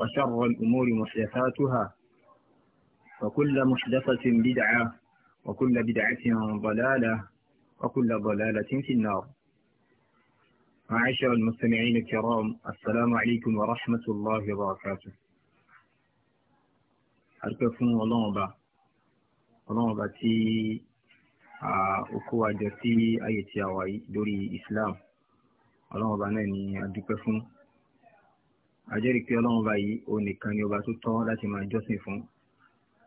وشر الأمور محدثاتها وكل محدثة بدعة وكل بدعة ضلالة وكل ضلالة في النار معاشر المستمعين الكرام السلام عليكم ورحمة الله وبركاته أركفون ولنبا ولنبا تي أكوى جسي أي تياوي دوري إسلام الله با ناني أدكفون àjẹ́rìí pé ọlọ́run bá yìí òun nìkan ni ọba tó tọ́ láti máa jọ́sìn fún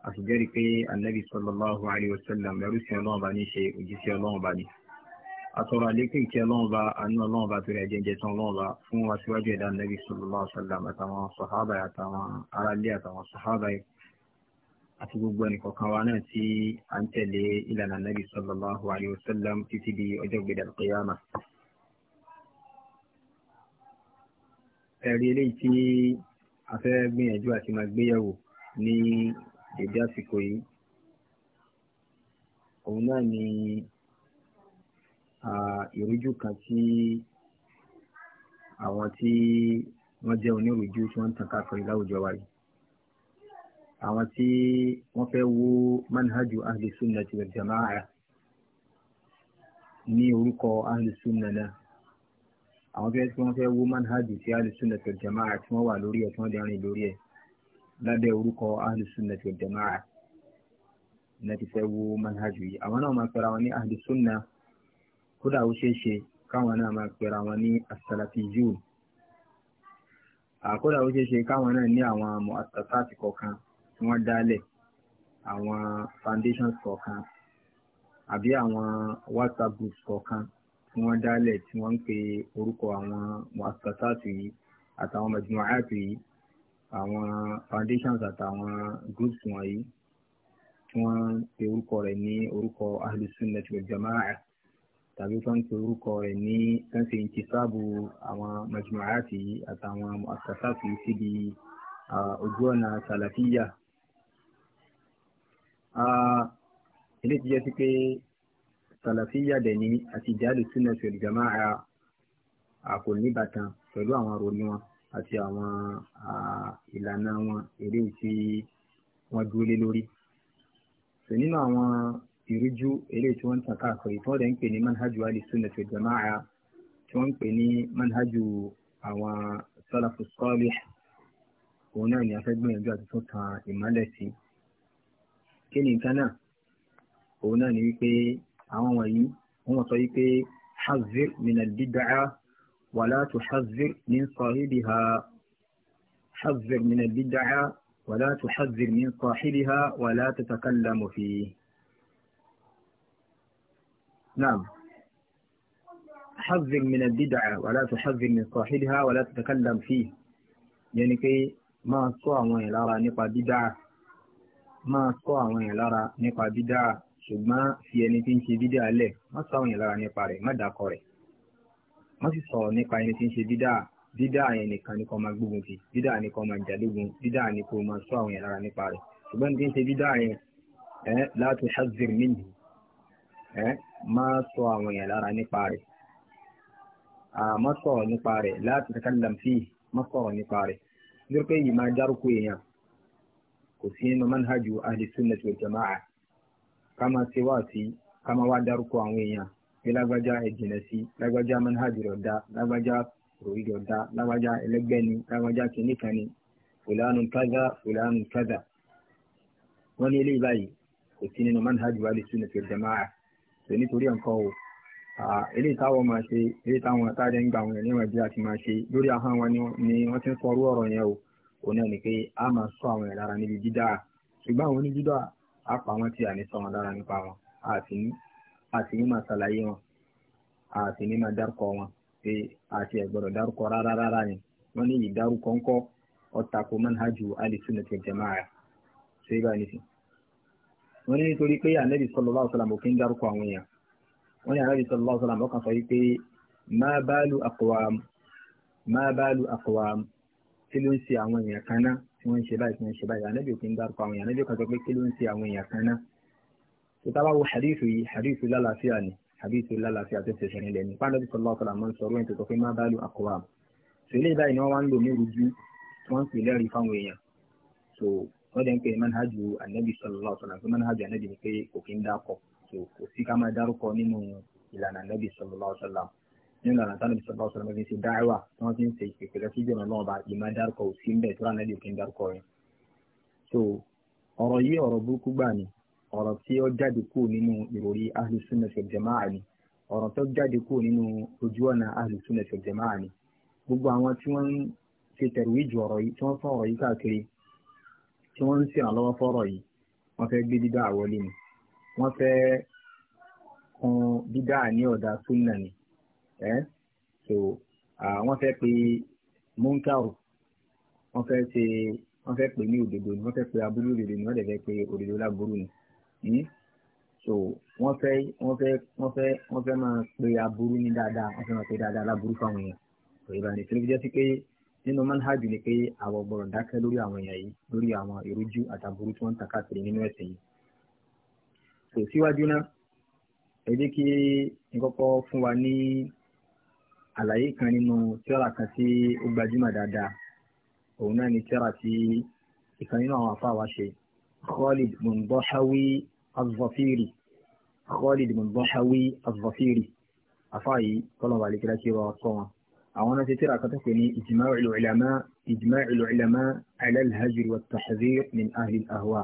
àtijọ́rìí pé anabi sallallahu alayhi wa sallam ẹrú sí ọlọ́run bá ní ṣe òjíṣẹ́ ọlọ́run bá ní. àtọ̀rọ̀ àlékún ìkẹ́ ọlọ́run bá àánú ọlọ́run bá torí ẹ̀jẹ̀ jẹ́ tán ọlọ́run bá fún wa síwájú ẹ̀dá anabi sallallahu alayhi wa sallam àtàwọn sọ̀hábà àtàwọn aráalé àtàwọn sọ̀hábà àti gbogbo ẹnìkọ̀ọ̀kan wa náà tí à ń tẹ̀lé ìlànà anabi sallallahu alayhi wa sallam títí di ọjọ́ gbẹdàgbẹ́yàmà. ẹ̀rí eléyìí tí a fẹ́ gbìyànjú àti máa gbéyẹ̀wò ní èdè àsìkò yìí òun náà ni ìrújú kan tí àwọn tí wọ́n jẹ́ onírúurú tí wọ́n ń tàn káàkiri láwùjọ wa yìí àwọn tí wọ́n fẹ́ wo manhajú ahli sunnati wal jama'a ní orúkọ ahli sunna náà àwọn fẹ́ tí wọ́n fẹ́ wo manhaj ti alùsùnà tó jama'a tí wọ́n wà lórí ẹ̀ tí wọ́n dẹrin lórí ẹ̀ lábẹ́ orúkọ alùsùnà tó jama'a náà ti fẹ́ wo manhaj yìí àwọn náà máa pera wọn ní alùsùnà kódà ó ṣeé ṣe káwọn náà máa pera wọn ní asalafiyun àkódà ó ṣeé ṣe káwọn náà ní àwọn mu'assasati kọ̀ọ̀kan tí wọ́n dálẹ̀ àwọn foundations kọ̀ọ̀kan àbí àwọn whatsapp groups kọ̀ọ̀kan tí wọ́n dálẹ̀ tí wọ́n ń pe orúkọ àwọn muassasatu yìí àtàwọn majmu'atu yìí àwọn foundations àtàwọn groups wọ̀nyí tí wọ́n ń pe orúkọ rẹ̀ ní orúkọ ahlu sunnati wal jamaa'ah tàbí tó ń pe orúkọ rẹ̀ ní tẹ́ǹsì intisabu àwọn majmu'ati yìí àtàwọn muassasatu yìí síbi ojú ọ̀nà salafiyya. ilé ti jẹ́ sí pé sàlàfíyà dẹ̀ ní àti ìjáde sunnah wal jama'a àkò níbàtàn pẹ̀lú àwọn àròyìn wọn àti àwọn ìlànà wọn eré tí wọ́n dúró lé lórí. sọ nínú àwọn ìrújú eré tí wọ́n ń tàn káàkiri tí wọ́n dẹ̀ ń pè ní manhajú ali sunnah wal jama'a tí wọ́n ń pè ní manhajú àwọn salafu salih òun náà ni a fẹ́ gbìyànjú àti tún tan ìmọ́lẹ̀ sí. kí ni nǹkan náà òun náà ni wípé àwọn wọ̀nyí wọ́n sọ yí pé hazir minal bid'a wala tuhazir min sahibiha hazir minal bid'a wala tuhazir min sahibiha wala tatakallamu fihi. نعم حذر من البدعة ولا تحذر من صاحبها ولا تتكلم فيه يعني كي ما صوى وين لارا نقى بدعة ما صوى وين لارا نقى بدعة ṣùgbọ́n fi ẹni tí ń ṣe dídá alẹ̀ wọ́n sáwọn yẹn lára nípa rẹ̀ má dákọ rẹ̀ wọ́n sì sọ̀rọ̀ nípa ẹni tí ń ṣe dídá dídá yẹn nìkan ni kò máa gbógun ti dídá ni kò máa jàdógun dídá ni kò máa sọ àwọn yẹn lára nípa rẹ̀ ṣùgbọ́n ẹni tí ń ṣe dídá yẹn ẹ láti hazir minhu ẹ máa sọ àwọn yẹn lára nípa rẹ̀ àmọ́ sọ̀rọ̀ nípa rẹ̀ láti takallam fi má sọ̀rọ̀ nípa rẹ̀ nítorí pé yìí máa járùkú èèyàn kò sí nínú manhajú ahli sunnah wal jama'a ká máa ṣe wá sí ká máa wá dárúkọ àwọn èèyàn pé lágbájá ẹ̀jìnlẹ̀ sí lágbájá manhaj rẹ̀ dá lágbájá ròyí rẹ̀ dá lágbájá ẹlẹ́gbẹ́ ni lágbájá kìíní kan ni fòlánù kaza fòlánù kaza wọ́n ní eléyìí báyìí kò sí nínú manhaj wa lè sunnah fil jama'ah tó nítorí ẹ̀kọ́ o eléyìí táwọn máa ṣe eléyìí táwọn àtàdé ń gbà wọn ní wọn bí a ti máa ṣe lórí ahọ́n wọn ni wọ́n ti ń sọ orú ọ̀rọ̀ yẹn o òun náà ni pé a máa sọ àwọn ẹ̀ lára níbi dídá ṣùgbọ́n àwọn onídídá á pa wọ́n tí a ní sọ wọn lára nípa wọn àti ní àti ní máa ṣàlàyé wọn àti ní máa dárúkọ wọn pé àti ẹ̀gbọ́dọ̀ dárúkọ rárá rárá ni wọ́n ní ìdárúkọ ńkọ́ ọ̀tàkùn manhajú ṣé bá ní nítorí pé anabi sallallahu alaihi wasallam kí ń dárúkọ àwọn èèyàn ní anabi sọ tí ló ń ṣe àwọn èèyàn kan náà tí wọ́n ń ṣe báyìí tí wọ́n ń ṣe báyìí ànábì òkè ń dárúkọ àwọn èèyàn ànábì kan sọ pé kí ló ń ṣe àwọn èèyàn kan náà tó tá a bá wo hadithu yìí hadithu lálàáfíà ni hadithu lálàáfíà tó ṣẹ̀ṣẹ̀ nílẹ̀ ní pàdánù sallallahu alaihi wasallam sọ̀rọ̀ ẹ̀ tó sọ pé má bá lu àkọ́wà so ilé báyìí ni wọ́n wá ń lò ní rújú tí wọ́n ń pè lẹ́rìí fáwọn èèyàn so wọ́n dẹ̀ ń pè manhajú ànábì sallallahu alaihi wasallam pé manhajú ànábì ni pé òkè ń dákọ̀ so kò sí ká máa dárúkọ nínú ìlànà ànábì sallallahu alaihi nínú àná tánàbí sọ̀rọ̀ sọ̀rọ̀ mẹ́fì ṣe dáhùwà tí wọ́n fi ń ṣe ìpèpè lọ sí ìjọba náà bá ìmọ̀ dárúkọ òsì ń bẹ̀ tó ránà lè fi ń dárúkọ rẹ̀. so ọ̀rọ̀ yìí ọ̀rọ̀ burúkú gbà ni ọ̀rọ̀ tí ó jáde kú nínú ìròrí ahlu sunnah wal jamaa ni ọ̀rọ̀ tó jáde kú nínú ojú ọ̀nà ahlu sunnah ni gbogbo ẹ́ eh? so wọ́n fẹ́ pe munkaru wọ́n fẹ́ ṣe wọ́n fẹ́ pe ní òdodo ni wọ́n fẹ́ pe aburú òdodo ni wọ́n dẹ̀ fẹ́ pe òdodo láburú ni hmm? so wọ́n fẹ́ wọ́n fẹ́ wọ́n fẹ́ wọ́n fẹ́ máa pe aburú ní dáadáa wọ́n fẹ́ máa pe dáadáa láburú fáwọn èèyàn kò yẹ báyìí tó ló fi jẹ́ sí pé nínú manhaju ni pé àwọn gbọ́dọ̀ dákẹ́ lórí àwọn èèyàn yìí lórí àwọn ìrújú àtàbúrú tí wọ́n ń takàkiri nínú ẹ̀sìn yìí. so síwájú náà ẹ jẹ́ kí n kọ́kọ́ fún wa ní. àlàyé kan nínú tíọ́rà kan sí ó gbajúmọ̀ dáadáa òun náà ni tíọ́rà tí ìkan nínú àwọn afá wa ṣe Khalid bin Dhahawi az-Zafiri Khalid bin Dhahawi az-Zafiri afá yìí kọ́lọ̀ wà lẹ́kẹ́lá kí wọ́n sọ wọn. àwọn náà ti tíra kan tó pè ní ijma'ul ulama ijma'ul ulama ala al-hajri wa at-tahdhir min ahli al-ahwa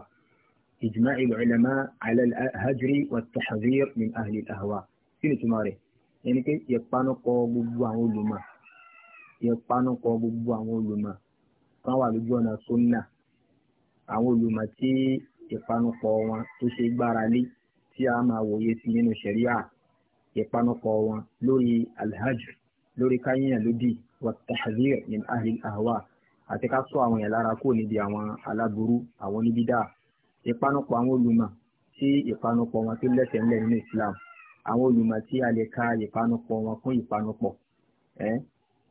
ijma'ul ulama ala al-hajri wa at-tahdhir min ahli al-ahwa kí ni túmọ̀ rẹ̀ ẹni pé ìpanukọ gbogbo àwọn olùmọ̀ ìpanukọ gbogbo àwọn olùmọ̀ kan wà lójú ọ̀nà sunna àwọn olùmọ̀ tí ìpanupọ̀ wọn tó ṣe gbára lé tí a máa wòye sí nínú ṣẹ̀ríà ìpanupọ̀ wọn lórí alhajj lórí káyíyàn lódì wàtàhàzír ní ahli ahwa àti ká sọ àwọn yẹn lára kó níbi àwọn aláburú àwọn oníbídà ìpanupọ̀ àwọn olùmọ̀ tí ìpanupọ̀ wọn tó lẹ́sẹ̀ ńlẹ̀ nínú islam àwọn olùmọ̀ tí a lè ka ìpanupọ̀ wọn fún ìpanupọ̀ ẹ́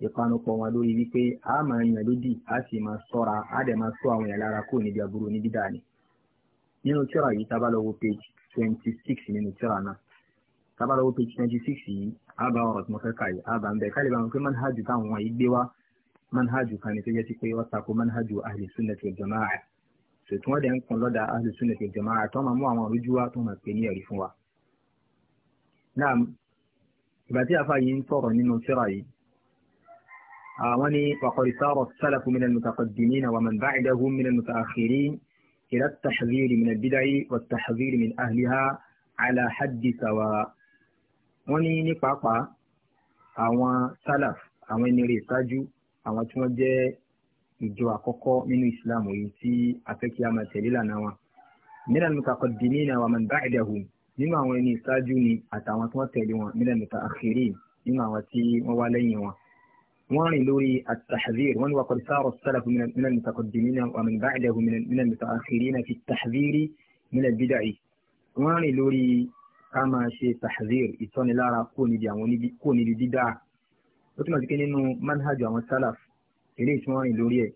ìpanupọ̀ wọn lórí wípé a máa yàn lódì a sì máa sọ́ra a dẹ̀ máa sọ àwọn èèyàn lára kó níbi àbúrò ní dídá ni. nínú tíra yìí tábàlọ́wọ́ page twenty six nínú tíra náà page twenty six yìí a bá ọ̀rọ̀ tí mo fẹ́ kà yìí a bá ń bẹ̀ kálí bá wọn pé manhajú táwọn yìí gbé wá manhajú kan ní pé wọ́n manhajú náà ìgbà tí afa yìí ń sọ̀rọ̀ nínú síra yìí àwọn ni wàkọ̀rì sọ̀rọ̀ sálàfù min al-mutaqaddimin wa man ba'dahum min al-mutaakhirin ila at-tahdhir min al-bid'i wa at-tahdhir min ahliha ala haddi sawa wọ́n ní ní pàápàá àwọn sálàf àwọn ẹni rè ṣáájú àwọn tí wọ́n jẹ́ ìjọ àkọ́kọ́ nínú islam èyí tí afẹ́kíyàmà tẹ̀lé lànà wọn min al-mutaqaddimina wa man ba'dahum nínú àwọn ẹni ìṣáájú ni àtàwọn tí wọ́n tẹ̀lé wọn mílẹ̀ mẹ́ta àkèrè nínú àwọn tí wọ́n wá lẹ́yìn wọn. wọ́n rìn lórí àtàhàzír wọ́n ní wà kọ́ni sáárọ̀ sálàfù mílẹ̀ mẹ́ta kọ̀dìmínà wà mí báyìí mílẹ̀ mẹ́ta àkèrè náà fi tàhàzírí mílẹ̀ bídàì. wọ́n rìn lórí ká máa ṣe tàhàzír ìtọ́nilára kó níbi dídá ó túmọ̀ sí pé nínú manhaj àwọn sálàf eré tí wọ́n rìn lórí ẹ̀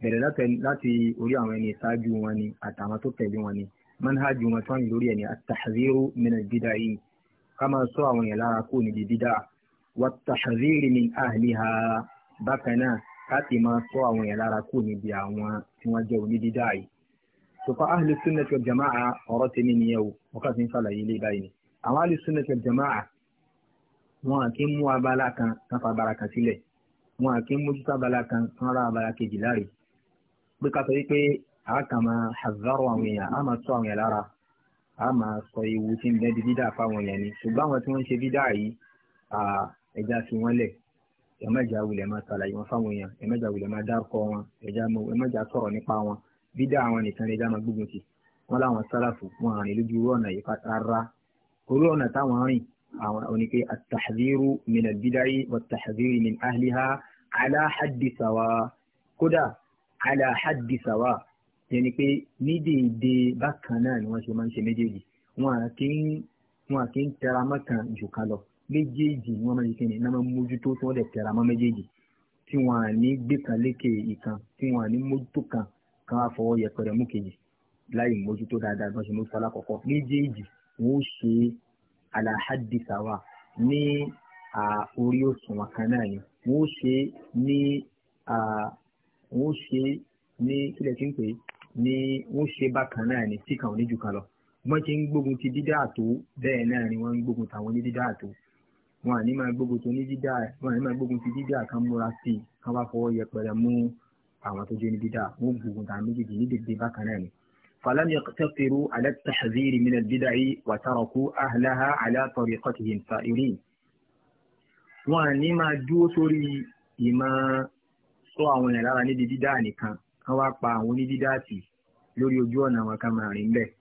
bẹ̀rẹ̀ láti orí àwọn ẹni ìṣáájú wọn ni àtàwọn tó tẹ̀lé wọn ni manhaju wọn tán lórí ẹni àtàhàzírù min al-bid'ah ká máa sọ àwọn yẹn lára kó níbi bídà wà tàhàzírì min ahliha bákan náà ká sì máa sọ àwọn yẹn lára kó níbi àwọn tí wọ́n jẹ́ oníbídà yìí. sọ̀kọ́ ahlu sunnati wal jama'a ọ̀rọ̀ tèmi nìyẹn o wọ́n kà sí ń ṣàlàyé báyìí ni àwọn ahlu sunnati jama'a wọn à kí ń mú abala kan kan fa abala kan sílẹ̀ wọn à kí ń mójútó abala kan kan ra abala kejì láre pé ká sọ wípé a kà máa hazaro àwọn èèyàn a máa tó àwọn èèyàn lára a máa sọ ewu tí ń bẹ́ẹ̀ di dídá fáwọn èèyàn ni ṣùgbọ́n àwọn tí wọ́n ń ṣe dídá yìí ẹja fi wọ́n lẹ̀ ẹ̀mẹ́jà wulẹ̀ máa ṣàlàyé wọn fáwọn èèyàn ẹ̀mẹ́jà wulẹ̀ máa dárúkọ wọn ẹ̀mẹ́jà sọ̀rọ̀ nípa wọn dídá àwọn nìkan ẹja máa gbógun ti wọn láwọn sálàfù wọn àrìn lójú irú ọ̀nà yìí rárá yẹn ni pé ní déédéé bákan náà ni wọ́n ṣe máa ń ṣe méjèèjì wọn à kí ń wọn à kí ń tẹra mọ́ kan jù kan lọ méjèèjì ni wọ́n máa ń ṣe kíni náà máa ń mójútó tí wọ́n dẹ̀ tẹra mọ́ méjèèjì tí wọn à ní gbé kan lékè ìkan tí wọn à ní mójútó kan kan á fọwọ́ yẹpẹrẹ mú kejì láì mójútó dáadáa bí wọ́n ṣe mójútó alákọ̀ọ́kọ́ méjèèjì wọ́n ó ṣe alahadi sawa ní orí òṣùwọ̀n kan náà ni wọ́n ó ṣe ní wọ́n ó ṣe ń pè é ni wọ́n ṣe bákan náà ni tí kan ò ní jù kan lọ wọ́n ti ń gbógun ti dídá àtó bẹ́ẹ̀ náà ni wọ́n ń gbógun tàwọn ní dídá àtó wọn àní máa gbógun tó ní dídá wọn àní máa gbógun ti dídá kan múra sí i kan bá fọwọ́ yẹpẹrẹ mú àwọn tó jẹ́ ní dídá wọ́n gbógun tàwọn méjèèjì ní dèdè bákan náà ni. فلم يقتصروا على التحذير من البدع وتركوا أهلها على طريقتهم سائرين kán wá pa àwọn onídídáàtì lórí ojú ọ̀nà àwọn kan máa rìn bẹ́ẹ̀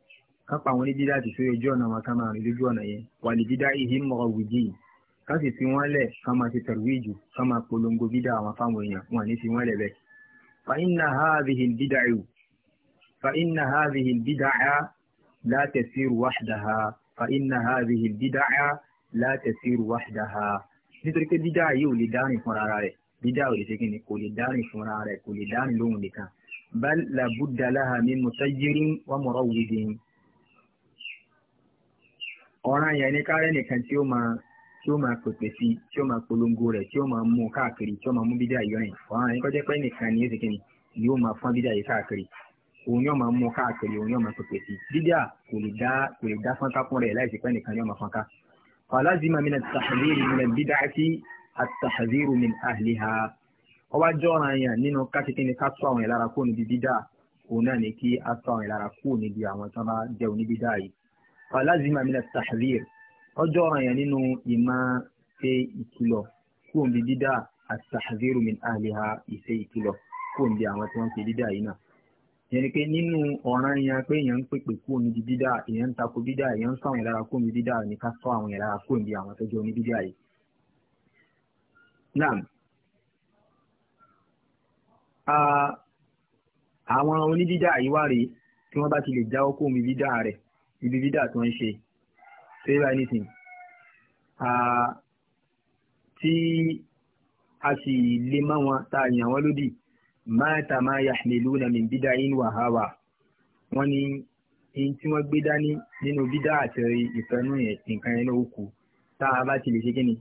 kán pa àwọn onídídáàtì sórí ojú ọ̀nà àwọn kan máa rìn lójú ọ̀nà yẹn wà lè dídá ìhí mọ̀ọ́ wùdí yìí kán sì fi wọ́n lẹ̀ kán máa ti tẹ̀rùwíjù kán máa polongo bídà àwọn fáwọn èèyàn wọn ní fi wọ́n lẹ̀ bẹ́ẹ̀. fa inna hadhihi al-bid'a fa inna hadhihi al-bid'a la tasiru wahdaha fa inna hadhihi al-bid'a bídà ò lè ṣe kíni kò lè dárìn fúnra rẹ̀ kò lè dárìn lóhùn nìkan bal labudda laha min mutajirin wa murawwidin ọ̀ràn yẹn ní kárẹ́ nìkan tí ó máa tí ó máa pèpè sí tí ó máa polongo rẹ̀ tí ó máa mú káàkiri tí ó máa mú bídà yọ yẹn ọ̀ràn yẹn kọjá pé nìkan ni ó ṣe kíni ni ó máa fọ́n bídà yìí káàkiri òun yóò máa mú káàkiri òun yóò máa pèpè sí dídá kò lè dá kò lè dá fọ́nká fún rẹ̀ láì àtàhàzírù min àhìlìhà ọba jọ́ra yẹn nínú káṣíkínní ká tó àwọn ìlara kó níbi dídá òun náà ní kí a tó àwọn ìlara kó níbi àwọn tó bá jẹ́ oníbídá yìí ọ̀làzìmà mi náà tàhàzír ọjọ́ ọ̀ràn yẹn nínú ìmọ̀ ṣe ìkìlọ̀ kó níbi dídá àtàhàzírù min àhìlìhà ìṣe ìkìlọ̀ kó níbi àwọn tí wọ́n ń ṣe dídá yìí náà yẹn pé nínú ọ̀ràn yẹn pé èèyàn ń pèpè kó níbi dídá èèyàn ń takò dídá èèyàn ń sọ àwọn ìlara kó níbi dídá ní ká sọ àwọn ìlara kó níbi àwọn tó oníbídá yìí náà àwọn onídídá àyíwárí tí wọ́n bá ti lè jáwọ́ kó omi dídá rẹ̀ ibi dídá tó ń ṣe save anything tí a sì lè má wọn ta àyàn wọn lódì máa ta máa yahmiluna min bídá inú àháwà wọ́n ní in tí wọ́n gbé dání nínú bídá àti ìfẹ́nú nǹkan yẹn ló kù tá a bá ti lè ṣe kí ni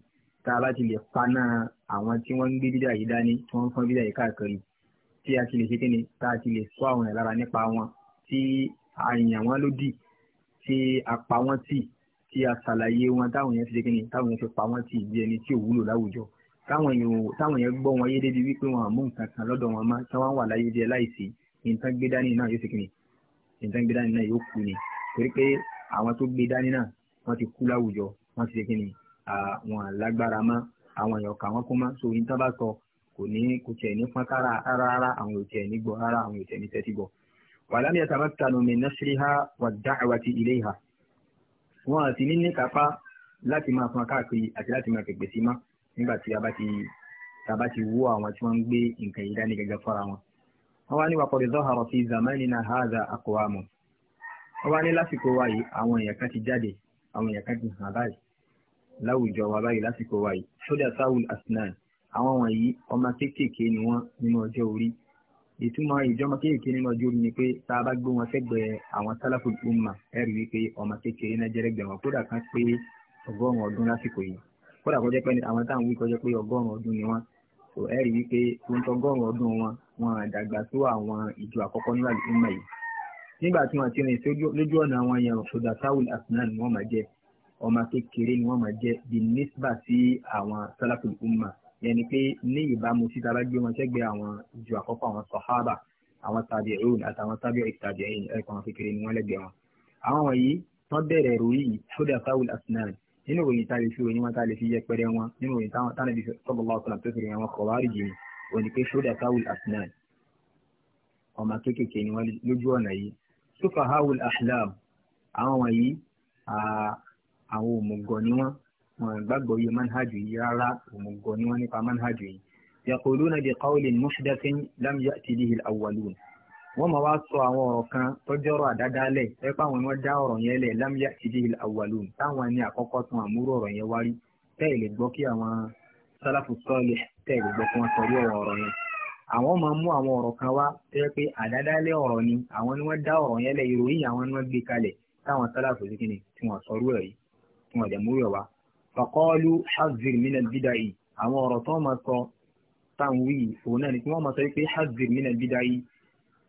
tá a bá ti lè paná àwọn tí wọ́n ń gbé bídà yìí dání tí wọ́n ń fọ́n bídà yìí káàkiri tí a ti lè ṣe kíni tá a ti lè sọ àwọn ẹ̀ lára nípa wọn tí a yàn wọ́n lódì tí a pa wọ́n tì tí a ṣàlàyé wọn táwọn yẹn fi ṣe kíni táwọn yẹn fi pa wọ́n tì bí ẹni tí ò wúlò láwùjọ táwọn yẹn gbọ́ wọn yé débi wípé wọn àmú nǹkan kan lọ́dọ̀ wọn má tí wọ́n wà láyé díẹ̀ láìsí nǹkan gbé dání náà yóò ṣe kíni ni torí pé àwọn tó gbé dání náà wọ́n ti kú láwùjọ àwọn lágbára mọ́ àwọn èèyàn kà wọ́n kún mọ́ so yín tábà sọ kò ní kò tiẹ̀ ní pọ́n kára rárá àwọn ò tiẹ̀ ní gbọ́ rárá àwọn ò tiẹ̀ ní tẹ́tí gbọ́. wàlámì yatamakkanu min nasriha wa da'wati ilayha wọn àti ní níkàápá láti máa fún akáàkiri àti láti máa pèpè sí mọ́ nígbà tí a bá ti tàbá ti wó àwọn tí wọ́n ń gbé nǹkan yìí dání gẹ́gẹ́ fọ́ra wọn. wọ́n wá ní wa qad zahara fi zamanina hadha aqwamu. wọ́n wá ní lásìkò wáyé àwọn èèyàn kan ti jáde àwọn èèyàn kan ti hàn báyìí láwùjọ wa báyìí lásìkò wa yìí sódà saul asnan àwọn wọ̀nyí ọmọ kéékèèké ni wọ́n nínú ọjọ́ orí ìtumọ̀ ìjọmọ kéékèèké nínú ọjọ́ orí ni pé tá a bá gbé wọn sẹ́gbẹ̀ẹ́ àwọn sálàfù umma ẹ rí wípé ọmọ kéékèèké náà jẹ́rẹ́gbẹ̀ wọn kódà kan pé ọgọ́rùn-ún ọdún lásìkò yìí kódà kọjá pé àwọn táwọn wí kọjá pé ọgọ́rùn-ún ọdún ni wọ́n so ẹ wípé tó ń tọgọ́rùn ọdún wọn wọn àdàgbà tó ọmọ kékeré ni wọ́n máa jẹ́ bí nísbà sí àwọn salaful umma yẹni pé ní ìbámu síta bá gbé wọn sẹ́gbẹ̀ẹ́ àwọn ju àkọ́kọ́ àwọn sọ̀hábà àwọn tabi'un àtàwọn tabi'ut tabi'in ẹ̀kọ́ àwọn kékeré ni wọ́n lẹ́gbẹ̀ẹ́ wọn. àwọn wọ̀nyí wọ́n bẹ̀rẹ̀ ròyìn sódà sáwùl asnan nínú ròyìn tá a lè fi ròyìn wọn tá a lè fi yẹpẹrẹ wọn nínú ròyìn táwọn tánàbí sallallahu alaihi wasallam tó fi ròyìn àwọn khawarij ni òní pé sódà sáwùl asnan ọmọ kékèké ni wọ́n lójú ọ̀nà yìí sufahawul ahlam àwọn wọ̀nyí àwọn òmùgọ̀ ni wọ́n wọn gbàgbọ́ yìí manhajù yìí rárá òmùgọ̀ ni wọ́n nípa manhajù yìí yaquluna bi qawlin muhdathin lam ya'ti bihi al-awwalun wọ́n máa wá sọ àwọn ọ̀rọ̀ kan tọ́jọ́rọ̀ àdádálẹ̀ ẹ pé àwọn ni wọ́n dá ọ̀rọ̀ yẹn lẹ̀ lam ya'ti bihi al-awwalun táwọn ni àkọ́kọ́ tún àmúrò ọ̀rọ̀ yẹn wárí tẹ́ẹ̀ lè gbọ́ kí àwọn sálàfù sọ́ọ̀lì tẹ́ẹ̀ lè gbọ́ kí wọ́n sọ orí ọ̀rọ̀ yẹn àwọn máa mú àwọn ọ̀rọ̀ kan wá tó pé àdádálẹ̀ ọ̀rọ̀ ni àwọn ni wọ́n dá ọ̀rọ̀ yẹn lẹ̀ ìròyìn àwọn ni wọ́n gbé kalẹ̀ táwọn sálàfù sí kíni tí wọ́n sọ orú ẹ̀ yìí wọn ọ̀dẹ̀ múyọ̀ wá. fàkọ́ọ́lù hazir mina bídà yìí àwọn ọ̀rọ̀ tó máa sọ táwọn wí òun náà ni kí wọ́n máa sọ pé hazir mina bídà yìí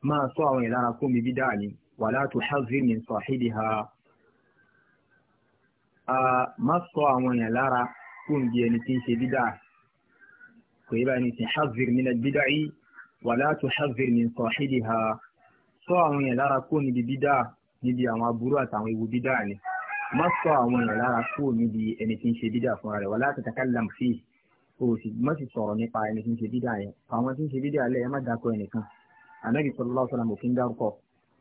máa sọ àwọn ìlara kó mi bídà ni wàlá tó hazir min sahibiha má sọ àwọn èèyàn lára kó ń di ẹni tí ń ṣe bídà kò yẹ báyìí ní sin hazir mina bídà wàlá tó hazir min sahibiha sọ àwọn èèyàn lára kó níbi bídà níbi àwọn aburú àtàwọn ewu bídà ni má sọ àwọn èèyàn lára kúrò níbi ẹni tí ń ṣe dídà fúnra rẹ̀ wala tatakallam fi o sì má sì sọ̀rọ̀ nípa ẹni tí ń ṣe dídà yẹn àwọn tí ń ṣe dídà lẹ̀ ẹ má dákọ ẹnìkan Ànábì sallallahu alaihi wasallam kí ń dárúkọ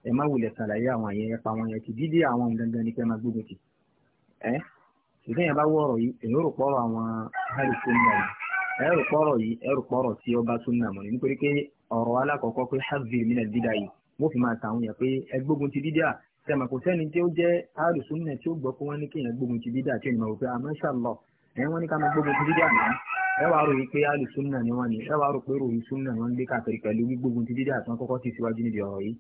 ẹ má wulẹ̀ sàlàyé àwọn yẹn ẹ pa àwọn yẹn ti dídí àwọn gangan ní kẹ́ máa gbógun tì ẹ́ ṣùgbọ́n yẹn bá wọ ọ̀rọ̀ yìí èyí ò rò pọ̀rọ̀ àwọn hàlù sunna yìí ẹ rò pọ̀rọ̀ yìí ẹ rò sẹ́mà kò sẹ́ni tí ó jẹ́ alùsùnà tí ó gbọ́ pé ke ní kéèyàn gbógun ti bídà tí ènìyàn wò pé àmọ́ṣà ah, lọ ní ká máa gbógun ti bídà náà ẹ wàá rò yí pé alùsùnà ni wọ́n ni ẹ wàá rò pé ròyìn súnà ni wọ́n ń gbé káàkiri pẹ̀lú gbígbógun ti bídà tí wọ́n kọ́kọ́ ti síwájú níbi ọ̀rọ̀ yìí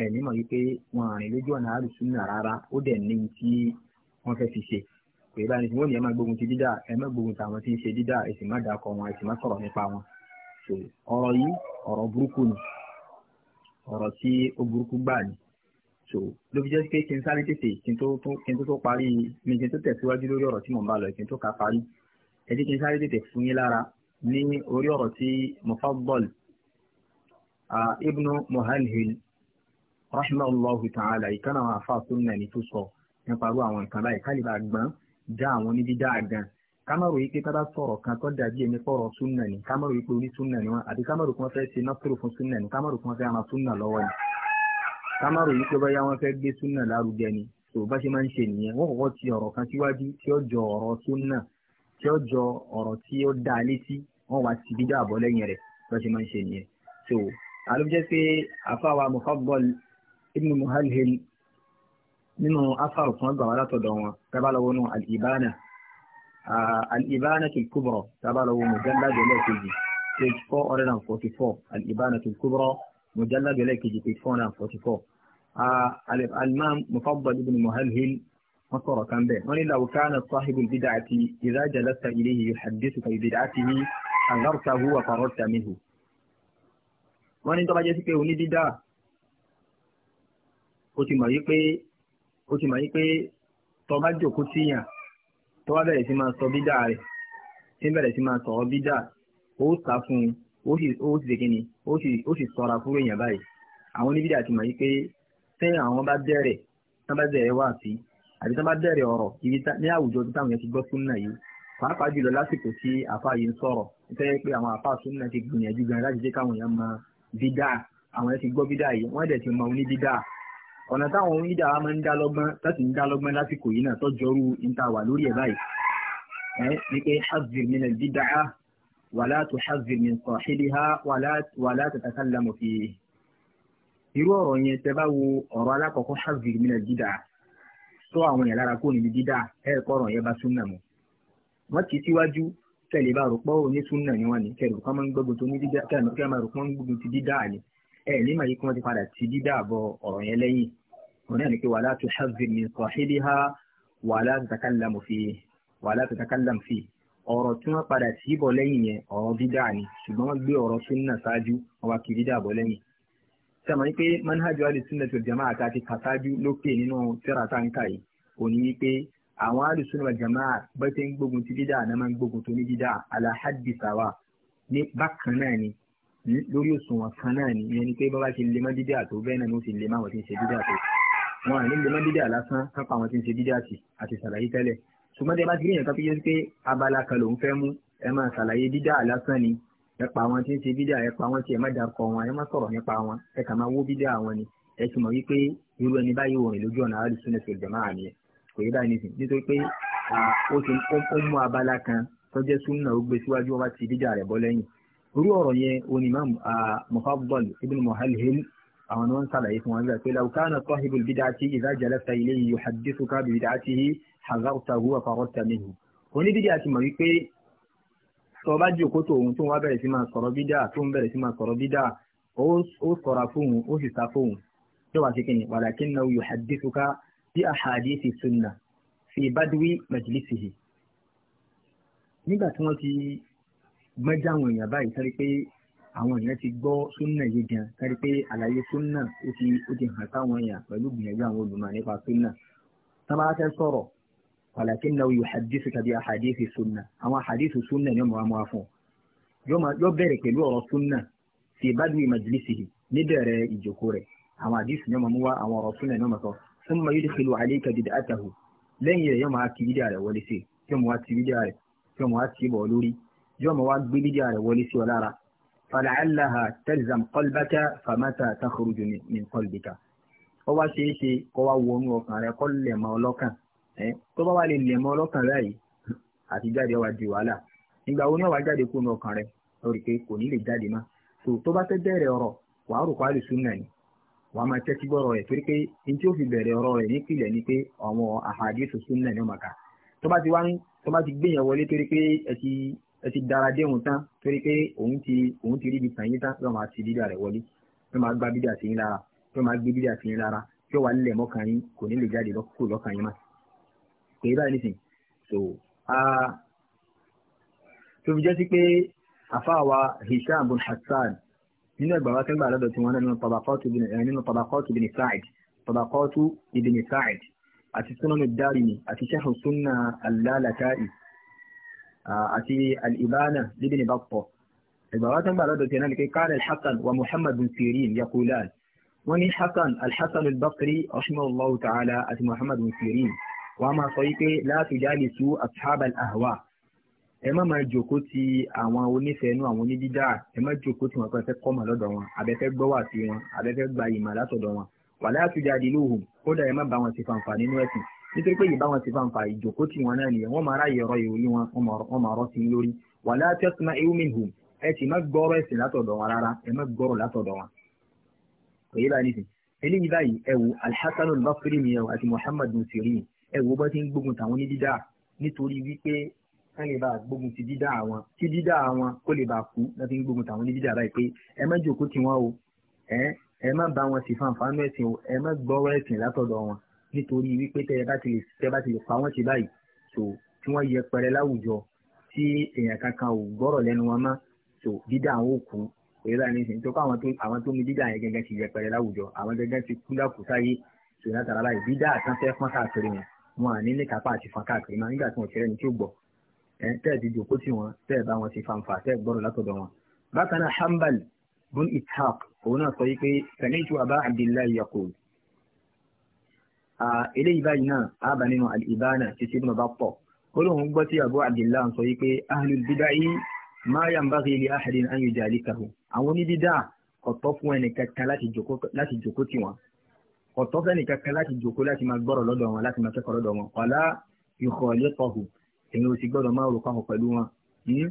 ẹ̀ nímọ̀ yí pé wọn àrìn lójú ọ̀nà alùsùnà rárá ó dẹ̀ ní fi ṣe pé báyìí ni wọ́n ní ẹ má gbógun ti dídà ẹ má gbógun tàwọn ń ṣe so ló fi jẹ́ pé kí n sáré tètè kí n tó tó parí mi kí n tó tẹ̀síwájú lórí ọ̀rọ̀ tí mò ń bá lọ kí n tó kà parí ẹ jẹ́ kí n sáré tètè fún yín lára ní orí ọ̀rọ̀ tí Mufaddal ibnu Muhalhil rahimahullahu ta'ala ìkànnà àwọn afa sunna ni tó sọ nípa irú àwọn nǹkan báyìí kálíbà gbọ́n dá àwọn níbi dá kámẹ́rù yìí pé ká sọ̀rọ̀ kan tó dàbí ẹni fọ̀rọ̀ sunna ni kámẹ́rù yìí pé oní sunna ni wọn àti kámẹ́rù kan fẹ́ ṣe násìrò fún sunna ni kámẹ́rù kan fẹ́ ara sunna lọ́wọ́ ni kámárò yìí pé báyà wọn fẹ́ gbé súnà lárugẹ ni tó bá ṣe máa ń ṣe nìyẹn wọ́n kọ́kọ́ ti ọ̀rọ̀ kan síwájú tí ó jọ ọ̀rọ̀ súnà tí ó jọ ọ̀rọ̀ tí ó dá létí wọ́n wá ti dídá àbọ̀ lẹ́yìn rẹ̀ bá ṣe máa ń ṣe nìyẹn tó àlùjẹ́ pé àfáwa Mufaddal ibn Muhalhil nínú afárò fún ọgbà wa wọn tábàlọ́wọ́ nù al-Ibana al-Ibana al-Kubra tábàlọ́wọ́ mujallad page four hundred and forty four al-Ibana al mujalladu ẹlẹ́kejì page four hundred and forty four alimam mufaddal ibn muhalhil wọ́n sọ̀rọ̀ kan bẹ́ẹ̀ wọ́n ní law kana sahibu bid'ati idha jalasta ilayhi yuhaddithuka bi bid'atihi aghartahu wa fararta minhu. wọ́n ní tó bá jẹ́ sí pé oní dídá ó ti mọ̀ yí pé ó ti mọ̀ yí pé tó bá jòkó síyàn tó bá bẹ̀rẹ̀ sí máa sọ bídà rẹ̀ tí bẹ̀rẹ̀ sí máa sọ̀rọ̀ bídà ó sá fún un ó sì ó sì ṣe kíni ó sì ó sì sọra fún èèyàn báyìí àwọn oníbídà ti mọ̀ yí pé tẹ́yìn àwọn bá bẹ̀rẹ̀ tán bá bẹ̀rẹ̀ wá sí àbí tán bá bẹ̀rẹ̀ ọ̀rọ̀ ibi ní àwùjọ tí táwọn yẹn ti gbọ́ súnà yìí pàápàá jùlọ lásìkò tí àfa yìí ń sọ̀rọ̀ tẹ́ pé àwọn àfa súnà ti gbìyànjú gan láti jẹ́ káwọn yẹn mọ bídà àwọn yẹn ti gbọ́ bídà yìí wọ́n dẹ̀ ti mọ oní bídà ọ̀nà táwọn onídà wa máa ń dá lọ́gbọ́n láti ń dá lọ́gbọ́n lásìkò yìí náà tọ́jọ́rú níta wà lórí ẹ̀ báyìí ẹ ní pé hazir min al wàlá tó ṣáàzì ní sọ̀hídì ha wàlá tó tasallamu fi. irú ọ̀rọ̀ yẹn tẹ́ bá wo ọ̀rọ̀ alákọ̀ọ́kọ́ ṣáàzì mi náà dídà tó àwọn yẹn lára kó níbi dídà ẹ̀ kọ́rọ̀ yẹn bá súnà mu. wọ́n ti síwájú tẹ̀lé bá rò pọ́ òní súnà ni wọ́n ní kẹrù kọ́ máa ń gbógun tó ní dídà kẹrù kẹ́ máa rò pọ́ ń gbógun ti dídà ni ẹ̀ ní màá wọ́n ti ọ̀rọ̀ tí wọ́n padà sí bọ̀ lẹ́yìn yẹn ọ̀rọ̀ dídá ni ṣùgbọ́n wọ́n gbé ọ̀rọ̀ súnà ṣáájú wọn wá kí dídá bọ̀ lẹ́yìn. sàmọ́ pé manhaj alùsùnà tó jama àti àti kàṣáájú lókè nínú tíra tá ń kà yìí kò ní pé àwọn alùsùnà jama bá ti ń gbógun ti dídá àná máa ń gbógun tó ní dídá alahadi sawa ní bákan náà ni hmm, lórí òṣùwọ̀n kan náà ni ìyẹn ni pé bá ti lè mọ́ dídá tó bẹ́ẹ̀ náà ni ó ti lè má àwọn tí ń ṣe dídá tó wọn àní lè mọ́ dídá lásán kápá àwọn tí ń ṣe dídá sí àti sàlàyé tẹ́lẹ̀ ṣùgbọ́n tẹ bá ti rí èèyàn kan tó yẹ pé abala kan lòún fẹ́ mú ẹ máa ṣàlàyé dídá lásán ni ẹ pa àwọn tí ń ṣe bídà ẹ pa àwọn tí ẹ má dárúkọ wọn ẹ má sọ̀rọ̀ nípa wọn ẹ kà máa wó bídà àwọn ni ẹ ti mọ̀ wípé irú ẹni báyìí òrìn lójú ọ̀nà àárí sínú ẹ̀sìn ìjọba àmì ẹ̀ kò yé báyìí nìsín nítorí pé ó ti ó mú abala kan tó súnmọ́ ó gbé síwájú wọn bá ti bídà rẹ̀ bọ́ lẹ́yìn àwọn ni wọ́n ń sàlàyé fún wọn nígbà pé law kana sahibul bid'ati idha jalasta ilayhi yuhaddithuka bi bid'atihi hazartahu wa farọ́ta minhu oníbídí àti mọ̀ wípé tó bá jòkó tòun tó wá bẹ̀rẹ̀ sí máa sọ̀rọ̀ bídà tó ń bẹ̀rẹ̀ sí máa sọ̀rọ̀ bídà ó sọ̀ra fóun ó sì sá fóun tó wà sí kí ni walakinnahu yuhaddithuka bi ahadithi sunna fi badwi majlisihi nígbà tí wọ́n ti gbẹ́jà àwọn èèyàn báyìí sáré pé àwọn èèyàn ti gbọ́ súnà yìí gan sáré pé àlàyé súnà ó ti hàn sáwọn èèyàn pẹ̀lú gbìyànjú àwọn olùmọ̀ nípa súnà tábà fẹ́ sọ̀rọ̀ walakinnahu yuhaddithuka bi ahadithi sunna àwọn ahadithi sunna ni ọmọ wa mọ́ wa fún ọ yóò bẹ̀rẹ̀ pẹ̀lú ọ̀rọ̀ sunna fi badwi majlisihi níbẹ̀rẹ̀ ìjókòó rẹ̀ àwọn àdìsí ni ọmọ mú wa àwọn ọ̀rọ̀ sunna ni ọmọ sọ thumma yudkhilu alayka bid'atahu lẹ́yìn rẹ̀ yóò máa ti bídíà rẹ̀ wọlé sí yóò máa ti bídíà rẹ̀ yóò máa ti bọ̀ lórí yóò máa gbé bídíà rẹ̀ wọlé sí ọ lára fala'allaha talzam qalbaka famata takhruju min qalbika ó wá ṣeé ṣe wọnú ọkàn rẹ kó lè máa ọlọ́kàn ẹ tó bá wà lè lè mọ ọlọ́kàn rẹ̀ yìí àti jáde wá di wàhálà nígbà wo ni wàá jáde kúrò ní ọkàn rẹ̀ lórí pé kò ní lè jáde má tó tó bá fẹ́ bẹ̀rẹ̀ ọ̀rọ̀ wàá rò pálí súnà ni wàá máa tẹ́tí gbọ́rọ̀ rẹ̀ torí pé n tí ó fi bẹ̀rẹ̀ ọ̀rọ̀ rẹ̀ nípìnlẹ̀ ni pé àwọn àhàdísù súnà ni ó máa kà tó bá ti wá tó bá ti gbé yẹn wọlé torí pé ẹ ti ẹ ti dára dé òun tán torí pé òun ti òun ti rí ibi tàn yín tán lọ́ọ́ máa ti dídà rẹ̀ wọlé lọ́ọ́ máa gbá bídà sí yín lára lọ́ọ́ máa gbé bídà sí yín lára tí ó wà nílẹ̀ mọ́kàn yín kò kò yí báyìí so tó fi jẹ́ sí pé àfáàwà Hisham bin Hassan nínú ẹgbàá wákẹ́ gbà lọ́dọ̀ tí wọ́n nínú tabakọ́tù ibn eh, Sa'id tabakọ́tù ibn Sa'id àti sunanu darimi àti sheikh sunna alalakai àti al'ibana ibn bakpo ẹgbàá wákẹ́ gbà lọ́dọ̀ tí wọ́n nínú kare Hassan wa Muhammad bin Sirin yaqulan wọ́n ní Hassan al-Hassan al-Bakri rahimahullahu ta'ala àti Muhammad bin Sirin wọ́n á máa sọ yìí pé láti jáde sí ashabal ahwa ẹ má máa jòkó ti àwọn onífẹ̀ẹ́nu àwọn onídídá ẹ má jòkó tí wọn pẹ́ fẹ́ kọ́mọ̀ lọ́dọ̀ wọn abẹ́fẹ́ gbọ́wà sí wọn abẹ́fẹ́ gba ìmọ̀ látọ̀dọ̀ wọn wà láti jáde lóhùn kódà ẹ má bá wọn ti fàǹfà nínú ẹ̀sìn nítorí pé ìbá wọn ti fàǹfà ìjòkó tí wọn náà nìyẹn wọn máa ráyè ọ̀rọ̀ ìròyìn wọn wọn máa rọ́ sí i lórí wà láti ẹ̀sìn náà ewúmi hù ẹ sì má gbọ́rọ̀ ẹ̀sìn látọ̀dọ̀ wọn rárá ẹ má gbọ́rọ̀ látọ̀dọ̀ wọn. òye báyìí nìsín eléyìí báyìí ẹ wo Al-Hasan Al-Basri nìyẹn àti Muhammad Sirin ẹ̀wò bá ti ń gbógun tàwọn ní dídá nítorí wípé kán lè bá gbógun ti dídá àwọn tí dídá àwọn kó lè bá kú náà fi ń gbógun tàwọn ní dídá báyìí pé ẹ má jòkó tí wọn o ẹ ẹ má bá wọn sì fanfàánú ẹ̀sìn o ẹ má gbọ́rọ̀ ẹ̀sìn látọ̀dọ̀ wọn nítorí wípé tẹ bá ti lè tẹ bá ti lè pa wọn sí báyìí so tí wọn yẹ pẹrẹ láwùjọ tí èèyàn kankan ò gbọ́rọ̀ lẹ́nu wọn mọ́ so dídá àwọn ò kú èyí láti ní sìn tó kọ àwọn tó àwọn tó mi dídá yẹn gẹ́gẹ́ ti yẹ pẹrẹ láwùjọ àwọn gẹ́gẹ́ ti kú lákùúsáyé so látara báyìí dídá àtànfẹ́ fọ́n káàkiri yẹn wọn à ní ní kápá àti fọn káàkiri máa nígbà tí wọn kéré ní tí ó gbọ́ ẹ tẹ́ẹ̀ ti jòkó tí wọn tẹ́ẹ̀ bá wọn ti fanfa tẹ́ẹ̀ gbọ́dọ̀ látọ̀dọ̀ wọn. bákan náà hanbal bun ishaq òun náà sọ yìí pé sami'tu aba abdullahi yaqul eléyìí báyìí náà á bá nínú al-ibana títí bí wọn bá pọ̀ ó lóun gbọ́ tí abu abdullahi sọ yìí pé ahlul bida'i ma yanbaghi li ahadin an yujalikahu àwọn oníbídà kò tọ́ fún ẹnì kankan láti jòkó tì wọ́n kọ̀tọ́ fẹ́ nìkan kan láti jòkó láti máa gbọ́rọ̀ lọ́dọ̀ wọn láti máa kẹ́kọ̀ọ́ lọ́dọ̀ wọn wàlá ìkọ̀ lẹ́kọ̀ọ́hù èyí ò sì gbọ́dọ̀ máa rò papọ̀ pẹ̀lú wọn hmm?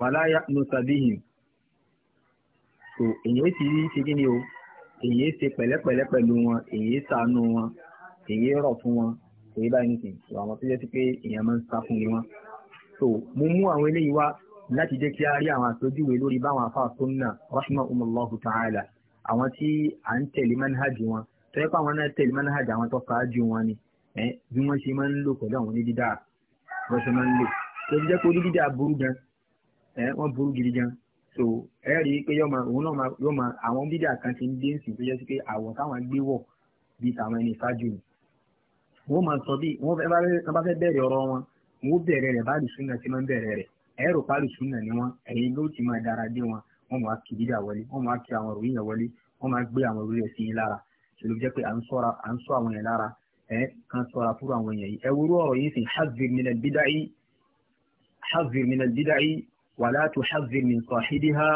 wàlá yà nù sàbíhìn so èyí ti rí ṣe kí ni o èyí ṣe pẹ̀lẹ́pẹ̀lẹ́ pẹ̀lú wọn èyí ṣàánú wọn èyí rọ̀ fún wọn èyí báyìí nìsín so àwọn tó jẹ́ sí pé èèyàn máa ń sá fún wọn so mo mú àwọn eléyìí wá láti jẹ́ kí a rí àwọn àtọ́júwe lórí báwọn afáàtúnnà rahman umar allah ta'ala àwọn tí a ń tẹ̀lé manhaji wọn tọ́jú pé àwọn náà tẹ̀lé manhaji àwọn tó ṣáájú wọn ni bí wọ́n ṣe máa ń lò pẹ̀lú àwọn onídídá wọ́n ṣe máa ń lò tó ti jẹ́ pé onídídá burú gan wọ́n burú gidi gan so ẹ rí i pé yọmọ òun náà àwọn onídídá kan ti ń dé nsìn tó jẹ́ sí pé àwọ̀ gbé wọ̀ sọ bíi wọ́n bá fẹ́ bẹ̀rẹ̀ ọ̀rọ̀ wọn wọ́n bẹ̀rẹ̀ rẹ̀ bá lùsùn náà wọ́n máa kí dídà wọlé wọ́n máa kí àwọn ìròyìn yẹn wọlé wọ́n máa gbé àwọn ìròyìn ẹ̀sìn yìí lára ṣèlú jẹ́ pé à ń sọ àwọn yẹn lára ẹ̀ kan sọra fúru àwọn yẹn yìí ẹ wúrú ọ̀rọ̀ yìí sìn hazir minal bida'i hazir minal bida'i wàlá tu hazir min sahibiha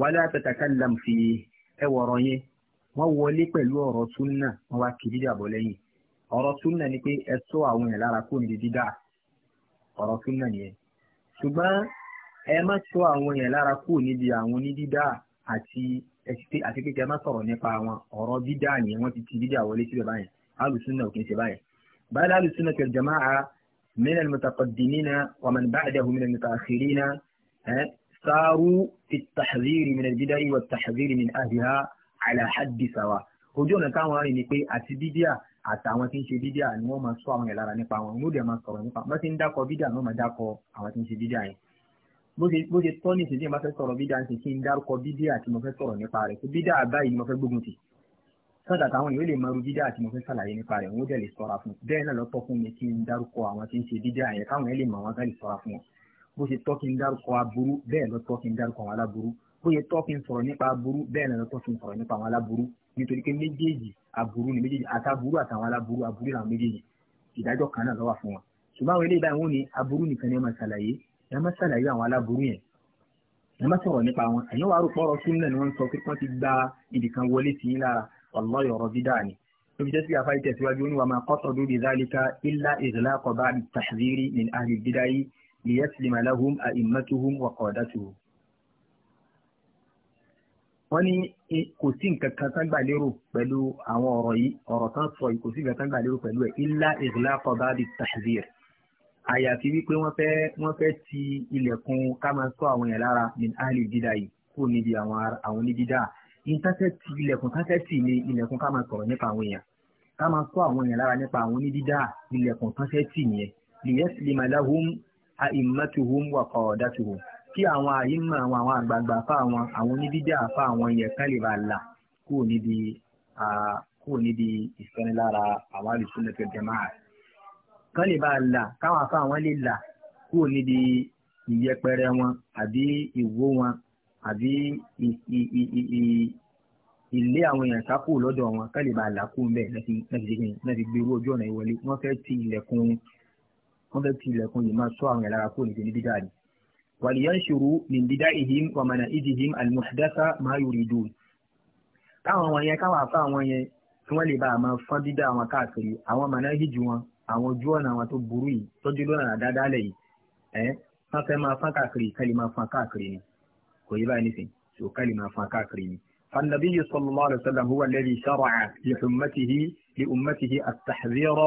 wàlá tatakallam fi ẹ wọ̀rọ̀ yẹn wọ́n wọlé pẹ̀lú ọ̀rọ̀ súnà wọ́n wá kí dídà bọ̀ lẹ́yìn ọ̀rọ̀ súnà ni pé ẹ sọ àwọn yẹn lára kó ní dídà ọ̀rọ̀ súnà nìyẹn ṣùgbọ́n ẹ má sọ àwọn yẹn lára kúrò níbi àwọn onídídá àti ẹsìté àti pé kí ẹ má sọ̀rọ̀ nípa àwọn ọ̀rọ̀ dídá yẹn wọ́n ti ti dídá wọlé síbẹ̀ báyẹn alùsùnà òkè ṣe báyẹn báyìí alùsùnà kẹl jama'a min al-mutaqaddimina wa man ba'dahum min al-muta'akhirina saru fi at-tahdhiri min al-bidai wa at-tahdhiri min ahliha ala haddi sawa ojú ọ̀nà táwọn arìn ni pé àti bídíà àtàwọn tí ń ṣe bídíà ni wọ́n máa sọ àwọn yẹn lára nípa wọn wọ́n dẹ̀ máa sọ̀rọ̀ nípa wọ́n ti ń dákọ̀ bídíà ni wọ́n máa dákọ̀ àwọn tí ń ṣe bídíà yẹn bó ṣe tọ́ ní ìṣèjì máa fẹ́ sọ̀rọ̀ bídà ń ṣe kí n dárúkọ bídà àti mo fẹ́ sọ̀rọ̀ nípa rẹ̀ kí bídà báyìí ni mo fẹ́ gbógun tì sọ́dà táwọn èèyàn lè mọ̀rú bídà àti mo fẹ́ ṣàlàyé nípa rẹ̀ wọ́n dẹ̀ lè sọ̀ra fún bẹ́ẹ̀ náà lọ́tọ́ fún mi kí n dárúkọ àwọn tí ń ṣe bídà yẹn káwọn èèyàn lè mọ̀ wọn ká lè sọ̀ra fún wọn bó ṣe tọ́ kí n dárúkọ aburú bẹ́ẹ̀ lọ́tọ́ kí n dárúkọ àwọn aláburú bó ṣe tọ́ ni méjèèjì àtàburú ẹ má ṣàlàyé àwọn aláboyún yẹn ẹ má sọ̀rọ̀ nípa wọn ẹ̀yin wàá rò pọ̀rọ̀ súnmọ́ ni wọ́n ń sọ pé wọ́n ti gba ibìkan wọlé sí i lára wallahi ọ̀rọ̀ bídà ni lóbi jẹ́ sí àfáì tẹ̀síwájú ó ní wàá máa kọ́sọ̀ lórí zálika ilá ìzìlákọ̀ bá a tàṣírí ní àhìl bídáyì liyaslima lahum a'immatuhum yìí ọ̀rọ̀ tán sọ yìí kò àyàfi wípé wọ́n fẹ́ wọ́n fẹ́ ti ilẹ̀kùn ká máa sọ àwọn yẹn lára ní àlè dídá yìí kó níbi àwọn àwọn onídídá ìtàtẹ́ ti ilẹ̀kùn tàtẹ́ tì ní ilẹ̀kùn ká máa sọ̀rọ̀ nípa àwọn èèyàn ká máa sọ àwọn èèyàn lára nípa àwọn onídídá ilẹ̀kùn tàtẹ́ tì nìyẹn liyaslima lahum a'immatuhum wa qadatuhum kí àwọn àyímọ̀ àwọn àwọn àgbààgbà fa àwọn àwọn onídídá fa àwọn yẹn ká lè máa là kó níbi kó níbi ìsọ́nilára àwọn àlùsùn lẹ́tọ̀ jẹ́máà kán lè bá a là káwọn afá wọn lè là kúrò níbi ìyẹpẹrẹ wọn àbí ìwó wọn àbí ilé àwọn èèyàn sákò lọ́dọ̀ wọn kán lè bá a là kúrò bẹ́ẹ̀ láti gbé irú ojú ọ̀nà ìwọlé wọ́n fẹ́ ti ilẹ̀kùn wọ́n fẹ́ ti ilẹ̀kùn yìí máa sọ àwọn èèyàn lára kúrò níbi dídá ni. wàlíyànṣòro min bida'ihim wa mana'ijihim al-muhdatha ma yuridun káwọn wọn yẹn káwọn afá wọn yẹn tí wọ́n lè bá a fọ́n dídá wọn káàkiri àwọn mànà ìjì wọn àwọn ojú ọ̀nà àwọn tó burú yìí tọ́jú lọ́nà àdáadáa lẹ̀ yìí ẹ́ wọ́n fẹ́ máa fán káàkiri kálí máa fán káàkiri ni kò yí báyìí nísìnyí tó kálí máa fán káàkiri ni. فالنبي صلى الله عليه وسلم هو الذي شرع لأمته لأمته التحذير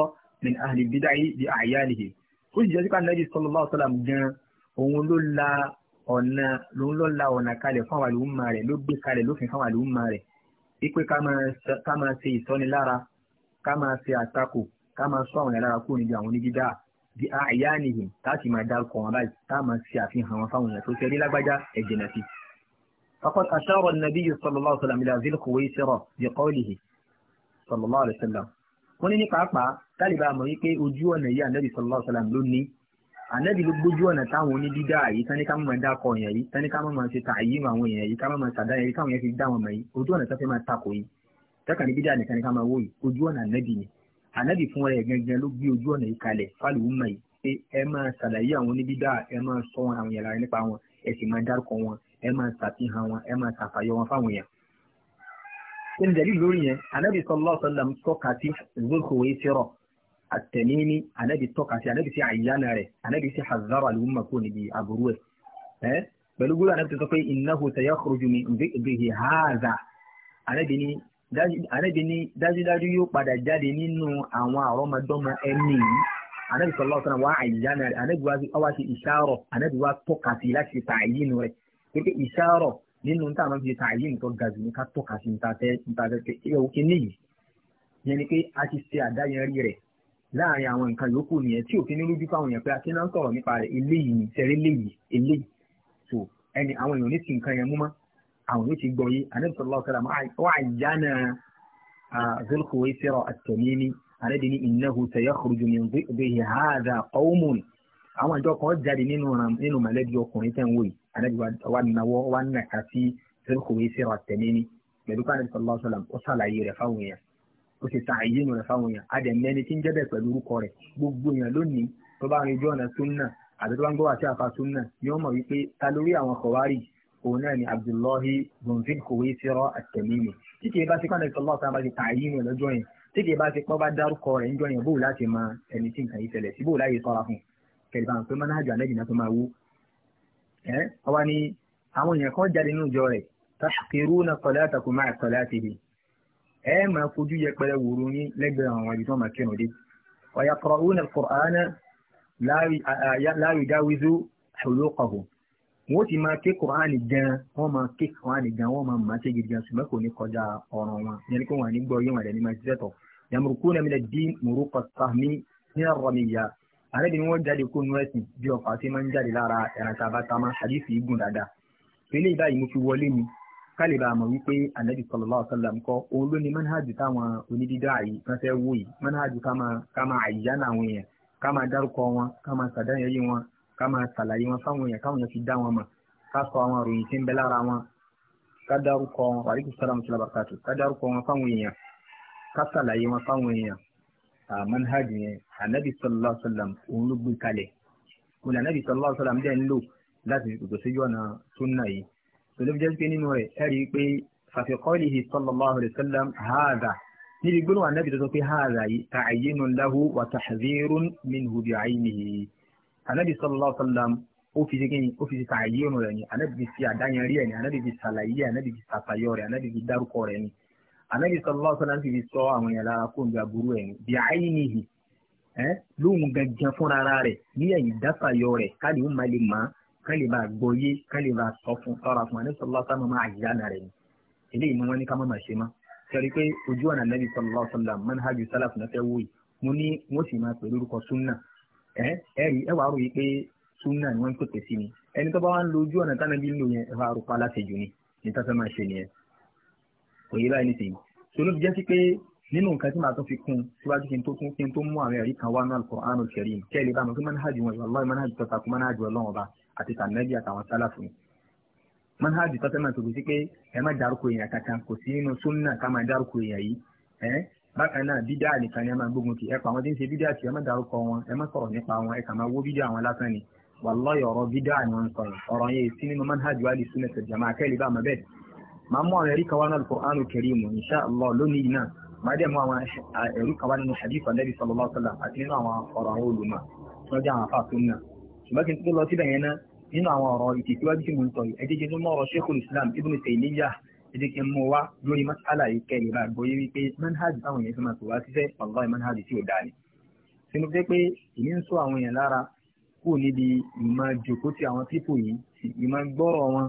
من أهل البدع بأعيانه ó sì jẹ́ sí pàdánù sallallahu alaihi wasallam gan òun ló la ọ̀nà lòun ló la ọ̀nà kalẹ̀ fún àwọn àlùmọ́ rẹ̀ ló gbé kalẹ̀ lófin fún àwọn àlùmọ́ rẹ̀ wípé ká máa ìsọnilára ká máa ṣe ká máa sọ àwọn yàrá kúrò níbi àwọn oníbídà bí àyà nìyí tá máa dárúkọ wọn báyìí tá máa ṣe àfihàn wọn fáwọn èèyàn tó ṣe rí lágbájá ẹ̀jẹ̀ náà sí. فقد أشار النبي صلى الله عليه وسلم إلى ذي القويسرة بقوله صلى الله عليه وسلم wọ́n ní ní pàápàá tálíbà mọ̀ wípé ojú ọ̀nà yìí ànábì sallallahu alaihi wasallam ló ní ànábì ló gbójú ọ̀nà táwọn onídídá yìí tání ká máa dákọ̀ èèyàn yìí tání ká máa ṣe tààyè àwọn èèyàn yìí ká máa ṣàdá yẹn káwọn yẹn fi dá wọn mọ̀ yìí ojú ọ̀nà tó fẹ́ máa takò yìí tẹ́kàn ní bídà nìkan ní ká máa wò yìí ojú ọ̀nà ànábì ni ànábì fún ẹ gangan ló gbé ojú ọ̀nà yìí kalẹ̀ fáliwù mọ̀ yìí pé ẹ máa ṣàlàyé àwọn oníbídà ẹ máa sọ àwọn yàrá nípa wọn ẹ sì máa dárúkọ wọn ẹ máa ṣàfihàn wọn ẹ máa ṣàfàyọ wọn fáwọn èèyàn. ṣé ní dẹ̀lí lórí yẹn ànábì sallallahu alaihi wasallam tọ́ka sí Dhul-Khuwaysira àtẹ̀míní ànábì tọ́ka sí ànábì sí àyíyáná rẹ̀ ànábì sí hazara ló mọ̀ kó níbi àbúrú ẹ̀ pẹ̀lú gbọ́dọ̀ ànábì sọ pé innahu sayakhruju ànábì ní dájúdájú yóò padà jáde nínú àwọn àrọ́mọdọ́mọ ẹni yìí ànábì sọlá ọ̀sán wa àyíjáná rẹ̀ ànábì wa ṣe ìṣàrọ̀ ànábì wa tọ́ka sí láti ṣe tààyínú rẹ̀ pé ìṣàrọ̀ nínú tá a máa fi ṣe tààyínú tó ga jù ní ká tọ́ka sí ntàtẹ́ ntàtẹ́ pé ẹ òkè níyì yẹn ni pé a ti ṣe àdáyẹnrí rẹ̀ láàrin àwọn nǹkan yòókù nìyẹn tí òfin lójú fáwọn èèyàn pé a ti náà ń sọ̀rọ̀ nípa rẹ̀ eléyìí ni sẹ́rí eléyìí eléyìí so ẹni àwọn èèyàn ní ti nǹkan yẹn mú mọ́ àwọn yóò ti gbọ́ yé anabi sallallahu alaihi wa sallam wa àjánà zulkuwaisira at-tamimi anabi ni innahu sayakhruju min dhibihi hadha qawmun àwọn àjọ kan jáde nínú mọ̀lẹ́bí ọkùnrin tẹ̀ ń wòye anabi wa nawọ́ wa nàka sí zulkuwaisira at-tamimi pẹ̀lú kan anabi sallallahu alaihi wa sallam ó sàlàyé rẹ̀ fáwọn èèyàn ó ti ta àyè nù rẹ̀ fáwọn èèyàn adẹ̀mẹ́ni tí ń jẹ́ bẹ́ẹ̀ orúkọ rẹ̀ gbogbo èèyàn lónìí tó bá rin ojú ọ̀nà sunna àti tó bá ń gbọ́ àti àfa sunna ni wọ́n mọ̀ wípé ta lórí àwọn kọ̀wárì òun náà ni abdullahi bonfil kòwé sírọ àtẹ̀mímì tí kìí bá ti pàdé sọlọ́ ọ̀sán bá ti tààyè ní ọlọ́jọ́ yẹn tí kìí bá ti pọ́ bá dárúkọ rẹ̀ níjọ́ yẹn bóòlù láti máa ẹni tí nǹkan yìí ṣẹlẹ̀ sí bóòlù láyé sọ́ra fún kẹlẹ́bà pé mọ́nà àjọ alẹ́ jìnnà tó máa wú. ẹ ọba ni àwọn èèyàn kan jáde nínú ìjọ rẹ̀ tahqiruna salatakum wọ́n ti máa ké kùránì gan wọ́n máa ké kùránì gan wọ́n máa máa ṣe gidi gan ṣùgbọ́n kò ní kọjá ọ̀ràn wọn yẹn ni pé wọ́n á ní gbọ́ yẹn wọ́n á dẹ̀ ní máa ṣiṣẹ́ tọ̀ yamurukuna mina din muruqa sahmi ní arọmiya ààrẹ bí wọ́n jáde kó nu ẹ̀sìn bí ọkọ̀ àti máa ń jáde lára ẹ̀ràn tábà tamá àdìsí igun dáadáa pélé báyìí mo fi wọlé mi kálíbà àmọ̀ wípé anabi kama máa wọn fáwọn èèyàn káwọn èèyàn fi dá wọn mọ̀ ká sọ àwọn àròyìn tí ń bẹ lára wọn ká dárúkọ wọn wàlíkù sálàmù sílá bàkàtù ká dárúkọ wọn fáwọn èèyàn ká ṣàlàyé wọn fáwọn èèyàn manhaj yẹn anabi sallallahu alayhi wa sallam òun ló gbé kalẹ̀ kò ni anabi sallallahu alayhi wa sallam dẹ̀ lò láti fi gbogbo síjú ọ̀nà sunna yìí tòlóbi jẹ́ pé nínú rẹ̀ ẹ rí i pé fàfikọ́lìhì sallallahu alayhi wa sallam haada níbi gbólóhùn anabi tó sọ pé haada yìí ta'ayyinun lahu wa tahdhirun minhu bi'aynihi anabi sallallahu alayhi wa sallam ó fi ṣe kéyìn ó fi ṣe tààyè ọ̀nà rẹ̀ ni anabi fi ṣe àdáyanrí ẹ̀ ni anabi fi ṣàlàyé anabi fi ṣàtàyọ rẹ̀ anabi fi dárúkọ rẹ̀ ni anabi sallallahu alayhi wa sallam fi fi sọ àwọn yàrá kó n gba burú ẹ̀ ni bí àyìnìhì ẹ lóhun gangan fúnra rẹ̀ ní ẹ̀yìn dáfàyọ rẹ̀ káàdì ó máa lè mọ̀ káàlè bá gbọ́ yé káàlè bá sọ fún sọ́ra fún anabi sallallahu alayhi wa sallam máa yára rẹ̀ ni eléyìí ni wọ́n ní ká má pé ojú ọ̀nà anabi sallallahu alayhi wa sallam manhaju salaf náà fẹ́ wò mo ní wọ́n sì máa pẹ̀lú orúkọ sunnah ẹ ẹ rí ẹ wàá rò yìí pé sunna ni wọ́n ń pèpè sí ni ẹni tó bá wà ń lo ojú ọ̀nà tánàbí ń lò yẹn ẹ rò pa aláṣejù ni ní tá a fẹ́ máa ṣe nìyẹn kò yé báyìí nìsín sọlọ́ fi jẹ́ sí pé nínú nǹkan tí màá tó fi kún síwájú kí n tó kún kí n tó mú àwọn ẹ̀rí kan wá ní alukur'an olùkẹ́rìm kẹ́ ẹ lè bá mi kí manhajì wọn ìwàlọ́ manhajì tó takú manhajì ọlọ́wọ́n ọba àti tànàbí àtàwọn sálàfù ni manhajì tó fẹ́ máa tòkù sí pé ẹ má dárúkọ èèyàn kankan kò sí nínú sunna ká máa dárúkọ èèyàn yìí bákan náà bídà nìkan ni ẹ máa gbógun ti ẹ pa àwọn tí ń ṣe bídà tí ẹ má dárúkọ wọn ẹ má sọ̀rọ̀ nípa wọn ẹ kà máa wó bídà wọn lásán ni wàlọ́yì ọ̀rọ̀ bídà ni wọ́n ń sọ ọ̀rọ̀ yẹn sí nínú manhaj wàlí sunnah jamaa kẹ́lí bá ma bẹ́ẹ̀ máa mú àwọn ẹ̀rí kan wá náà al-Qur'anu karim insha Allah lónìí yìí náà máa dẹ̀ mú àwọn ẹ̀rí kan nínú hadith Ànábì sallallahu alaihi wasallam àti nínú àwọn ọ̀rọ̀ àwọn olùmọ̀ tí wọ́n jẹ́ àwọn afáàtú náà ṣùgbọ́n kí n Islam Ibn Taymiyyah ẹ̀jẹ̀ kí n mú wa lórí masala yìí kẹ́lẹ̀ bá gbọ́ yìí wípé manhaj táwọn èèyàn fi máa tòwá síṣẹ́ wàlúwàá manhaj tí ò dáa ni. sínú pé pé èmi ń sọ àwọn èèyàn lára kú níbi ìmọ̀ jòkó ti àwọn pípò yìí ìmọ̀ gbọ́rọ̀ wọn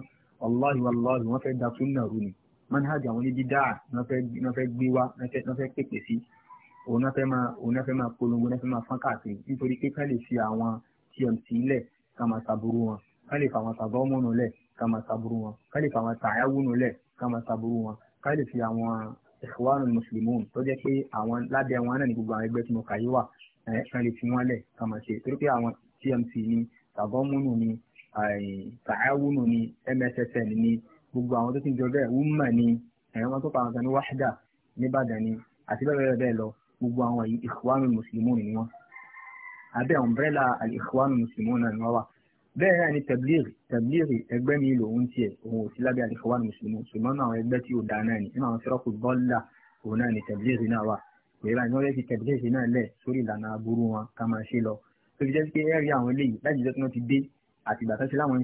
wàlúwàá wàlúwàá wọn fẹ́ da sunna rú ni manhaj àwọn níbi dáa wọn fẹ́ gbé wa wọn fẹ́ pèpè sí òun náà fẹ́ máa òun náà fẹ́ máa polongo náà fẹ́ máa fọ́n káàkiri nítorí pé ká lè fi àwọn tmc lẹ̀ ká máa saburú wọn ká lè fa àwọn tàbọ́mọ́nù lẹ̀ lẹ̀ ká máa ṣàbúrú wọn ká lè fi àwọn ikhwanul muslimun tó jẹ́ pé àwọn lábẹ́ àwọn náà ní gbogbo àwọn ẹgbẹ́ tí mo kà yí wà kan lè fi wọ́n lẹ̀ ká máa ṣe torí pé àwọn TMC ni tàbọ́múnù ni tàáwùnù ni MSSN ni gbogbo àwọn tó ti ń jọ bẹ́ẹ̀ wúmà ni ẹ̀wọ̀n tó pa àwọn kan ní wáṣídà níbàdàn ni àti bẹ́ẹ̀ bẹ́ẹ̀ lọ gbogbo àwọn ikhwanul muslimun ni wọ́n abẹ́ umbrella al-ikhwanul muslimun ni wọ́n wà bẹ́ẹ̀ náà ni tẹ̀blíìrì tẹ̀blíìrì ẹgbẹ́ mi lòun tiẹ̀ òun ò sí lábẹ́ àlìfọwọ́n mùsùlùmí ṣùgbọ́n náà àwọn ẹgbẹ́ tí ò dáa náà ni nínú àwọn sọ́rọ́kù bọ́ọ̀là òun náà ni tẹ̀blíìrì náà wà pé báyìí wọ́n fẹ́ fi tẹ̀blíìrì náà lẹ̀ sórí ìlànà aburú wọn ká máa ṣe lọ tó fi jẹ́ pé ẹ rí àwọn eléyìí láti jẹ́ kí wọ́n ti dé àtìgbà tó ṣe láwọn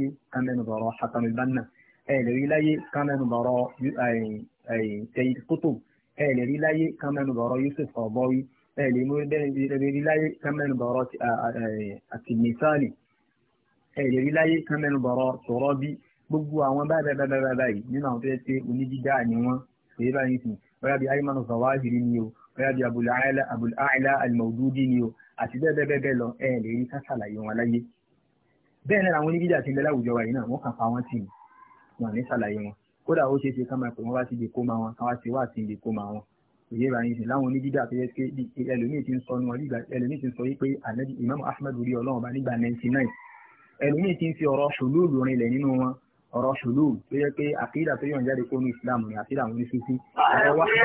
ń ṣe dáwà ẹ lè rí láyé ká mẹ́nu bọ̀rọ̀ Sayyid Qutb ẹ lè rí láyé ká mẹ́nu bọ̀rọ̀ Yusuf Qaradawi ẹ lè rí láyé ká mẹ́nu bọ̀rọ̀ At-Tinnistani ẹ lè rí láyé ká mẹ́nu bọ̀rọ̀ Turabi gbogbo àwọn báyìí báyìí àti bẹ́ẹ̀ bẹ́ẹ̀ bẹ́ẹ̀ lọ ẹ lè rí ká ṣàlàyé wọn láyé bẹ́ẹ̀ náà àwọn onídídá ti lẹ́ láwùjọ wa yìí náà wọ́n kàn pa wọ́n tì í wọn ní ṣàlàyé wọn kódà ó ṣeé ṣe ká máa pè wọn wá sí ibi kó máa wọn ká wá sí wá sí ibi kó máa wọn òye ìbára yìí láwọn onídídà tó yẹ pé ẹlòmíì ti ń sọ wọn nígbà ẹlòmíì ti ń sọ yìí pé anabi imam ahmed rí ọlọ́run bá nígbà ninety nine ẹlòmíì ti ń fi ọ̀rọ̀ ṣòlóòlù rinlẹ̀ nínú wọn ọ̀rọ̀ ṣòlóòlù tó yẹ pé àkídà tó yàn jáde kónú islam ni àkídà àwọn oníṣẹ́sí ọ̀rọ̀ wá sí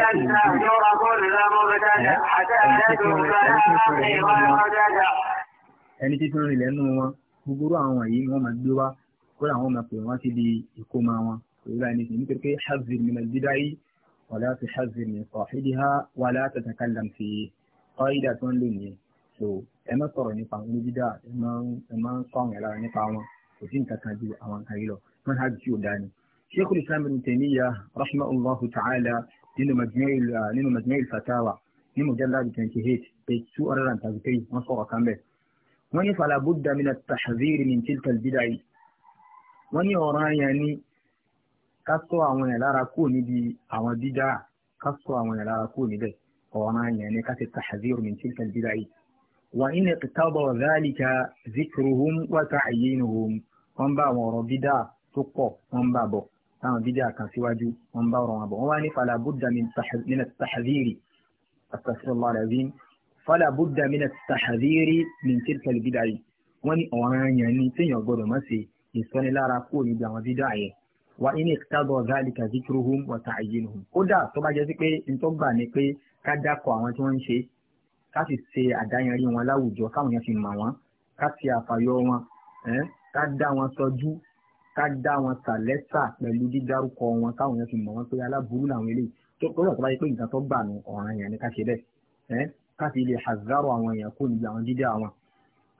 ẹni tí tó ń rinlẹ̀ nínú wọn gbogbo àwọn wọ̀nyí ni máa gbé wá كل عام يكون واسع ليكون معه يعني في مثل كي حذر من البدع ولا تحذر من صاحبها ولا تتكلم في قاعدة لني so أما صار نفهم البدع أما أما صار على نفهم وتين تكذب أمان كيلو من هذا شو داني شيخ الإسلام ابن تيمية رحمه الله تعالى لنو مجموع لنو مجموع الفتاوى لنو مجلة بتنتهيت بيتسو أرلان تذكي ما صار كامل ونفع لابد من التحذير من تلك البدع wọ́n ní ọ̀ràn yẹn ni ká sọ àwọn yẹn lára kúrò níbi àwọn dídá ká sọ àwọn yẹn lára kúrò níbẹ̀ ọ̀ràn yẹn ni ká ti tahziru min tilka al-bid'a yìí. wà ní iqtada dhalika zikruhum wa ta'yinuhum wọ́n bá àwọn ọ̀rọ̀ dídá tó pọ̀ wọ́n bá bọ̀ táwọn dídá kan síwájú wọ́n bá ọ̀rọ̀ wọn bọ̀ wọ́n wá ní fala budda min at-tahdhiri astaghfirullah al ìsọ́nilára kó níbi àwọn bídà yẹn wa in iqtada dhalika zikruhum wa ta'yinuhum kódà tó bá jẹ́ sí pé ntọ́gbà ni pé ká dákọ̀ àwọn tí wọ́n ń ṣe ká sì ṣe àdáyanrí wọn láwùjọ káwọn yẹn fi mọ̀ wọ́n ká ṣe àfàyọ wọn ká dá wọn sọjú ká dá wọn sàlẹ́sà pẹ̀lú dídárúkọ wọn káwọn yẹn fi mọ̀ wọ́n pé aláburú làwọn eléyìí tó kọ́ lọ́kọ́ báyìí pé nǹkan tó gbà ni ká ṣe bẹ́ẹ̀ ká sì lè hazaro àwọn èèyàn kó níbi àwọn dídá wọn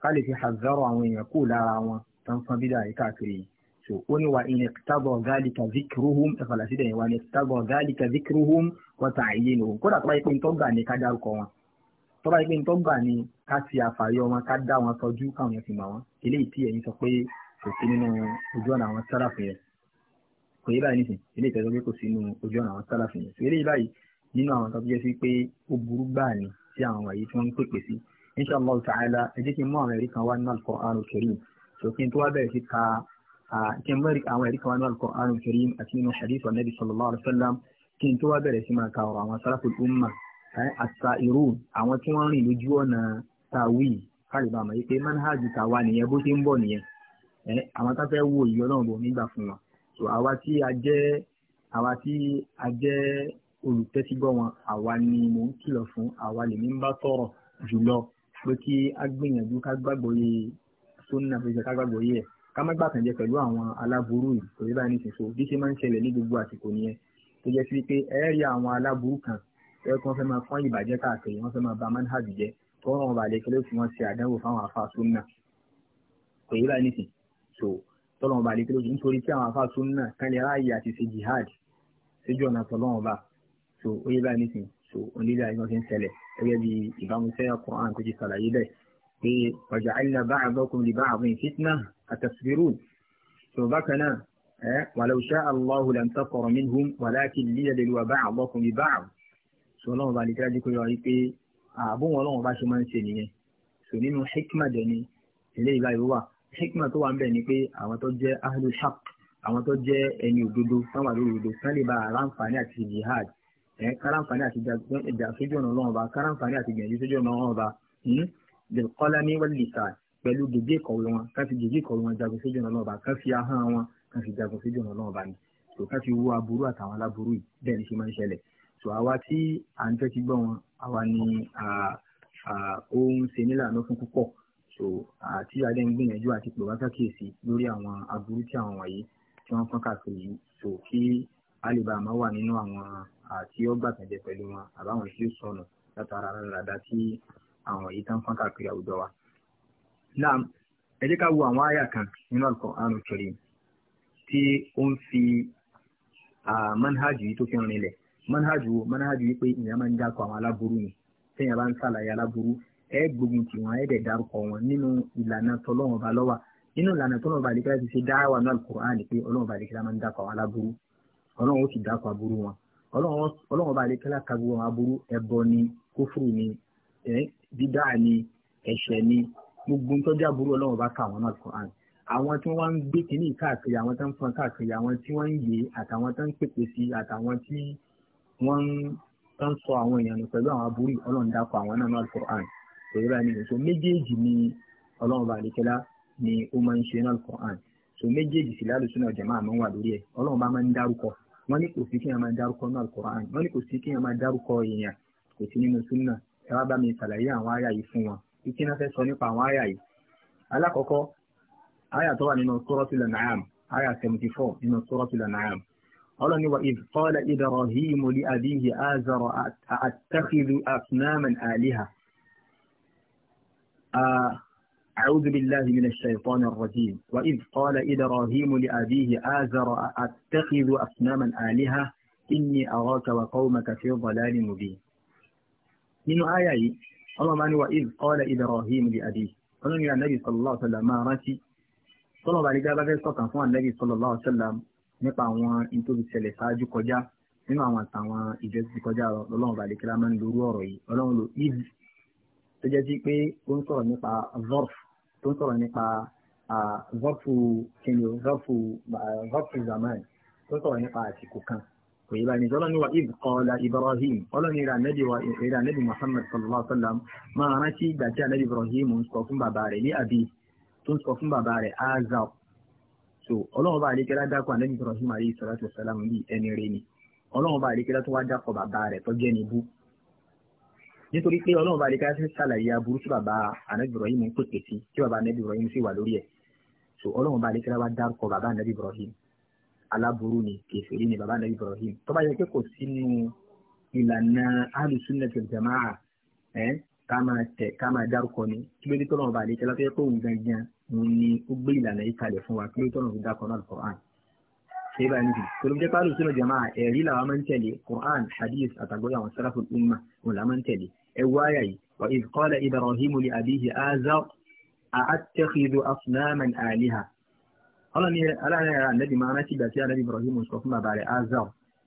ká lè fi hazaro àwọn èèyàn kó lára wọn tánfán bídà yìí káàkiri so ó ní wa ìní tábọ̀ zálika zikruhum ẹ̀fàlà sídẹ̀ yìí wa ní tábọ̀ zálika zikruhum wa ta'yinuhum kódà tó bá yẹ pé nítorí gbà ní ká dárúkọ wọn tó bá yẹ pé nítorí gbà ní ká ti àfàyọ wọn ká dá wọn sọjú káwọn yẹn fi mọ̀ wọn eléyìí tí ẹ̀yin sọ pé kò sí nínú ojú ọ̀nà àwọn sálàfù yẹn kò yé báyìí nísìn eléyìí tẹ́sọ́ pé kò sí nínú ojú ọ̀nà àwọn sálàfù yẹn so eléyìí báyìí nínú àwọn tó jẹ́ sí pé ó burú gbà ní sí àwọn wàyí tí wọ́n ń pèpè sí inshallah ta'ala ẹ jẹ́ kí n kan wá nínú al-Qur'an al tó kí n tó wá bẹ̀rẹ̀ sí ka kí n mẹ́rin àwọn ẹ̀rí kan wá ní al-Qur'an al-Karim àti nínú hadith wa nabi sallallahu alayhi wa sallam kí n tó wá bẹ̀rẹ̀ sí máa ka ọ̀rọ̀ àwọn salaful umma àṣà irú àwọn tí wọ́n rìn lójú ọ̀nà tàwí kálíbà àmọ́ yìí pé manhajú tàwa nìyẹn bó ṣe ń bọ̀ nìyẹn àwọn tá fẹ́ wo ìyọ́ náà bọ̀ nígbà fún wa so àwa tí a jẹ́ àwa tí a jẹ́ olùtẹ́sígbọ́ wọn àwa ni mò ń kìlọ̀ fún àwa lèmi ń bá tọ̀rọ̀ jùlọ pé kí a gbìyànjú ká gbàgbọ́ yìí sunna fi ṣe ká gbàgbọ́ yẹ ká má gbàtàn jẹ pẹ̀lú àwọn aláburú yìí kò yẹ báyìí nísinsìnyí so bí ṣe máa ń ṣẹlẹ̀ ní gbogbo àsìkò nìyẹn tó jẹ́ sí pé ẹ rí àwọn aláburú kan ẹ kí wọ́n fẹ́ máa fọ́n ìbàjẹ́ káàkiri wọ́n fẹ́ máa ba manhaj jẹ́ tó ràn wọn balẹ̀ kẹlẹ́ òfin wọn ṣe àdánwò fáwọn afa sunna kò yẹ báyìí nísinsìnyí so tọ́lọ́wọ́n balẹ̀ kẹlẹ́ òfin nítorí tí àwọn afa sunna kan lè ráàyè àti ṣe jihad ṣéjú ọ̀nà tọ́lọ́wọ́n bá so ó yẹ báyìí nísinsìnyí so onílé àyè wọn fi ń ṣẹlẹ̀ gẹ́gẹ́ bí ìbámu sẹ́yà Quran kò ṣàlàyé bẹ́ẹ̀ pé ọjà àìlà bá àbọ̀kùn lè bá àwọn ìfitna àtàsífìrù tó bákan náà ẹ wàlẹ̀ òṣà aláhu lẹ́m tọkọrọ minhum wàláàkì lílẹ̀ lè lu àbá àbọ̀kùn lè bá àwọn. sọ lọ́wọ́ bá lè dájú pé wọ́n rí pé ààbò wọn lọ́wọ́ bá ṣe máa ń ṣe nìyẹn. sọ nínú hikma dẹ̀ ni ilé ìlà ìwà hikma tó wà ń bẹ̀ ni pé àwọn tó jẹ́ ahlu haq àwọn tó jẹ́ ẹni òdodo táwọn àlórí òdodo kán lè ba àràǹfààní àti jihad ẹ káràǹfààní àti ìjà sójú ọ̀nà ọlọ́run ọba káràǹfààní àti ìgbìyànjú sójú ọ̀nà ọlọ́run ọba hmm? bilqalami wal lisan pẹ̀lú gègé kọ̀wé wọn ká fi gègé kọ̀wé wọn jagun sójú ọ̀nà náà bá ká fi ahọ́n wọn ká fi jagun sójú ọ̀nà náà bá ní tó ká fi wo aburú àtàwọn aláburú yìí bẹ́ẹ̀ ni ṣe máa ń ṣẹlẹ̀ tó àwa tí à ń tẹ́tí gbọ́ wọn àwa ni ó ń ṣe nílànà fún púpọ̀ so àti adé ń gbìyànjú àti pè wá lórí àwọn aburú tí àwọn wọ̀nyí tí wọ́n fọ́n káàkiri yìí so kí a lè bá a máa wà nínú àwọn àti ọgbà tẹ̀jẹ̀ pẹ̀lú wọn àbáwọn tí sọnù látara rárá tí àwọn èyí tán fọ́n káàkiri àwùjọ wa. náà ẹ jẹ́ ká wo àwọn àyà kan nínú Al-Qur'an Al-Karim tí ó ń fi manhajù yìí tó fi rìn lẹ̀ manhajù manhajù yìí pé ìyẹn máa ń dákọ̀ àwọn aláburú ni téèyàn bá ń sàlàyé aláburú ẹ gbógun tì wọ́n ẹ dẹ̀ dárúkọ wọn nínú ìlànà tọ́lọ́wọ́n ba lọ́wà nínú ìlànà tọ́lọ́wọ́n ba àdìkẹ́lá ti ṣe dáwà dídá ni ẹ̀ṣẹ̀ ni gbogbo nítorí àbúrò ọlọ́run bá kà wọ́n náà Quran àwọn tí wọ́n ń gbé kínní káàkiri àwọn tó ń fọn káàkiri àwọn tí wọ́n ń yé àtàwọn tó ń pèpè sí àtàwọn tí wọ́n ń sọ àwọn èèyàn nù pẹ̀lú àwọn aburú ọlọ́run dákọ̀ àwọn náà náà Quran èyí rà nínú so méjèèjì ni ọlọ́run bá àdékẹ́lá ni ó máa ń ṣe náà Quran so méjèèjì sì lálùsùn náà jẹ̀mọ́ àmọ́ wà lórí ẹ̀ ọlọ́run bá máa ń dárúkọ wọ́n ní kò sí kí ẹ wá bá mi ṣàlàyé àwọn àyà yìí fún wọn ìkí náà fẹ́ sọ nípa àwọn àyà yìí alákọ̀ọ́kọ́ àyà tó wà nínú Suratul An'am àyà seventy four nínú Suratul An'am ọlọ́ni wa idh qala Ibrahimu li abihi azara attakhidhu asnaman aliha أعوذ بالله من الشيطان الرجيم وإذ قال إبراهيم لأبيه آزر أتخذ أصناما آلهة إني أراك وقومك في ضلال مبين nínú àyà yìí ọlọ́run bá ní wa iz qala ibrahim li abi ọlọ́run ní anabi sallallahu alaihi wasallam máa rántí tọ́lọ̀ bá nígbà bá fẹ́ sọ̀kan fún anabi sallallahu alaihi wasallam nípa àwọn nítorí ṣẹlẹ̀ ṣáájú kọjá nínú àwọn àtàwọn ìjọsìn kọjá ọlọ́run bá nìkẹ́lá máa ń lo orú ọ̀rọ̀ yìí ọlọ́run lo iz tó jẹ́ sí pé ó ń sọ̀rọ̀ nípa zorf tó ń sọ̀rọ̀ nípa zorfu kìnìún zorfu zorfu zaman tó ń sọ̀rọ̀ nípa àsìkò kan kò yí báyìí tọ́lọ́ ní wa ib qala ibrahim ọlọ́ni ìrà nẹ́bí wa ìrà nẹ́bí muhammad sallallahu alaihi wa sallam máa rántí ìgbà tí ànẹ́bí ibrahim ń sọ fún bàbá rẹ̀ ní àbí tó ń sọ fún bàbá rẹ̀ áza so ọlọ́run bá àdékẹ́lá dákọ̀ ànẹ́bí ibrahim alayhi salatu wa salam bíi ẹni rẹ̀ ni ọlọ́run bá àdékẹ́lá tó wá dákọ̀ bàbá rẹ̀ tó jẹ́ níbú nítorí pé ọlọ́run bá àdékẹ́lá ti ṣàlàyé aburú tí bàbá ànẹ́bí ibrahim ń pèpè aláburú ni kèfèrí ni bàbá nàbí Ibrahim tó bá yẹ pé kò sínú ìlànà alùsùnà tẹ̀lẹ̀tẹ̀máà ẹ̀ ká máa tẹ̀ ká máa dárúkọ ni kí ló dé tọ́lọ́ ọba àlejò látọ́ yẹ pé òun gangan òun ni ó gbé ìlànà yìí kalẹ̀ fún wa kí ló dé dákọ̀ náà Qur'an ṣé bá níbi tòlóbi jẹ́ pálọ̀ sínú jama'a ẹ̀rí làwọn máa ń tẹ̀lé Qur'an hadith àtàgbọ́yà àwọn sáràfù umma òun làwọn máa ń tẹ̀lé ẹ wáyà yìí wa idh qala Ibrahimu li abihi azar a'attakhidhu asnaman ala aláàrẹ̀ ànábì máa rántí ìgbà tí ànábì Ibrahim sọ fún bàbá rẹ̀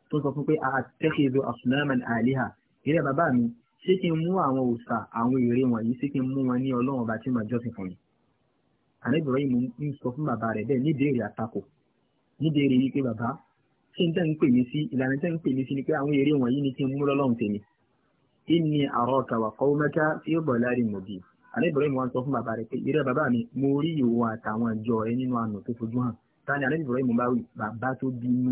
tó sọ fún pé àtẹ́kẹ̀ẹ́dọ̀ asnaman a eré bàbá mi ṣé kí n mú àwọn òòṣà àwọn ère wọ̀nyí ṣé kí n mú wọn ní ọlọ́run ọba tí jọ́sìn fún mi. Ibrahim ń sọ fún bàbá rẹ̀ bẹ́ẹ̀ níbèrè àtakò yìí pé ṣé n tẹ́ ń pè mí sí ìlànà tẹ́ ń pè mí sí ni pé àwọn n mú lọ́lọ́run tèmi. àní Ibrahim wa ń sọ fún bàbá rẹ̀ pé ìrẹ́ bàbá mi mo rí ìwọ àtàwọn ìjọ rẹ nínú àná tó fojú hàn tani àní Ibrahim bá wí bàbá tó bínú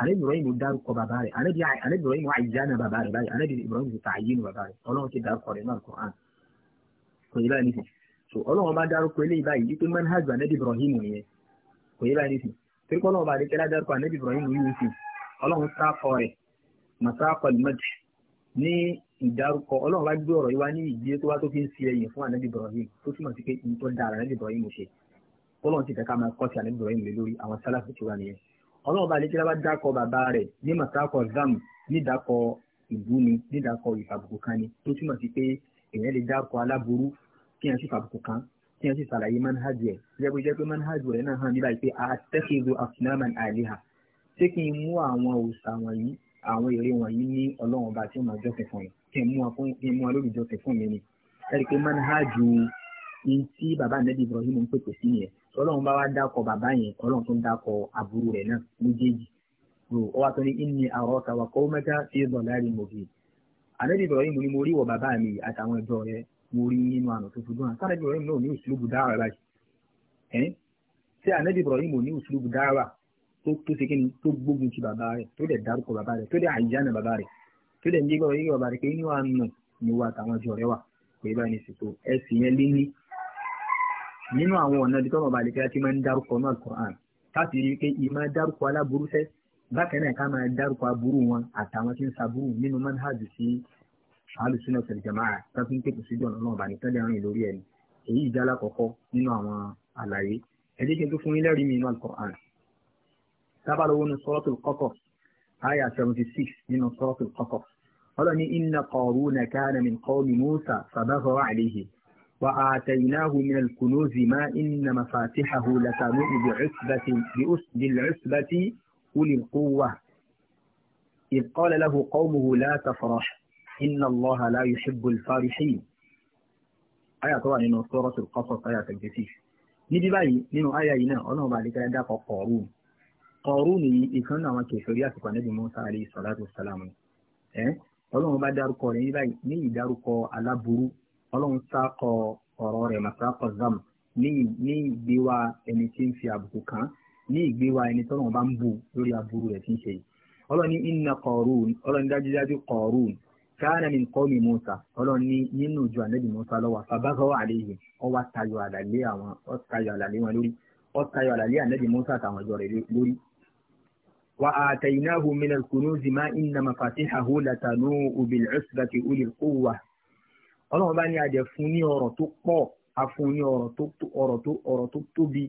àní Ibrahim dárúkọ bàbá rẹ̀ àní Ibrahim àìjáná bàbá rẹ̀ báyìí àní Ibrahim ti tààyínú bàbá rẹ̀ ọlọ́run ti dárúkọ rẹ̀ náà Kùránì kò yí báyìí nìsín so ọlọ́run bá dárúkọ eléyìí báyìí wípé manhaj àní Ibrahim nìyẹn kò yí báyìí nìsín torí kọ́ ọlọ́run bá adékẹ́lá dárúkọ àní Ibrahim yìí nìsín ọlọ́run sáfọ rẹ̀ màsáfọ lùmọ́tì ní ìdárúkọ ọlọ́run bá gbé ọ̀rọ̀ yìí wá ní ìdílé tó wá tó fi ń fi ẹ̀yìn fún ànábì Ibrahim tó túmọ̀ sí pé n tó dára ànábì Ibrahim ṣe ọlọ́run ti fẹ́ka máa kọ́sí ànábì Ibrahim lé lórí àwọn sálàfù tí wà nìyẹn ọlọ́run bá lè jẹ́ra bá dákọ̀ bàbá rẹ̀ ní màsákọ̀ zam nídàkọ̀ ìlú ni nídàkọ̀ ìfàbùkù kan ni tó túmọ̀ sí pé èèyàn lè dákọ̀ aláburú kí èèyàn sì fàbùkù kan kí èèyàn sì ṣàlàyé manhaj ẹ̀ jẹ́ pé jẹ́ pé manhaj rẹ̀ náà hàn nígbà pé àtẹ́kẹ̀dọ̀ àfúnámàn àìlèhà ṣé kí àwọn òòṣà wọ̀nyí ní ọlọ́run bá tí ó máa jọ́sìn fún yìí kí n mú wa fún kí n mú wa lórí ìjọsìn fún mi ni ẹ̀rí pé manhaju ní tí bàbá nẹ́bí Ibrahim ń pèpè sí nìyẹn ọlọ́run bá wá dákọ̀ bàbá yẹn ọlọ́run tó ń dákọ̀ àbúrò rẹ̀ náà méjèèjì ro ọ wá sọ ní inni araka wa qaumaka fi dalalin mubin ànẹ́bí Ibrahim ni mo rí wọ bàbá mi àtàwọn ẹjọ́ rẹ̀ mo rí nínú àná tó fojú hàn sáré Ibrahim náà ní ìṣúlùbù dáhà báyìí ẹ̀ ṣé ànẹ́bí Ibrahim ní ìṣúlùbù dáhà tó tó ṣe kí ni tó gbógun ti bàbá rẹ̀ tó dẹ̀ dárúkọ bàbá rẹ̀ tó dẹ̀ àyíjáná bàbá rẹ̀ tó dẹ̀ ń jẹ́ ìgbà bàrẹ̀ pé yíwá nù ni wà táwọn ọjọ́ rẹ wà pé báyìí ní sètò ẹ̀sìn yẹn lé ní. nínú àwọn ọ̀nà ibi tọ́mọ̀ bàrẹ̀ pé a ti máa ń dárúkọ náà Al-Qur'an káàsì rí i pé ìmọ̀ dárúkọ aláburú fẹ́ bákan náà ká máa dárúkọ aburú wọn àtàwọn tí ń saburú nínú manhaj sí alùsùnà fẹ̀lẹ̀ jamaa káfí ń pèpè síjọ́ ọ̀nà náà bá ní tẹ́lẹ̀ rìn lórí ẹni èyí ìjà alákọ̀ọ́kọ́ nínú àwọn àlàyé ẹ kí n tó fún yín lẹ́rìí mi inú Al-Qur'an tábàlówó ni Suratul Qasas آية 76 من سورة القصص قال إن قارون كان من قوم موسى فبغى عليه وآتيناه من الكنوز ما إن مفاتحه لتنوء بعصبة بأسد العصبة أولي القوة إذ قال له قومه لا تفرح إن الله لا يحب الفارحين آية طبعا من سورة القصص آية 76 نبي باي من آية هنا أنا بعد كده قارون Kọ̀ọ̀rún ni ìkan náà àwọn kẹfẹ́rí àsìkò ànábì Mùsá alayhi salatu wassalam ẹ̀ ọlọ́run bá dárúkọ rẹ̀ ní báyìí ní ìdárúkọ aláburú ọlọ́run sákọ ọ̀rọ̀ rẹ̀ màsákọ zam ní ìgbéwà ẹni tí ń fi àbùkù kàn ní ìgbéwà ẹni tọ́lọ́run bá ń bù lórí aburú rẹ̀ tí ń ṣe yìí ọlọ́ni inna kọ̀ọ̀rún ọlọ́ni dájúdájú kọ̀ọ̀rún káàna min kọ́mi musa ọlọ́ni nínú ìjọ ànábì musa lọ́wọ́ fàbákọ́ àlejò ọtayọ àlàlé wọn musa àtàwọn ìjọ rẹ̀ lórí وآتيناه من الكنوز ما إن مفاتحه لتنوء بالعصبة أولي القوة ọlọ́run bá ní adìẹ fún ní ọ̀rọ̀ tó pọ̀ a fún ní ọ̀rọ̀ tó ọ̀rọ̀ tó ọ̀rọ̀ tó tóbi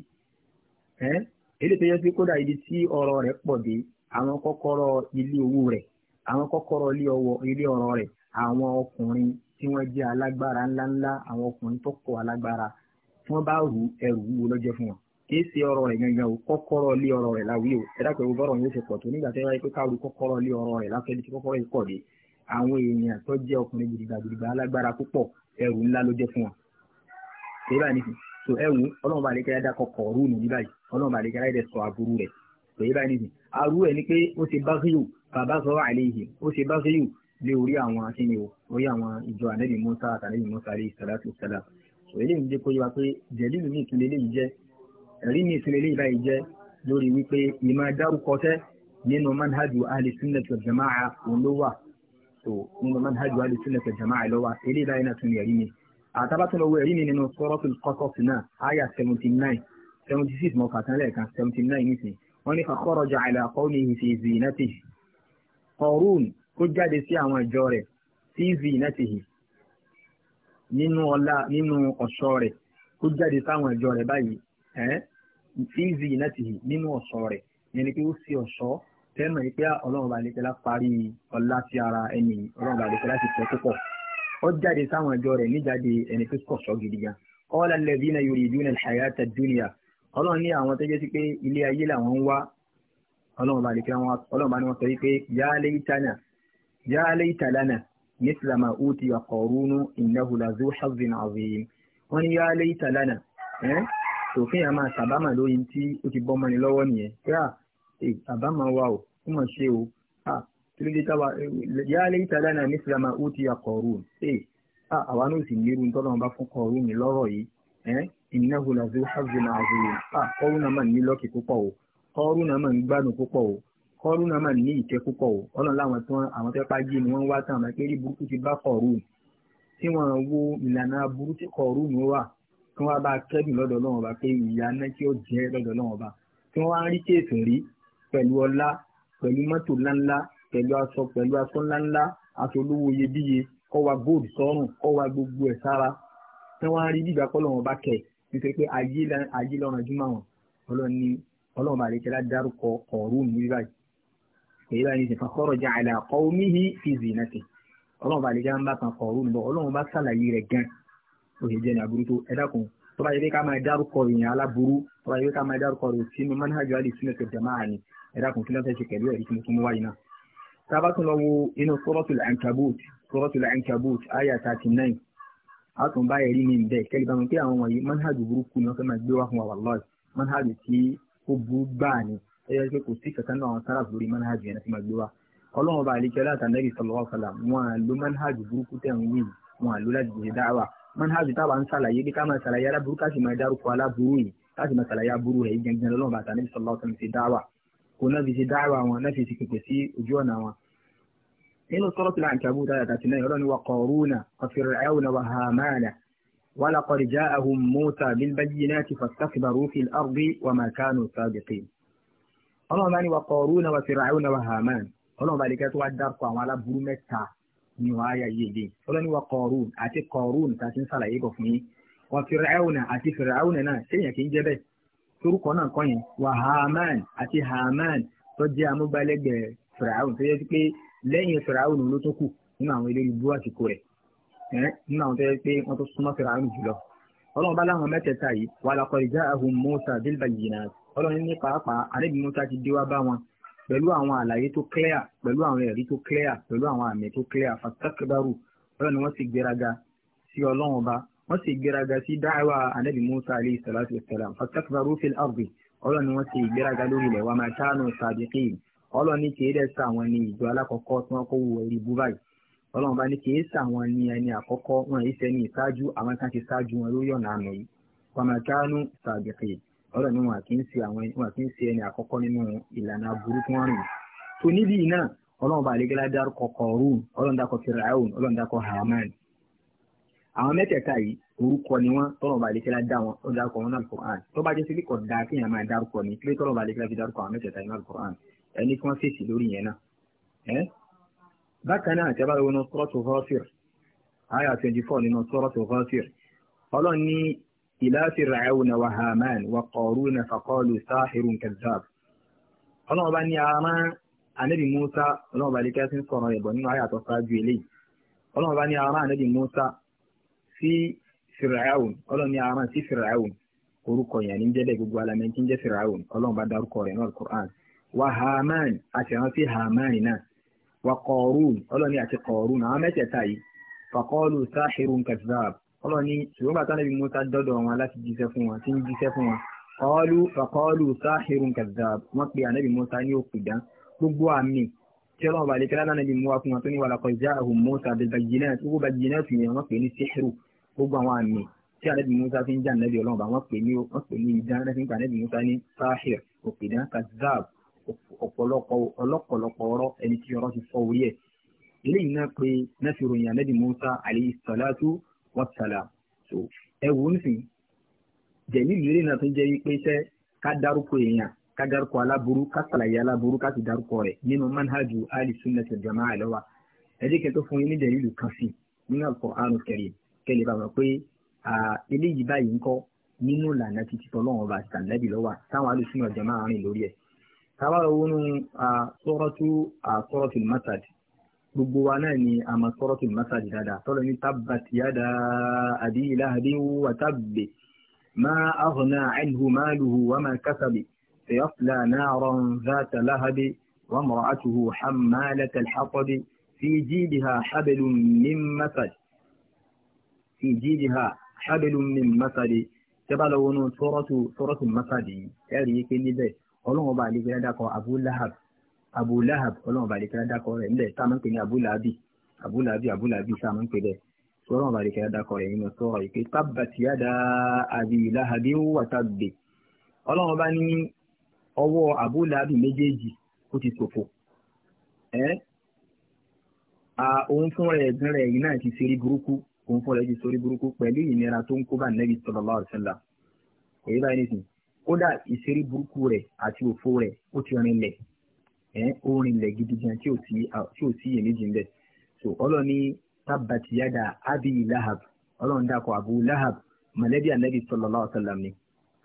èyí tó yẹ sí kódà ibi tí ọ̀rọ̀ rẹ̀ pọ̀ dé àwọn kọ́kọ́rọ́ ilé owó rẹ̀ àwọn kọ́kọ́rọ́ ilé ọ̀rọ̀ rẹ̀ àwọn ọkùnrin tí wọ́n jẹ́ alágbára ńláńlá àwọn ọkùnrin tó kọ̀ alágbára tí wọ́n bá rù ẹrù wúwo lọ́jọ́ fún wọn kìí ṣe ọ̀rọ̀ rẹ̀ gangan o kọ́kọ́rọ́ lé ọ̀rọ̀ rẹ̀ láwí o ẹ dákẹ́ gbọ́dọ̀ yóò ṣe pọ̀ tó nígbà tẹ́ wáyé pé káwé kọ́kọ́rọ́ lé ọ̀rọ̀ rẹ̀ láfẹ́ ní kọ́kọ́rọ́ yìí pọ̀ dé àwọn èèyàn tó jẹ́ ọkùnrin gidigba gidigba alágbára púpọ̀ ẹrù ńlá ló jẹ́ fún wọn. ṣé báyìí nìkan so ẹ wù ọlọ́run bá lékẹ́lá dá kọkọ̀ rú nù ní báyìí ọlọ́run bá lékẹ́lá dẹ̀ sọ àbúrú rẹ̀ so yé báyìí nìkan arú ẹ̀ ni pé ó ṣe báṣíyù bàbá sọ àléhìn ó ṣe báṣíyù lé orí àwọn akíní o orí àwọn ẹ̀rí mi ìsinmi ilé ìbáyìí jẹ́ lórí wípé ìmọ̀ dárúkọtẹ́ nínú manhajú alìsúnnà tó jama'a olówà tó nínú manhajú alìsúnnà tó jama'a lọ́wà ilé ìbáyìí náà tún ẹ̀rí mi àtàbátún owó ẹ̀rí mi nínú suratul Qasas náà àyà seventy nine seventy six mọ̀ kàtán lẹ́ẹ̀kan seventy nine nìsín wọ́n ní fakharaja ala qawmihi fi zinatihi Qarun kó jáde nínú ọ̀ṣọ́ rẹ̀ kó jáde sáwọn ìjọ rẹ̀ báyìí fi zinatihi nínú ọ̀ṣọ́ rẹ̀ yẹn ni pé ó sì ọ̀ṣọ́ tẹ́mọ̀ yìí pé ah, ọlọ́run balẹ̀ tẹ́lá parí ọlá sí ara ẹni ọlọ́run balẹ̀ tẹ́lá ti fẹ́ púpọ̀ ó jáde sáwọn ẹjọ́ rẹ̀ níjáde ẹni tó kọ̀ sọ́ gidi gan qala alladhina yuriduna alhayata ad-dunya ọlọ́run ní àwọn tó jẹ́ sí pé ilé ayé làwọn ń wá ọlọ́run balẹ̀ tẹ́lá wọn ọlọ́run balẹ̀ wọn sọ so fún yàrá máa ṣàbámà lórí tí ó ti bọ́ mọ́ni lọ́wọ́ nìyẹn pé à ah, eh, àbámà wa o ó mọ̀ ṣe o à ah, kí ló dé táwa yá lè ta dáná ní sinamá ó ti akọ̀rù ṣe à àwa náà sì lérú tọ́lọ́mọba fún kọ̀rù mi lọ́rọ̀ yìí ẹ́ ìnáwó làzú hàbí náà zú à kọ́rù náà mà ní lọ́kì púpọ̀ o kọ́rù náà mà ń gbádùn púpọ̀ o kọ́rù náà mà ní ìtẹ́ púpọ̀ o ọ̀nà láwọn tí wọ́n àwọn tẹ́pá jí ni wọ́n wá tán àmọ́ pé rí kí wọ́n bá kẹ́dùn lọ́dọ̀ ọlọ́run ọba pé ìyá náà tí ó jẹ́ lọ́dọ̀ ọlọ́run ọba tí wọ́n á rí kéètò rí pẹ̀lú ọlá pẹ̀lú mọ́tò ńláńlá pẹ̀lú aṣọ pẹ̀lú aṣọ ńláńlá aṣọ olówó iyebíye kọ́ wa gold sọ́rùn kọ́ wa gbogbo ẹ̀ sára tí wọ́n á rí bí ìgbàkọ́ lọ́wọ́n bá kẹ̀ nítorí pé ayé lọ́rùn jùmọ̀ wọn ọlọ́run ni ọlọ́run bá lè kẹ́lá dárúkọ ọ̀rùn ní báyìí èyí báyìí ní fakharaja ala qawmihi fi zinati ọlọ́run bá lè kẹ́lá ń bá kan ọ̀rùn lọ ọlọ́run bá sàlàyé rẹ̀ gan-an òṣèjẹ́ ní aburú tó ẹ dákun tó bá yẹ pé ká máa dárúkọ ìyẹn aláburú tó bá yẹ pé ká máa dárúkọ rẹ̀ sínú manhaj al-sunnah wal jama'ah ni ẹ dákun kí ló fẹ́ ṣe pẹ̀lú ẹ̀rí tí mú wáyé náà. tábà tún lọ wo inú suratul ankabut suratul ankabut aya thirty nine a tún bá ẹ̀rí mi bẹ́ẹ̀ kẹ́lí bá mi pé àwọn wọ̀nyí manhaj burúkú ni wọ́n fẹ́ máa gbé wá fún wa wallahi manhaj tí ó burú gbáà ni ẹ yẹ pé kò sí kankan náà àwọn sáráàfù lórí manhaj yẹn fi máa gbé wá ọlọ́run ọba àlejò aláàtà nẹ́bí sallallahu alaihi wasallam wọn àlò manhaj manhaj táwa ń ṣàlàyé bí ká máa ṣàlàyé aláburú ká sì máa dárúkọ aláburú yìí ká sì máa ṣàlàyé aburú rẹ̀ gangan lọ́wọ́ bàtà níbi sọlá ọ̀sán fi dáwà kò náà fi ṣe dáwà wọn náà fi ṣe pèpè sí ojú ọ̀nà wọn. nínú suratul Ankabut táyà tàti náà ìrọ́lọ́ ni wa Qaruna wa Fir'auna wa Hamana wa laqad ja'ahum Musa bil bayyinati fastakbaru fil ardi wa ma kanu sabiqin. ọlọ́run bá ní wa Qaruna wa ni wàá yà yege ọlọ́ni wa kọ̀ọ̀rùn àti kọ̀ọ̀rùn tá a ti ń ṣàlàyé bọ̀ fún yín wa fìràáwùnà àti fìràáwùnà náà séèyàn kì í jẹ́ bẹ́ẹ̀ torúkọ náà kọ́ yẹn wa haman àti haman tó jẹ́ amúgbálẹ́gbẹ̀ẹ́ fìràáwùn tó yẹ pé lẹ́yìn fìràáwùn ló tó kù nínú àwọn ilé ìbú àsìkò rẹ̀ nínú àwọn tó yẹ pé wọ́n tó súnmọ́ fìràáwùn jùlọ pẹ̀lú àwọn àlàyé tó clear pẹ̀lú àwọn ẹ̀rí tó clear pẹ̀lú àwọn àmì tó clear fàtàkìbárù ọlọ́run ni wọ́n sì gbéraga sí ọlọ́run ọba wọ́n sì gbéraga sí dáhàwá anabi musa alayhi salatu wa salam fàtàkìbárù fil ardi ọlọ́run ni wọ́n sì gbéraga lórí ilẹ̀ wa máa ṣáánù sàbíkì ọlọ́run ní kìí dẹ̀ sá àwọn ní ìjọ alákọ̀ọ́kọ́ tí wọ́n kó wù ẹ̀rí bú báyìí ọlọ́run bá ní kìí sá ọ̀rọ̀ ni wọn kì í ṣe àwọn wọn kì í ṣe ẹni àkọ́kọ́ nínú ìlànà aburú tí wọ́n rìn. tó níbí náà ọlọ́run bá àlegélá dárúkọ kọ̀ọ̀rún ọlọ́run dákọ̀ fìràáhùn ọlọ́run dákọ̀ hàmán. àwọn mẹ́tẹ̀ẹ̀ta yìí orúkọ ni wọ́n tọ́lọ́run bá àlegélá dá wọn ó dárúkọ wọn náà Al-Qur'an tó bá jẹ́ sí kíkọ̀ dá kéèyàn máa dárúkọ ni kílé tọ́lọ́run bá àlegélá fi dárúkọ àwọn mẹ́tẹ̀ẹ̀ta yìí Al-Qur'an ẹni kí wọ́n fèsì lórí yẹn náà. bákan náà tẹ́ bá lọ́wọ́ nínú Suratu Ghafir إلى فرعون وهامان وقارون فقالوا ساحر كذاب ọlọ́run bá ní ara anabi musa ọlọ́run bá lékẹ́ sí ń sọ̀rọ̀ ẹ̀bọ̀ nínú ayé àtọ́sáájú eléyìí ọlọ́run bá ní ara anabi musa sí firaun ọlọ́run ní ara sí firaun orúkọ yẹn ní jẹ́bẹ̀ gbogbo alamẹ́ntì ń jẹ́ firaun ọlọ́run bá dárúkọ rẹ̀ náà quran wa haman àti àwọn sí haman náà wa kọ̀ọ̀rún ọlọ́run ní àti kọ̀ọ̀rún àwọn mẹ́tẹ̀ẹ̀ta yìí faqalu sáhìrún kazzab ọlọ́run ní ṣùgbọ́n bàtà nàbí musa dọ́dọ̀ wọn láti jíṣẹ́ fún wọn tí ń jíṣẹ́ fún wọn kọ́ọ́lù fàkọ́ọ́lù sáhìrùn kazab wọ́n pe ànábì musa ní òpìdán gbogbo àmì tí ọlọ́run bá lè kẹ́lá nàbí mu wá fún wọn tó ní wàlàkọ̀ jáàhùn musa bẹ́ẹ̀ bàjínà gbogbo bàjínà tù yẹn wọ́n pè ní síhìrù gbogbo àwọn àmì tí ànábì musa fi ń jà nàbí ọlọ́run bá wọ́n pè ní wọ́n pè ní ìdán láti pa ànábì musa ní sáhìr òpìdán kazab ọ̀pọ̀lọpọ̀ ọlọ́pọ̀lọpọ̀ wọ́tàlá so ẹ̀wù nísìn jẹ̀lí ìlérí náà tún jẹ́ wípé iṣẹ́ ká dárúkọ èèyàn ká dárúkọ aláburú ká sàlàyé aláburú ká sì dárúkọ rẹ̀ nínú manhajú ali sunnati jamaa lọ́wọ́ ẹ̀jẹ̀ kẹ́ tó fún yín ní jẹ̀lí ìlú kan sí nínú Al-Qur'an Karim kẹ́lẹ́ bàbá pé eléyìí báyìí ńkọ́ nínú ìlànà títí tọ́lọ́wọ́n ọba àti tàǹdẹ́bì lọ́wọ́ táwọn ali sunnati jamaa rìn lórí ẹ̀ táwọn ọ̀wọ́nù sọ́rọ́tù sọ́rọ́tù mọ́tàdì gbogbo wa náà ni a máa sọ̀rọ̀ kì í máa ṣàdì dáadáa tọ́lọ̀ ní tabbat yada abi lahabi wa tabbi ma aghna anhu maluhu wa ma kasabi sayasla naran zata lahabi wa mar'atuhu hammalat alhatabi fi jidiha hablum min masad fi jidiha hablum min masad tẹ́bàlá wọnú sọ́rọ́tù sọ́rọ́tù masad yìí ẹ̀rí yìí pé níbẹ̀ ọlọ́run ọba àlejò dáadáa kan abu lahab ọlọ́run bàdìkẹ́lá dákọ̀ rẹ̀ ńbẹ̀ sáà máa ń pè ní abu lahabi abu abu sáà máa ń pè bẹ́ẹ̀ ọlọ́run bàdìkẹ́lá dákọ̀ rẹ̀ nínú sọ́ọ̀rọ̀ ìpè tábàtì yàda abi lahabi wà tábì ọlọ́run bá ní abu méjèèjì ó ti òun fún yìí náà ti ṣe rí burúkú òun fún ti ṣe rí burúkú ìnira tó ń kó bá kò báyìí nìsín kódà ìṣeré burúkú àti òfo ó ti orin ilẹ̀ gidi gan tí ò sí iyèméjì ń bẹ̀. so ọlọ́run ní tabatiyada abi lahab ọlọ́run dàkọ̀ abu lahab mọ̀lẹ́bí anabi sallallahu alaihi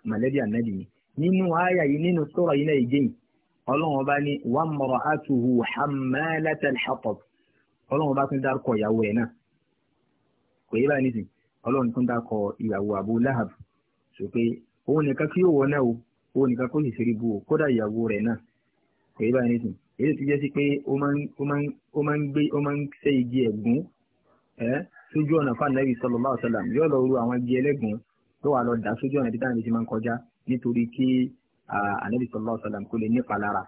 ni anabi ni. nínú àyà yìí nínú sura yìí náà ọba ní wa mar'atuhu hammalatal hatab ọlọ́run ọba tún dárúkọ ìyàwó ẹ̀ náà kò yé báyìí tún ìyàwó abu lahab so pé òun nìkan kí yóò wọ náà o òun nìkan kó sì ṣeré bu o kódà ìyàwó èyí báyìí nìsín èyí tó jẹ́ sí pé ó máa ń gbé ó máa ń ṣe igi ẹ̀gún ẹ́ sójú ọ̀nà fún anabi sallallahu alaihi wasallam yóò lọ ru àwọn igi ẹlẹ́gùn tó wà lọ dà sójú ọ̀nà títà àbísí máa ń kọjá nítorí kí anabi sallallahu alaihi wasallam kó lè nípa lára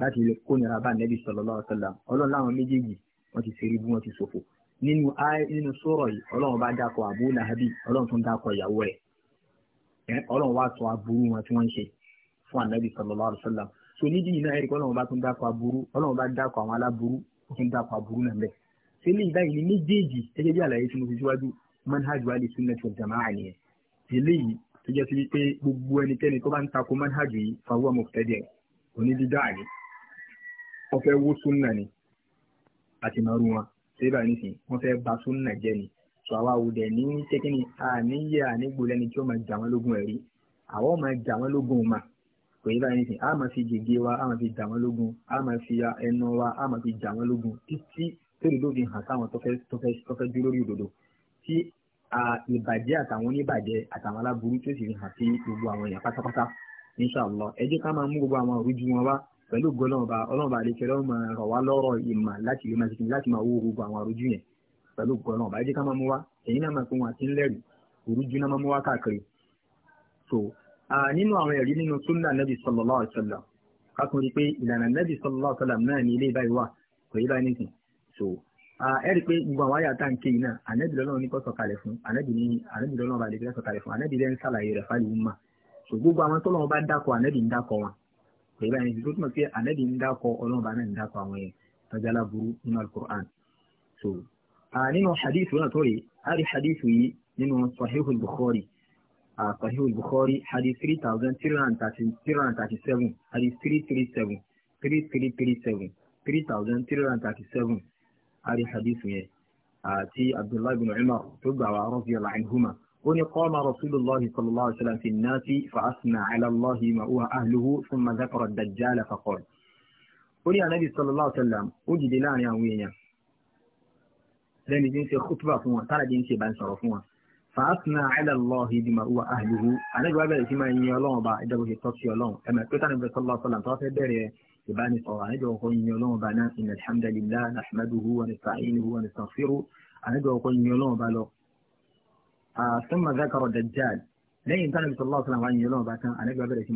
láti lè kó nira bá anabi sallallahu alaihi wasallam ọlọ́run láwọn méjèèjì wọ́n ti ṣeré bí wọ́n ti ṣòfò nínú nínú sọ̀rọ̀ yìí ọlọ́run bá dákọ̀ so níbi yìí náà ẹ̀ríkọ́ ọlọ́run bá tún dákọ̀ aburú ọlọ́run bá dákọ̀ àwọn aláburú ó tún dákọ̀ aburú náà bẹ́ẹ̀ ṣé lè báyìí ní méjèèjì gẹ́gẹ́ bí àlàyé tí mo fi síwájú manhaj wa lè sunna tó jamaa nìyẹn eléyìí tó jẹ́ sí wípé gbogbo ẹnikẹ́ni tó bá ń takò manhaj yìí fawọ́ mọ̀tẹ́dẹ̀ onídídá ni wọ́n wó sunna ni àti maru wọn ṣé báyìí nísìnyí wọ́n fẹ́ ba sunna jẹ́ ni ni àníyẹ ànígbò lẹ́ni tí ó máa jà wọ́n kò yí báyìí nìsín a máa fi gègé wa a máa fi dà wọn lógun a máa fi ẹnu wa a máa fi dà wọn lógun títí tóri ló fi hàn sáwọn tọ́fẹ́ dúró lórí òdodo tí ìbàjẹ́ àtàwọn oníbàjẹ́ àtàwọn aláburú tó sì fi hàn sí gbogbo àwọn èèyàn pátápátá inṣàlọ ẹ jẹ́ ká máa mú gbogbo àwọn òrújú wọn wá pẹ̀lú gbọ́lọ́mọba ọlọ́mọba àlejò ọlọ́mọ máa rọ̀ wá lọ́rọ̀ ìmọ̀ láti lè máa ṣe láti máa wó gbogbo àwọn òrújú yẹn pẹ̀lú gbọ́lọ́mọba ẹ jẹ́ ká máa mú wá èyí náà máa pín wọn àti ńlẹ́rù òrújú náà máa mú wá káàkiri so nínú àwọn ẹ̀rí nínú súnà nẹ́bí sallallahu alaihi wasallam akùnrin pé ìlànà nẹ́bí sallallahu alaihi wasallam náà ní ilé báyìí wà kò yí báyìí nìkan so ẹ̀rí pé gbogbo àwọn àyàtà ń ké yìí náà ànẹ́bí lọ́lọ́run ní sọ̀kalẹ̀ fún ànẹ́bí ní ànẹ́bí lọ́lọ́run bá lè sọ̀kalẹ̀ fún ànẹ́bí lẹ́nu sàlàyé rẹ̀ fáyé so gbogbo آه، صحيح البخاري حديث 3337 حديث 337 3337 3337 هذه حديث من آتي آه، عبد الله بن عمر تبع رضي الله عنهما هنا قام رسول الله صلى الله عليه وسلم في الناس فأثنى على الله ما هو أهله ثم ذكر الدجال فقال هنا النبي صلى الله عليه وسلم أجد الآن يا وين لأن الجنس خطبة فوان ترى الجنس بان شرفوان fàásùnà àìlàlọ́hì bí màá wà áhìlúhu àlejò wa bẹ̀rẹ̀ sí máa yin ọlọ́run ọba ìjọba ṣe tọ́sí ọlọ́run ẹ̀mẹ̀ pé tánà bẹ̀rẹ̀ sọ́lá sọ́lá tó fẹ́ bẹ̀rẹ̀ ìbánisọ̀rọ̀ àlejò ọkọ̀ yin ọlọ́run ọba náà ìnà alhamdulillah nahmaduhu wa nasta'inuhu wa nastaghfiru àlejò ọkọ̀ yin ọlọ́run ọba lọ. summa zakara dajjal lẹ́yìn tánà bẹ̀rẹ̀ sọ́lá sọ́lá wa yin ọlọ́run ọba kan àlejò wa bẹ̀rẹ̀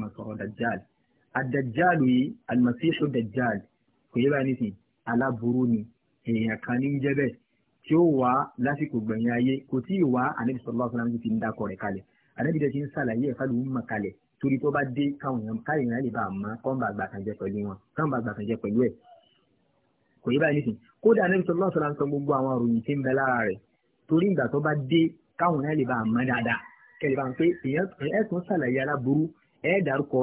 sí máa tí ó wá lásìkò gbẹ̀yìn ayé kò tí ì wá ànábì sallallahu alaihi wasallam ti ń dákọ̀ rẹ̀ kalẹ̀ ànábì dẹ̀ ti ń sàlàyé ẹ̀fà ló ń mọ̀ kalẹ̀ torí tó bá dé káwọn èèyàn káyọ̀ èèyàn lè bá a mọ̀ kọ́ńbà àgbàkànjẹ pẹ̀lú wọn kọ́ńbà àgbàkànjẹ pẹ̀lú ẹ̀ kò yí báyìí nísìn kódà ànábì sallallahu alaihi wasallam gbogbo àwọn òròyìn tí ń bẹ lára rẹ̀ torí ìgbà tó bá dé káwọn èèyàn lè bá a mọ̀ dáadáa kẹlẹ̀ bá ń pé ẹ̀ tún sàlàyé aláburú ẹ̀ dárúkọ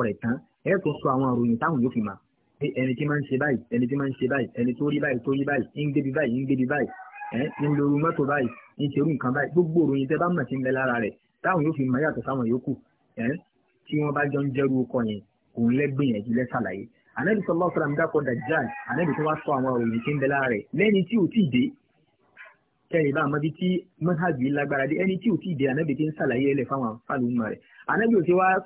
rẹ̀ Eh, ń lo mọ́tò báyìí ń ṣerú nǹkan báyìí gbogbo òròyìn tẹ́ bá mọ̀ sí ń bẹ lára rẹ̀ táwọn yóò fi mọ̀ yàtọ̀ sáwọn yòókù eh, tí wọ́n bá jọ ń jẹ́rú ọkọ yẹn òun lẹ́gbìyànjú lẹ́sàlàyé anabi sọlá ọsàn àmì dákọ dajjal anabi tó wá sọ àwọn òròyìn tí ń bẹ lára rẹ̀ lẹ́ni tí ò tíì dé kẹrin bá àmọ́bí tí mọ́tàbí lágbára dé ẹni tí ò tíì dé anabi ti ń sàlàyé ẹlẹ́ fáwọn fáwọn ọmọ rẹ̀ anabi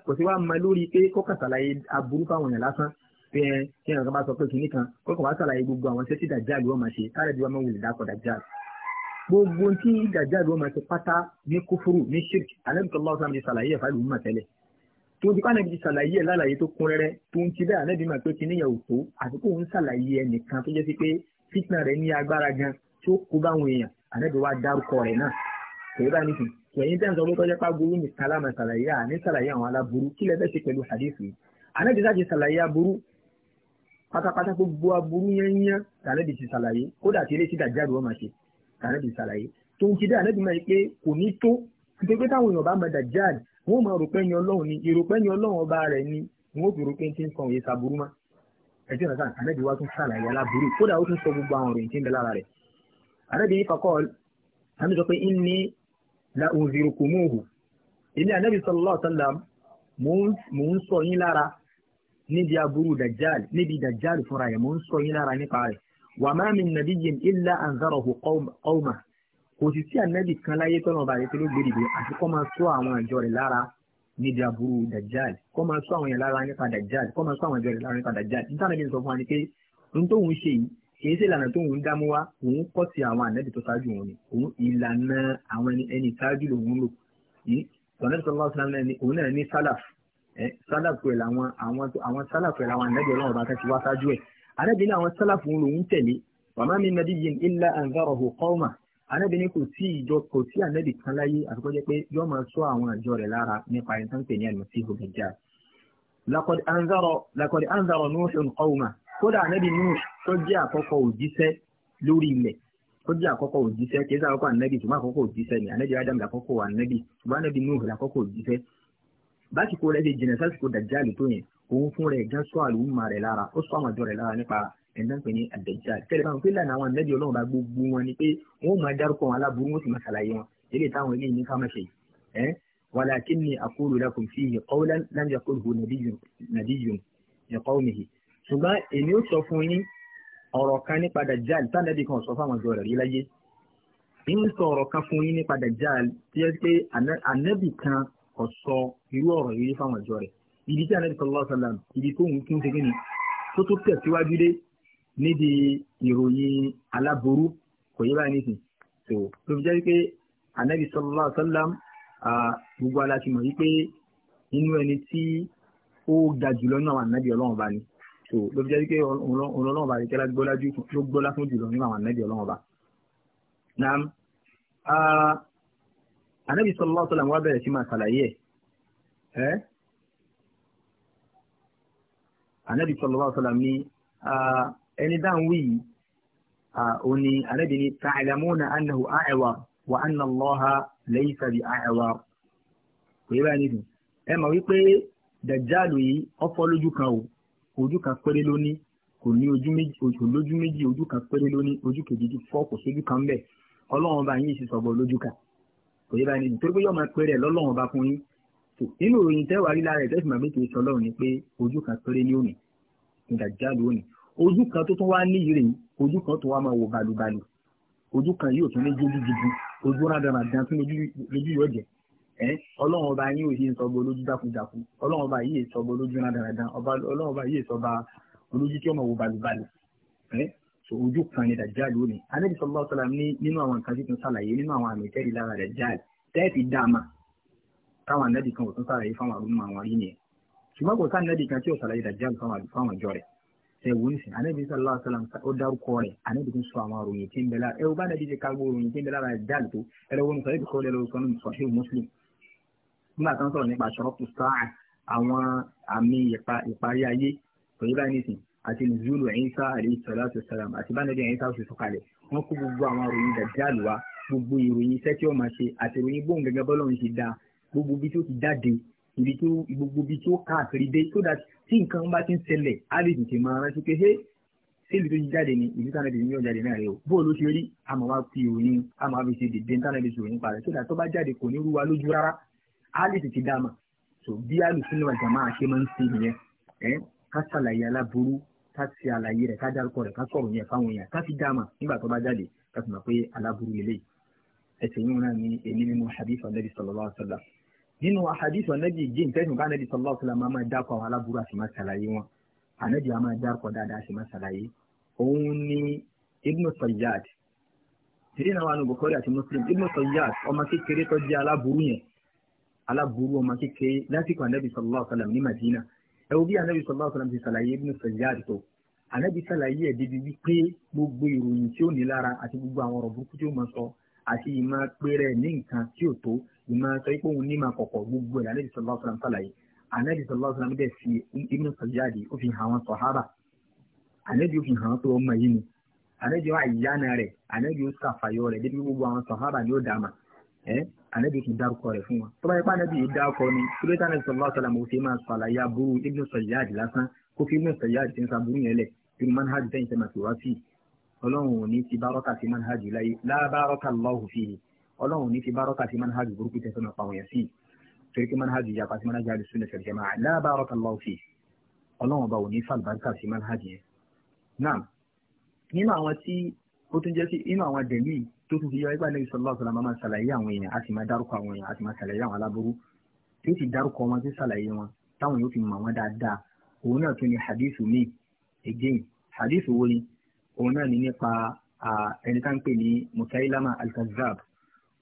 kò sí wá mọ lórí pé kọ́kà sàlàyé aburú fáwọn èèyàn lásán pé ẹ kí ẹnìkan bá sọ pé kìnnì kan kó kàn wá sàlàyé gbogbo àwọn iṣẹ́ tí dàjáàlú wọn máa ṣe káàdì bí wọn máa wulẹ̀ dákọ̀ dàjáàlú. gbogbo tí dàjáàlú wọn máa ṣe pátá ní kúfúrú ní ṣírk alẹ́bùtọ́lá ọ̀sán mi sàlàyé ẹ̀fà lù mọ̀ tẹ́lẹ̀. tó ti pàdé ti sàlàyé ẹ̀ lálàyé tó kún rẹ́rẹ́ tó ń ti bẹ́ẹ̀ alẹ́bí máa pé kìnnì yẹn ò tó àti kó ń sàlàyé ẹnìkan tó jẹ́ sí pé fitna rẹ̀ ní agbára gan tó kó báwọn èèyàn alẹ́bí wa dárúkọ rẹ̀ náà kò bá nìkan ẹ̀yin tẹ́ ń sọ pé kọjá pa burú ní kálámà sàlàyé àní sàlàyé àwọn aláburú kí lẹ fẹ́ ṣe pẹ̀lú hadith yìí ànábì sáà ti sàlàyé aburú pátápátá gbogbo aburú yányán tànàbì ti ṣàlàyé kódà tí eléyìí ti dàjáde wọn máa ṣe tànàbì ṣàlàyé tó ń ti dá ànábì máa pé kò ní tó nítorí pé táwọn èèyàn bá máa dàjáde wọn máa rò pẹ́ni ọlọ́run ni èrò pẹ́ni ọlọ́run ọba rẹ̀ ni wọn ò fi rò pé ti ń sọ òye saburú mọ́ ẹtí ọ̀nà sáà ànábì wa tún ṣàlàyé aláburú kódà ó tún sọ gbogbo àwọn òròyìn tí ń bẹ lára rẹ̀ ànábì yìí fakọ́ níbi aburú dajjal níbi dajjal fúnra rẹ̀ mò ń sọ yín lára nípa rẹ̀ wa ma min nabiyyin illa anzarahu qawma kò sì sí ànábì kan láyé tọ́nà ọba àyẹ̀tọ́ ló gbèdìdè àti kọ́ máa sọ àwọn àjọ rẹ̀ lára níbi aburú dajjal kọ́ máa sọ àwọn yẹn lára nípa dajjal kọ́ máa sọ àwọn àjọ rẹ̀ lára nípa dajjal níta nàbí sọ fún wa ni pé n tó ń ṣe yìí kì í ṣe ìlànà tó ń dámú wá òun kọ́ sí àwọn ànábì tó ṣáájú òun ni òun ìlànà àwọn ẹni ṣáájú lòun lò yìí sọ̀nẹ́bí sọ́lá ọ̀sán náà òun náà ní sálàfù sálàfù ẹ̀ làwọn àwọn sálàfù ẹ̀ làwọn ànábì ọlọ́run ọba kan ti wá sáájú ẹ̀ ànábì ní àwọn sálàfù ń lòún tẹ̀lé wàmá mi nàbí yìí ilá àǹfààrọ̀hù kọ́ọ̀mà ànábì ní kò sí ìjọ kò sí ànábì kan láyé àfikún jẹ́ pé yọ́ máa sọ àwọn àjọ rẹ̀ lára nípa ẹni tán pè ní àlùmọ́síhù dajjal lakọ̀dì àǹzàrọ̀ nùhùn kọ́ọ̀mà kódà ànábì nùhùn tó jẹ́ àkọ́kọ́ òjíṣẹ́ lórí ilẹ̀ ó jẹ́ àkọ́kọ́ òjíṣẹ́ kí ẹ sáà kọ́kọ́ ànábì tó má àkọ́kọ́ òjíṣẹ́ ni ànábì básìkò rẹ̀ ṣe jìnnà sásìkò dàjáàlì tó yẹn òun fún rẹ̀ gan sọ àlùmọ̀ rẹ̀ lára ó sọ àwọn àjọ rẹ̀ lára nípa ẹ̀ńdánpẹ̀ ní àdẹ̀jáàlì tẹ́lẹ̀ báwọn pé lànà àwọn àmẹ́bí ọlọ́run bá gbogbo wọn ni pé wọ́n máa dárúkọ wọn aláburú wọn sì máa ṣàlàyé wọn eléyìí táwọn eléyìí ní ká má ṣe ẹ́ walakinni aqulu lakum fihi qawlan lam yaqulhu nabiyyun li qawmihi ṣùgbọ́n èmi ó sọ fún yín ọ̀rọ̀ kan nípa dajjal tánàbí kan sọ fáwọn ọjọ́ rẹ̀ rí láyé ń sọ ọ̀rọ̀ kan fún yín nípa dajjal tí ó pé ànábì kan kò sọ irú ọ̀rọ̀ yìí fáwọn ìjọ rẹ̀ ìdí tí anabi sallallahu alaihi wasallam ìdí tó ń tún segin ni tó tó tẹ̀síwájú dé níbi ìròyìn aláboró kò yé báyìí nìsín so ló fi jẹ́ wípé anabi sallallahu alaihi wasallam gbogbo aláṣimọ̀ wípé inú ẹni tí ó ga jùlọ náà anabi ọlọ́run bá ní so ló fi jẹ́ wípé ọlọ́run ọba àti kẹ́lá gbọ́lá fún jùlọ nínú àwọn anabi ọlọ́run ọba ànábì sallallahu alaihi wasallam wá bẹ̀rẹ̀ sí máa ṣàlàyé ẹ̀ ànábì sallallahu alaihi wasallam ní ẹni dáhùn wí yìí òun ni ànábì ní ta'lamuna annahu a'war wa anna Allaha laysa bi a'war kò yẹ báyìí nìkan ẹ mọ̀ wípé dàjálù yìí ọ̀fọ́ lójú kan o ojú kan péré lóní kò ní ojú méjì kò lójú méjì ojú kan péré lóní ojú kejì fọ́ kò sójú kan bẹ́ẹ̀ ọlọ́run bá yín sì sọ̀bọ̀ lójú kan kò yẹ báyìí nítorí pé yóò máa péré lọ́lọ́run ọba fún yín tó nínú ìròyìn tẹ́wàá rí lára ẹ̀ tẹ́sí màá méjì sọ lọ́run ni pé ojú kan péré ní òní ìdàjáde òní ojú kan tó tún wá ní ìrè ojú kan tó wá máa wò balùbalù ojú kan yóò tún ní jójú gidi ojú rádàrà dán tún lójú yóò jẹ ọlọ́run ọba yín ò yé sọ bọ olójú jákujáku ọlọ́run ọba yìí sọ bọ olójú rádàrà dán ọlọ́run ọba yìí sọ bá olójú tí ó máa wò balùbalù so ojú kan ni dajjal ó ní anabi sallallahu alaihi wasallam ní nínú àwọn nǹkan tí tún ṣàlàyé nínú àwọn àmì tẹ́rì lára dajjal tẹ́ẹ̀fì dáama táwọn anabi kan ò tún ṣàlàyé fáwọn àrùn àwọn rí nìyẹn ṣùgbọ́n kò sáà anabi kan tí ò ṣàlàyé dajjal fáwọn àjọ rẹ̀ ẹ wò ní sìn anabi sallallahu alaihi wasallam ó dárúkọ rẹ̀ anabi tún sọ àwọn ròyìn tí ń bẹ lára ẹ wò bá anabi ti ká gbó ròyìn tí ń bẹ lára dajjal àti nùzúlù ẹ̀yìnsá alayhi salatu wassalam àti bánadé ẹ̀yìnsá oṣù sọ̀kalẹ̀ wọ́n kó gbogbo àwọn ìròyìn dàjáàlù wa gbogbo ìròyìn iṣẹ́ tí ó máa ṣe àti ìròyìn bóun gẹ́gẹ́ bọ́lọ̀ ń ṣe dáa gbogbo bí tí ó ti dáde ibi tí gbogbo bí tí ó káàkiri dé so that tí nǹkan bá ti ń ṣẹlẹ̀ á lè tètè máa rántí pé hé sílùú tó ti jáde ni ìlú tánàbì ní ọ̀jáde náà rẹ o bó ló ṣe rí àmọ́ wá fi ìròyìn àmọ́ wá fi ṣe dèdè tánàbì sọ̀rọ̀ nípa rẹ̀ so that tó bá jáde kò ní rúwa lójú rárá á lè tètè dá a mà so bí alùpùpù náà jàmáà ṣe ń ṣe nìyẹn ẹ ká ṣàlàyé aláboró ká ṣe àlàyé rẹ̀ ká dárúkọ rẹ̀ ká sọ̀rọ̀ yẹn fáwọn èèyàn ká fi dáàmà nígbà tó bá jáde ká sì mọ̀ pé aláburú eléyìí ẹsẹ̀ yìí náà ní èmi nínú hadith anabi sallallahu alayhi wa sallam nínú hadith anabi jim tẹ́sán bá anabi sallallahu alayhi wa sallam máa dákọ̀ àwọn aláburú àti máa ṣàlàyé wọn anabi máa dákọ̀ dáadáa àti máa ṣàlàyé òun ni ibn sayyad ìdí náà wà ní bukhari àti muslim ibn sayyad ọmọ kékeré tó jẹ́ aláburú yẹn aláburú ọmọ kékeré lásìkò anabi sallallahu alayhi wa sallam ní madina ẹ wo bí anabi sallallahu alaihi wasallam ti ṣàlàyé ibn Sajjad tó anabi ṣàlàyé ẹ̀ débi wípé gbogbo ìròyìn tí ó ní lára àti gbogbo àwọn ọ̀rọ̀ burúkú tí ó máa sọ àti ìmọ̀ péré ní nǹkan tí ò tó ìmọ̀ sọ pé òun ní máa kọ̀kọ̀ gbogbo ẹ̀ anabi sallallahu alaihi wasallam ṣàlàyé anabi sallallahu alaihi wasallam bẹ́ẹ̀ fi ibn Sajjad ó fi hàn wọn sàhábà anabi ó fi hàn pé ọmọ yìí ni anabi ó àyànà rẹ̀ anabi ó ṣàfàyọ rẹ̀ débi gbogbo àwọn sàhábà ni ó dàmà ànábì kì í dárúkọ rẹ̀ fún wa tó bá yẹ pé ànábì yìí dárúkọ ni kílódé ànábì sallallahu alaihi wasallam ṣe máa ṣàlàyé aburú ibnu sayyad lásán kó fi ibnu sayyad ṣe ń saburú yẹn lẹ̀ irú manhaj bẹ́ẹ̀ ṣe máa fi wá sí ọlọ́run ò ní ti bárọ́kà sí manhaj láyé la baraka Allahu fihi ọlọ́run ò ní ti bárọ́kà sí manhaj burúkú tẹ̀sán náà pàwọn yẹn sí torí pé manhaj yìí yàtọ̀ manhaj al-sunnah nínú àwọn dẹ̀mí tó tún fi yọ ẹgbẹ́ alẹ́ ìṣọ̀lá ọ̀sán máa máa ṣàlàyé àwọn èèyàn a sì máa dárúkọ àwọn èèyàn a sì máa ṣàlàyé àwọn aláburú tí ó sì dárúkọ wọn tí ṣàlàyé wọn táwọn yóò fi mọ̀ wọn dáadáa òun náà tún ni hadith mi again hadith wo ni òun náà ni nípa ẹni tá ń pè ní musailama al-kazzab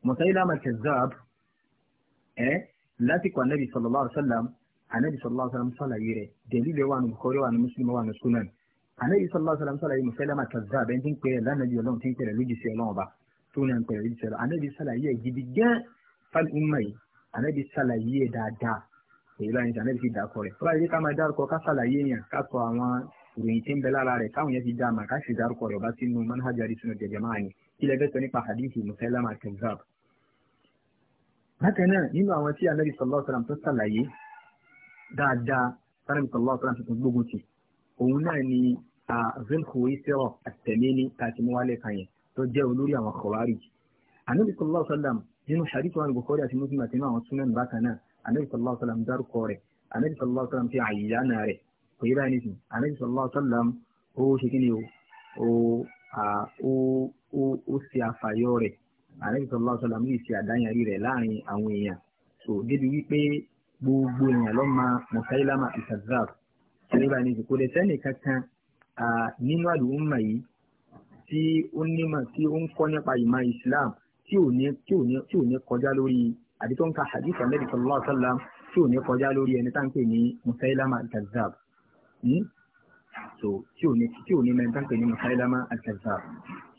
musailama al-kazzab ẹ lásìkò anabi sallallahu alayhi wa sallam anabi sallallahu alayhi wa sallam ṣàlàyé rẹ̀ dẹ̀lílẹ̀ wà ní bukhari sallallahu alayhi wa sallam ṣàlàyé musailama al-kazzab ẹni tí ń pè é lánàá di ọlọ́run tí tó ń pẹ̀lú ìdí sẹ́lẹ̀ ànábi sàlàyé ẹ̀ gidi gán fáli umma yìí ànábi sàlàyé ẹ̀ dáadáa èyí láyé ní ànábi ti dàkọ rẹ̀ fúlàyé yìí ká máa dárúkọ ká sàlàyé yẹn ká sọ àwọn ìròyìn tí ń bẹ lára rẹ̀ káwọn yẹn ti dá àmà ká sì dárúkọ rẹ̀ bá sínú manhaj sunnah jamaa ni kí lẹ́fẹ́ sọ nípa hadithi musailama al bákan náà nínú àwọn tí ànábi sallallahu alaihi tó sàlàyé dáadáa sanabi sallallahu alaihi tó gbógun ti òun náà ni rilkuwi ah, sirọ àtẹlẹni tàti mú wálé kan yẹn tó jẹ́ olórí àwọn kọ̀wárì anabi sallallahu alayhi wa sallam nínú hadith wa bukhari àti muslim àti nínú àwọn sunan bákan náà anabi sallallahu alayhi wa sallam dárúkọ rẹ̀ anabi sallallahu alayhi wa sallam fi àyíyá náà rẹ̀ kò yí báyìí nísìnyí anabi sallallahu ó ṣe kí ni o ó ṣe àfàyọ rẹ̀ anabi sallallahu yìí ṣe àdáyàrí rẹ̀ láàrin àwọn èèyàn so débi wípé gbogbo èèyàn ló ma musailama isazab ṣe yí báyìí nísìnyí kò tí ó nímọ̀ tí ó ń kọ́ nípa ìmọ̀ Islam tí ò ní tí ò ní tí ò ní kọjá lórí àbí tó ń ka hadith Ànábì sallallahu alaihi wasallam tí ò ní kọjá lórí ẹni tá ń pè ní Musailama al hmm? so tí ò ní tí ò ní mẹ́ta ń pè ní Musailama al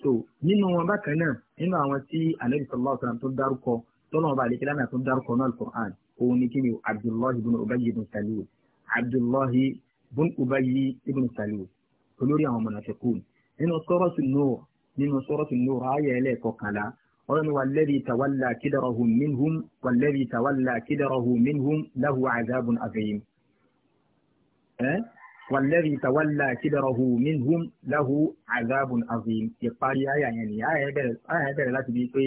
so nínú wọn bákan náà nínú àwọn tí Ànábì sallallahu alaihi wasallam tó dárúkọ tọ́lọ́ ọba àlekí lámì àtúndà ọkọ̀ náà al òun ni kí Abdullahi ibn Ubayy ibn Salul Abdullahi ibn Ubayy ibn Salul olórí àwọn mọ̀nàfẹ́kùn nínú sọ́rọ́tù Nur nínú sọ́rọ́tù Nur ayé ẹlẹ́ẹ̀kọkànlá ọlọ́run walladhi tawalla kidarahu minhum walladhi tawalla kidarahu minhum lahu azabun azim. walladhi tawalla kidarahu minhum lahu azabun azim. ìparí ayé yẹn ni ayé bẹ̀rẹ̀ láti bíi pé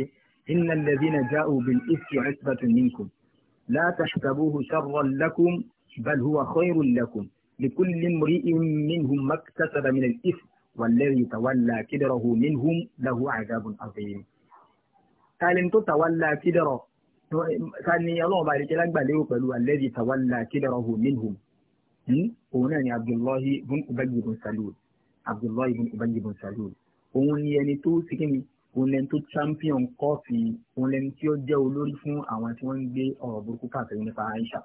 inna alladhina ja'u bil ifki 'isbatun minkum la tahsabuhu sharran lakum bal huwa khayrun lakum likulli imri'in minhum maktasaba min al-ifk والذي تولى كدره منهم له عذاب عظيم تعلم تتولى كدره ثاني الله بارك لك بليه بلو الذي تولى كدره منهم هنا عبد الله بن أبي بن سلول عبد الله بن أبي بن سلول òun ni ẹni tó sikimi òun lẹni tó champion kọ́ọ̀fì òun lẹni tí ó jẹ́ olórí fún àwọn tí wọ́n ń gbé ọ̀rọ̀ burúkú káàkiri nípa Aisha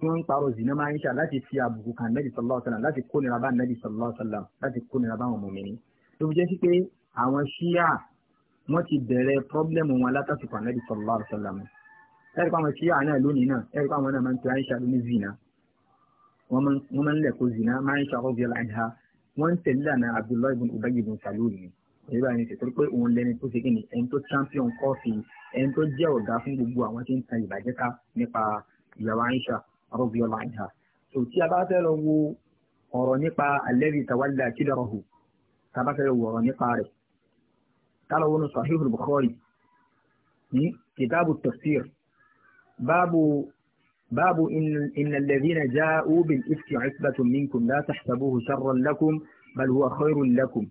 tí wọ́n ń parọ́ zina máa ń ṣá láti fi àbùkù kan nẹ́bí sallallahu alaihi wasallam láti kó nira bá nẹ́bí sallallahu alaihi wasallam láti kó nira bá wọn mùmínì. tó fi jẹ́ sí pé àwọn ṣíà wọ́n ti bẹ̀rẹ̀ pọ́blẹ́mù wọn látàsìkò nẹ́bí sallallahu alaihi wasallam. ẹ̀rí pa àwọn ṣíà náà lónìí náà ẹ̀rí pa àwọn náà máa ń pe àyíṣà lóní zina wọ́n máa ń lẹ̀kọ́ zina máa ń ṣàkóso yàrá ẹ̀ha wọ́n ń tẹ̀lé lànà Abdullahi ibn Ubay ibn Salul ni èyí báyìí ṣe torí pé òun lẹni tó ṣe kíni ẹni tó champion kọ́ọ̀fì ẹni tó jẹ́ ọ̀gá fún gbogbo àwọn tí ń tan ìbàjẹ́ nípa ìyàwó àyíṣà radiyallahu anha so tí a bá fẹ́ lọ wo ọ̀rọ̀ nípa alladhi tawalla kibarahu tá a bá fẹ́ lọ wo ọ̀rọ̀ nípa rẹ̀ tá a lọ wọnú sahih al-bukhari ní kitabu tafsir báàbù باب إن, إن الذين جاءوا بالإفك عصبة منكم لا تحسبوه شرا لكم بل هو خير لكم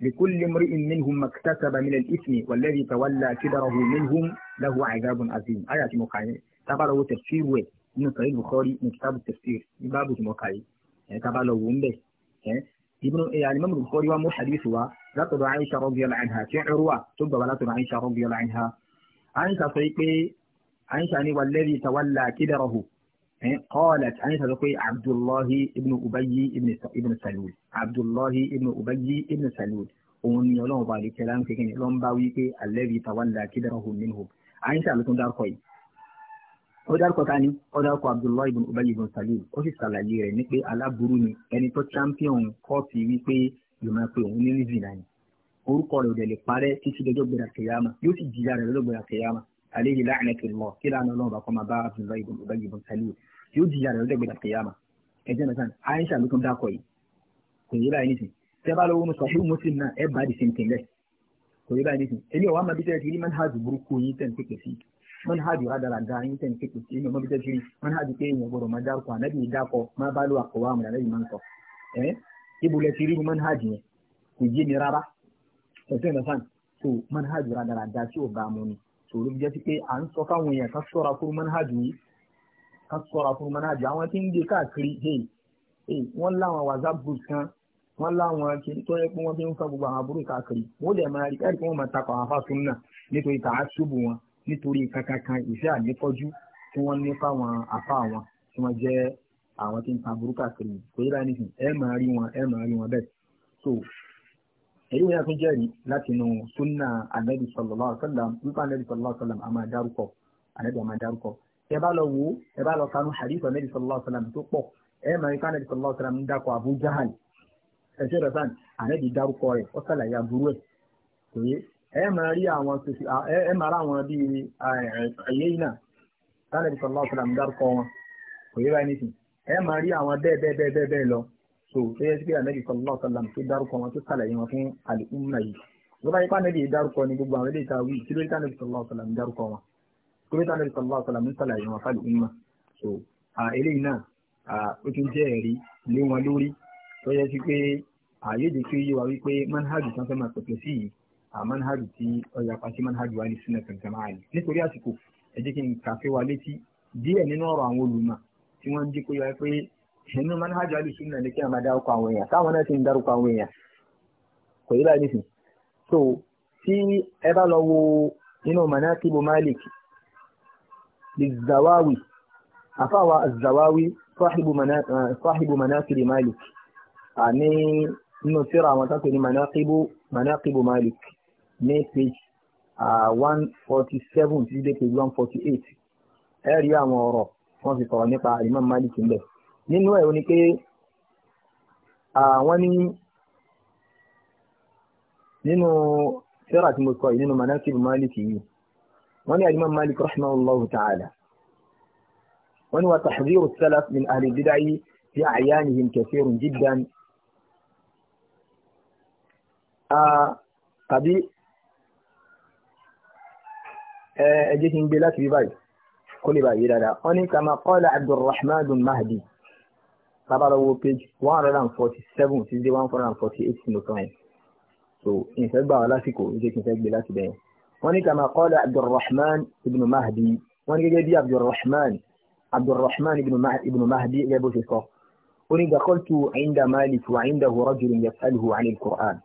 لكل امرئ منهم ما اكتسب من الإثم والذي تولى كبره منهم له عذاب عظيم آية مقاية tábàlọ́ wo tẹ̀síìr wẹ̀ nínú sọ̀rọ̀ Bukhari ní kitabu tẹ̀síìr ní báàbù tí mo kà yìí ẹ̀ tábàlọ́ wo ń bẹ̀ ẹ̀ ibnu alimami Bukhari wa mú hadith wa látọ̀dọ̀ Aisha radiyallahu anha tí Urwa tó gbà wá látọ̀dọ̀ Aisha radiyallahu anha Aisha sọ pé Aisha ni walladhi tawalla kidarahu قالت أنت تقول عبد الله ابن أبي ابن ابن سلول عبد الله ابن أبي ابن سلول òun ni ọlọ́run bá lè tẹ̀lé àwọn kékeré ló ń bá wí pé alẹ́bí tawàlá kídàrọ̀hùn nínú àyíṣà ló tún dárúkọ yìí ó dárúkọ ta ni ó dárúkọ abdullahi ibn ubayi ibn salim ó sì ṣàlàyé rẹ̀ ní pé aláburú ni ẹni tó champion kọ́ọ̀tì wípé yóò máa pe òun ní zina ni orúkọ rẹ̀ ò dẹ̀ lè parẹ́ títí dọjọ́ gbéra kẹyàmà yóò sì jìyà rẹ̀ lọ́jọ́ gbéra kẹyàmà àléyìn la'natullah kí lánàá lọ́wọ́ bá kọ́ máa bá abdullahi ibn ubayi ibn salim yóò jìyà rẹ̀ lọ́jọ́ gbéra kẹyàmà ẹ̀jẹ̀ náà sàn aisha ló tún dákọ̀ yìí kò yé báyìí nísìn tẹ́ bá lọ́wọ́ sahih manhaju rádaràda yín tẹ̀ ń kékeré sí inú mọ́bí tẹ́tìrì manhaju pé èèyàn gbọ́dọ̀ máa dárúkọ ànábì dákọ máa bá ló àkọwá àmì ànábì máa ń sọ ẹ ibo lẹ ti rí manhaju yẹn kò yé mi rárá ẹ̀sìn ìdásán so manhaju rádaràda tí ò bá mu ni sòrò jẹ́ sí pé à ń sọ fáwọn èèyàn ká sọ́ra fún manhaju yìí ká sọ́ra fún manhaju àwọn tí ń gbé káàkiri hey hey wọ́n láwọn whatsapp group kan wọ́n láwọn kiri tó yẹ pé wọ́n fi ń fa gbogbo àwọn àbúrò káàkiri wọ́n lè máa rí káàkiri wọ́n máa takọ̀ àwọn afásùn náà nítorí tàá ṣubú wọn nítorí kankankan ìfẹ́ àníkọ́jú tí wọ́n ní fáwọn afá wọn tí wọ́n jẹ́ àwọn tí ń ta burúkú àkèrè kò yẹ báyìí nìsín ẹ máa rí wọn ẹ máa rí wọn bẹ́ẹ̀ so èyí wọn yà tún jẹ́rìí láti nu sunna anabi sallallahu alaihi wasallam nípa anabi sallallahu alaihi wasallam a máa dárúkọ anabi a máa dárúkọ ẹ bá lọ wo ẹ bá lọ kanu hadith anabi sallallahu alaihi wasallam tó pọ̀ ẹ máa rí anabi sallallahu alaihi ń dákọ Abu Jahal ẹsẹ rẹ sàn anabi dárúkọ rẹ̀ ó sàlàyé aburú ẹ kò yẹ ẹ máa rí àwọn ẹ máa rá àwọn bíi àyèyìnà sálẹ̀ bí sọlá ọ̀sán dárúkọ wọn kò yẹ báyìí nísìn ẹ máa rí àwọn bẹ́ẹ̀ bẹ́ẹ̀ bẹ́ẹ̀ bẹ́ẹ̀ lọ so tó yẹ kí ànábì sọlá ọ̀sán tó dárúkọ wọn tó sàlàyé wọn fún àlùkùnmá yìí tó bá yẹ dárúkọ ni gbogbo àwọn eléyìí tá a wí kí ló yẹ tànàbì sọlá dárúkọ wọn kí ló yẹ sọlá wọn so eléyìí náà ó tún jẹ́ ẹ̀rí lé wọn lórí manhaj tí ọ̀yà pàṣẹ manhaj wa ní sunna kankan máa ní. nítorí àsìkò ẹ jẹ́ kí n kàfé wa létí díẹ̀ nínú ọ̀rọ̀ àwọn olùmọ̀ tí wọ́n ń jí kó yọ pé ẹnu manhaj alùsùn náà ní kí a máa dárúkọ àwọn èèyàn táwọn náà ti ń dárúkọ àwọn èèyàn kò yí báyìí nìsín. so tí ẹ bá lọ wo inú manakibu malik lizawawi àfàwà zawawi sahibu manakibu eh, malik àní nínú síra àwọn tákùn ní manakibu manakibu malik ní page uh, one forty seven títí dé page one forty eight ẹ rí àwọn ọ̀rọ̀ wọ́n fi sọ̀rọ̀ nípa Imam Malik ńbẹ̀ nínú ẹ̀ ni pé uh, wọ́n ní nínú sẹ́rà tí mo kọ yìí nínú manakib Malik yìí wọ́n ní Imam Malik rahimahullahu ta'ala wọ́n ní wa tahdhiru salaf min ahli bid'ah fi a'yanihim kathirun jiddan uh, tàbí ẹ jẹ́ kí n gbé láti rí báyìí kó lè báyìí dáadáa wọ́n ní kama qala abdulrahman bin mahdi babalọ́wọ́ page one hundred and forty seven sí dé one hundred and forty eight sínú kan yẹn so ìfẹ́ gbà wá lásìkò jẹ́ kí n fẹ́ gbé láti bẹ̀yẹn wọ́n ní kama qala abdulrahman ibn mahdi wọ́n ní gẹ́gẹ́ bí abdulrahman abdulrahman ibn mahdi gẹ́gẹ́ bó ṣe sọ ó ní dakhaltu inda malik wa indahu rajulun yas'aluhu 'anil qur'an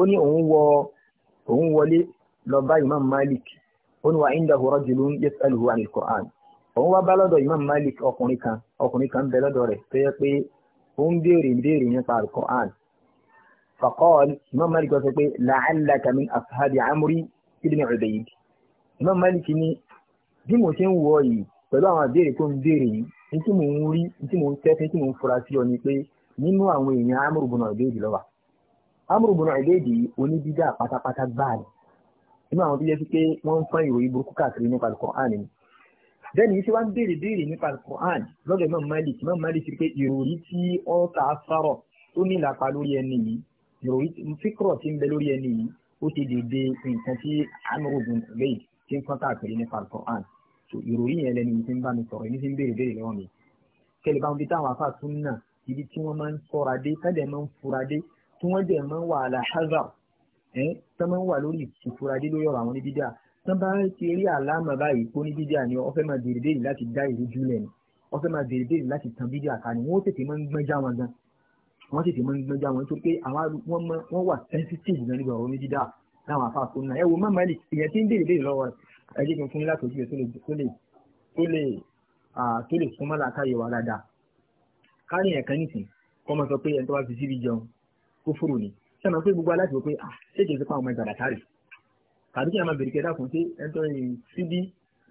ó ní òun wọ òun wọlé lọ bá imam malik ó ní wa indahu rajulun yas'aluhu anil qur'an òun wá bá lọ́dọ̀ imam malik ọkùnrin kan ọkùnrin kan bẹ lọ́dọ̀ rẹ̀ tó yẹ pé ó ń béèrè béèrè nípa al-qur'an faqala imam malik wá sọ pé la'allaka min ashabi amri ibn ubayd imam malik ní bí mo ṣe ń wọ yìí pẹ̀lú àwọn àbẹ̀rẹ̀ tó ń béèrè yìí ní tí mò ń rí tí mò ń fura sí ọ ni pé nínú àwọn èèyàn amúrùbùnà ìbéèdì lọ́wọ́ amúrùbùnà ìbéèdì onídídá pátápátá gbáà ni nínú àwọn tó yẹ sí pé wọ́n ń fọ́n ìròyìn burúkú káàkiri nípa Al-Qur'an ni bẹ́ẹ̀ni iṣẹ́ wa ń béèrè béèrè nípa Al-Qur'an lọ́dọ̀ Imam Malik Imam Malik sí pé ìròyìn tí ó ta sọ̀rọ̀ tó ní ìlàpá lórí ẹni yìí ìròyìn fíkọ̀rọ̀ tí ń bẹ lórí ẹni yìí ó ti dèdè nǹkan tí amúrògùn lẹ́yìn tí ń fọ́n káàkiri nípa al ìròyìn yẹn lẹni tán máa ń wà lórí ìfúradé lórí ọ̀rọ̀ àwọn oníbídà tán bá ti rí àlámà báyìí pé oníbídà ni ó fẹ́ máa bèrè bèrè láti dá ìrújú lẹ̀ ni ó fẹ́ máa bèrè bèrè láti tan bídà ká ni wọ́n tètè máa ń gbọ́n já wọn gan wọ́n tètè máa ń gbọ́n já wọn nítorí pé wọ́n wà sensitive gan nígbà ọ̀rọ̀ oníbídà láwọn afá àkóńnà ẹ wo má máa lè ìyẹn tí ń bèrè bèrè lọ́wọ́ ẹ jẹ́ sọ pé ẹni tó bá fi síbi jẹun kó fòrò ni sẹ́nà pé gbogbo aláìsí pé à ah, ṣé kìí sípa ọmọ ìgbàdà kárì tàbí kí a máa bèrè kẹta fún ṣé ẹni tó yin síbí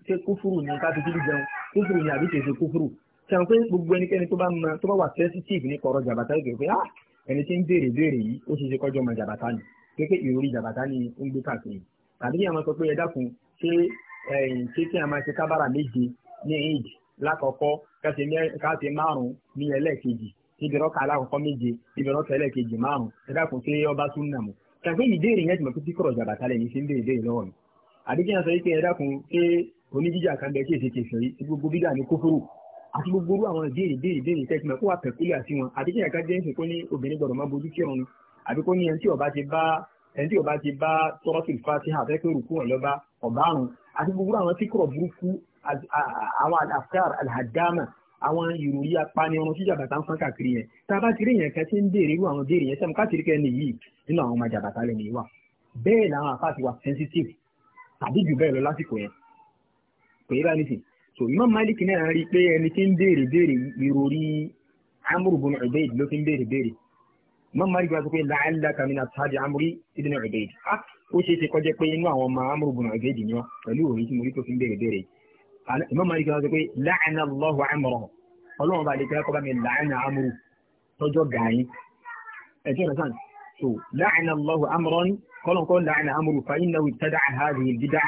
ṣé kúfúrú ni ká fi síbí jẹun kúfúrú ni àbí kìí ṣe kúfúrú sẹ́nà pé gbogbo ẹnikẹ́ni tó bá ma tó bá wà sensitive ní kọ̀rọ̀ jàbàtà yìí pé à ah, ẹni tí ń béèrè béèrè yìí ó ṣe ṣe kọjọ́ ọmọ jàbàtà ni pé ìròrí jàbàtà ni ń gbé káàkiri tàbí kí a máa sọ pé ẹ dákun ṣé ṣé kí a máa ṣe kábàrà méje ní èjì lákọ̀ọ́kọ́ ká ṣe márùn ibi rọ́ọ̀kà alákọ̀ọ́kọ́ méje ibi rọ́ọ̀kà ẹlẹ́ẹ̀kejì márùn ẹ̀dàkùn tí ọba tún nà mọ́ kàgbé ìbéèrè yẹn ti mọ̀ pé tí kọ̀rọ̀ jàbàtà lẹ́yìn ṣe ń béèrè béèrè lọ́wọ́ mi àdéjì yẹn sọ wípé ẹ̀dàkùn pé oníjíjà kan bẹ kéèsì kéèsì yìí gbogbo bídà ní kófóró àti gbogbo orú àwọn ìbéèrè béèrè béèrè tẹ́tí mọ̀ kó wà pẹ̀kúlẹ̀ àti wọn àdéjì yẹn ká jẹ́ ìsìn kó ní obìnrin gbọ́dọ̀ má bojú kírun àbí kó ní ẹni tí ọba ti bá ẹni tí ọba ti bá tọ́rọ́sì fatiha fẹ́ pé òrùkú wọn lọ́ba ọ̀bárùn àti gbogbo àwọn tíkọ̀rọ̀ burúkú àwọn àfẹ́ alhadama àwọn ìròyìn apanirun tí jàbàtà ń fọ́n káàkiri yẹn tá a bá ti rí yẹn kan tí ń béèrè irú àwọn béèrè yẹn sẹ́mu káàkiri kẹ́ ni yìí nínú àwọn ọmọ jàbàtà lẹ́nu yìí wà bẹ́ẹ̀ làwọn àfa ti wà sensitive tàbí jù bẹ́ẹ̀ lọ lásìkò yẹn kò bá so Imam Malik náà rí i pé ẹni tí ń béèrè béèrè ìròyìn Amru bin ló fi ń béèrè béèrè Imam Malik wá sọ pé la'allaka min ashabi Imam Malik sọ pé la'ana Allahu Amra ọlọ́run bá lè kọ́ bá mi la'ana Amru tọ́jọ́ gàáyín ẹ̀jẹ̀ rẹ̀ sàn so la'ana Allahu Amran kọ́lọ́n kọ́ la'ana Amru fa innahu ibtada'a hadhihi al-bid'a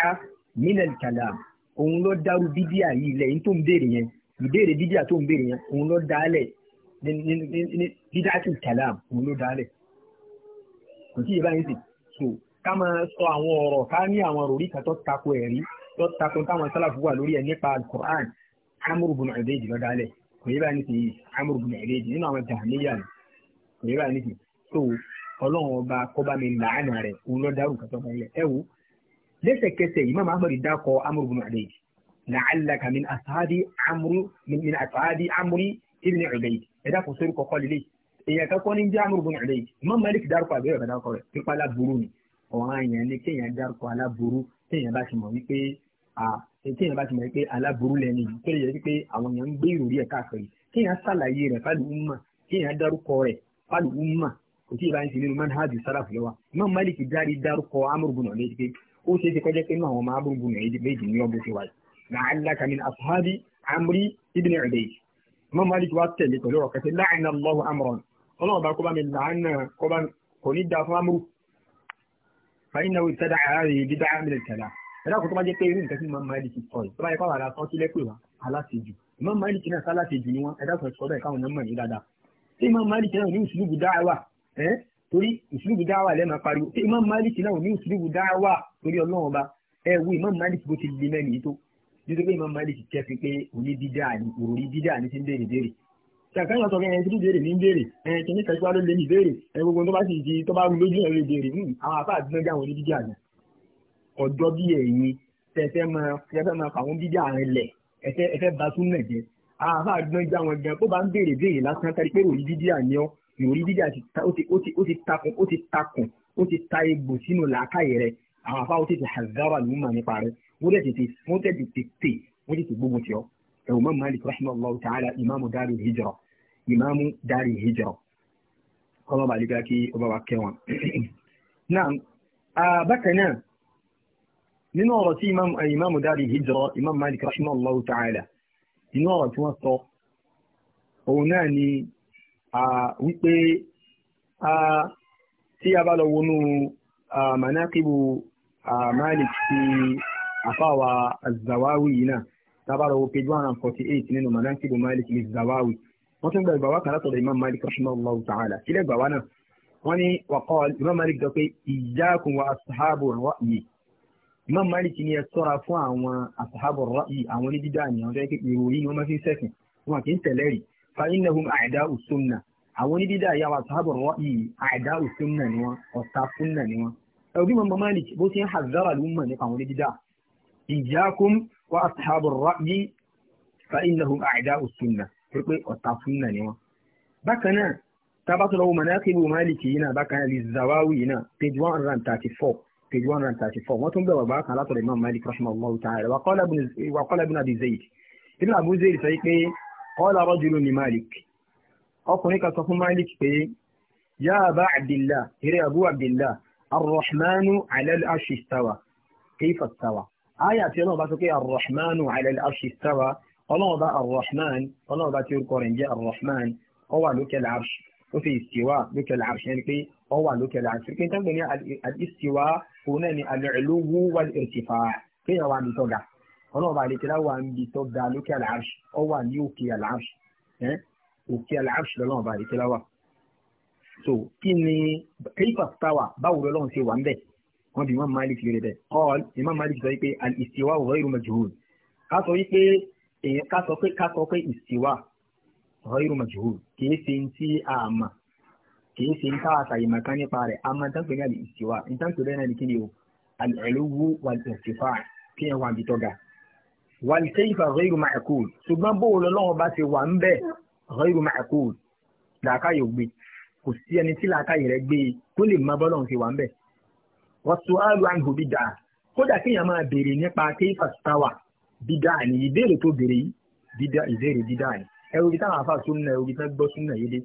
min al-kalam òun ló dárú bídíà yìí lẹ́yìn tó ń béèrè yẹn ìbéèrè bídíà tó ń béèrè yẹn òun ló dálẹ̀ bídíà tó kalam òun ló dálẹ̀ tó takun táwọn sálàfù wà lórí ẹ̀ nípa alukur'an amúrù bùnú ẹ̀dẹ́jì lọ́dà alẹ̀ kò yẹ báyìí nìsín yìí amúrù bùnú ẹ̀dẹ́jì nínú àwọn jàmíyà ni kò yẹ báyìí nìsín tó ọlọ́run ọba kọ́ba mi làánà rẹ̀ òun lọ́ dárú kàtọ́ kan lẹ̀ ẹ wo lẹ́sẹ̀kẹsẹ̀ yìí máma amadu dákọ̀ amúrù bùnú ẹ̀dẹ́jì làálàkà min asaadi amúrù min asaadi amúrì ibn ẹ̀dẹ́jì ẹ̀dá kò sórí kọ́kọ́ lélẹ̀ èèyàn kakọ́ ní jẹ́ amúrù bùnú ẹ̀dẹ́jì Imam dárúkọ aláburú ni bá ti mọ̀ wípé àti èèyàn bá ti mọ̀ pé aláburú lẹ́nu yìí tó lè yẹ pé àwọn èèyàn ń gbé ìròrí ẹ̀ káàkiri kí èèyàn ṣàlàyé rẹ̀ fáàlù umma kí èèyàn dárúkọ rẹ̀ fáàlù umma kò tí ì bá ń ṣe nínú manhaj sáràfù lọ́wọ́ Imam Malik dárí dárúkọ amúrúbùnà méjì pé ó ṣe é ṣe kọjá pé inú àwọn ọmọ amúrúbùnà méjì ní ọgbọ́n ṣe wáyé la'allaka min ashabi amri ibn Ubayd Imam Malik wá tẹ̀lé pẹ̀lú ẹ̀dá kò tó bá jẹ́ pé irú nǹkan tí mo máa lè ti sọ yìí tó bá yẹ káwọn ará sọ́ọ́ sílẹ̀ pè wá aláṣejù ìmọ̀ máàlì kìnnà sálàṣejù ni wọ́n ẹ̀dá kò sọ bẹ́ẹ̀ káwọn ọmọ yìí dáadáa tí ìmọ̀ máàlì kìnnà ní ìṣúlùbù dáhàwà ẹ́ torí ìṣúlùbù dáhàwà lẹ́ẹ̀ máa pariwo tí ìmọ̀ máàlì kìnnà ní ìṣúlùbù dáhàwà torí ọlọ́run ọba ẹ wo ìmọ̀ máàlì bó ti lè mẹ́rin tó nítorí pé ìmọ̀ máàlì kẹ́ fi pé òní dídá ni òrí dídá ni ti ń béèrè béèrè ṣàkàyàn sọ pé ẹni tí ń béèrè ní ń béèrè ẹni tí ń kẹsíwá ló lé ní béèrè ẹni gbogbo tó bá sì di tó bá rú lójú ẹ̀ ló lè béèrè hmm, àwọn àfáà àti mẹ́jọ àwọn onídíjà yẹn ọjọ́ bí ẹ̀yin tẹ̀fẹ́ máa tẹ̀fẹ́ máa fà wọ́n dídí àárín lẹ̀ ẹ̀fẹ́ bá tún nà jẹ́ àáfà gbọ́n já wọn gan tó bá ń béèrè béèrè lásán kárí pé òrí dídí àníọ́ ìròrí dídí àti ó ti takùn ó ti takùn ó ti ta egbò sínú làákàyè rẹ̀ àwọn afáwọ́ tètè hazara ló ń mà nípa rẹ̀ wọ́n tẹ̀ tètè wọ́n tẹ̀ tètè tè wọ́n tètè gbógun tì ọ́ ẹ̀wọ̀n mọ́ Malik rahimahullah ta'ala ìmáàmù dari hijra ìmáàmù dari hijra kọ́mọ́ bàlíkà kí ọba wa kẹwọn. náà ah, bákan náà nínú ọ̀rọ̀ tí ìmáàmù eh, dárí hijra ìmáàmù malik rahimahullahu ta'ala nínú ọ̀rọ̀ tí wọ́n sọ òun náà ni wípé tí a bá lọ wọnú manaqibu malik ti àfáwà azawawi yìí náà tá a bá lọ wọ page one hundred forty eight nínú manaqibu malik ti azawawi wọ́n tún gba ìgbàwá kan látọ̀dọ̀ ìmáàmù malik rahimahullahu ta'ala sílẹ̀ ìgbàwá náà wọ́n ní waqala ìmáàmù malik dọ̀ pé iyyakum wa ashabu ra'yi yìí. Imam Malik ni ẹ sọ́ra fún àwọn asahabu ra'i àwọn onídídá ni àwọn tẹ́lẹ̀ pé ìròyìn ni wọ́n máa fi ń sẹ́sìn wọn kì í tẹ̀lé rí fa innahum a'da'u sunnah àwọn onídídá yà wà asahabu ra'i a'da'u sunnah ni wọn ọ̀tá sunnah ni wọn. ẹ̀rù Imam Malik bó ti ń hazara ló mọ̀ nípa àwọn onídídá iyyakum wa asahabu ra'i fa innahum a'da'u sunnah pé pé ọ̀tá sunnah ni wọn. bákan náà tábàtúrọ̀ wọn kébù Malik yìí náà bákan náà page one hundred and thirty four wọ́n tún gbẹ̀ wàgbà kan látọ̀rọ̀ imam malik rahimahullah ta'ala wa qala ibn abi zayd ibn abu zayd sọ pé qala rajulun ní malik ọkùnrin kan sọ fún malik pé ya aba abdillah eré abu abdillah arrahmanu ala al-arshi istawa kayfa istawa aya àti ọlọ́run bá sọ pé arrahmanu ala al-arshi istawa ọlọ́run bá arrahman ọlọ́run bá tí orúkọ rẹ̀ ń jẹ́ arrahman ó wà lókè al-arshi ó ṣe ìsìwá lókè làásì ẹni pé ọ wà lókè làásì pé nígbà ní àdìsíwá òun náà ni al-'uluwwu wal-irtifā' kéèyàn wà ní tọ́ga ọlọ́ọ̀bà àlekèlá wà ń bi tọ́ga lókè làásì ọ wà ní òkè làásì ẹ òkè làásì lọ́lọ́ọ̀bà àlekèlá wà. so kí ni kayfa stawa báwo lọ́lọ́run ṣe wà ń bẹ̀ wọ́n bí Imam Malik lè bẹ̀ qāla Imam Malik sọ ghayru majhul kìí ṣe ń tí a mà kìí ṣe ń tá a ṣàyẹ̀mọ̀ kan nípa rẹ̀ a máa ń tánpẹ̀ ní al-istiwa ń tánpẹ̀ bẹ́ẹ̀ náà ní kíni o al-'uluwwu wal-irtifa kí ẹ̀ wà bìtọ́ ga. wal kayfa ghayru ma'qul ṣùgbọ́n bóun lọ́wọ́ bá ṣe wà ń bẹ̀ ghayru ma'qul làákàyè gbé kò sí ẹni stawa bid'ah ni ìbéèrè tó béèrè yìí ẹrù bíi táwọn àfáà súnmọ́ ẹrù bíi tán gbọ́ súnmọ́ yìí dé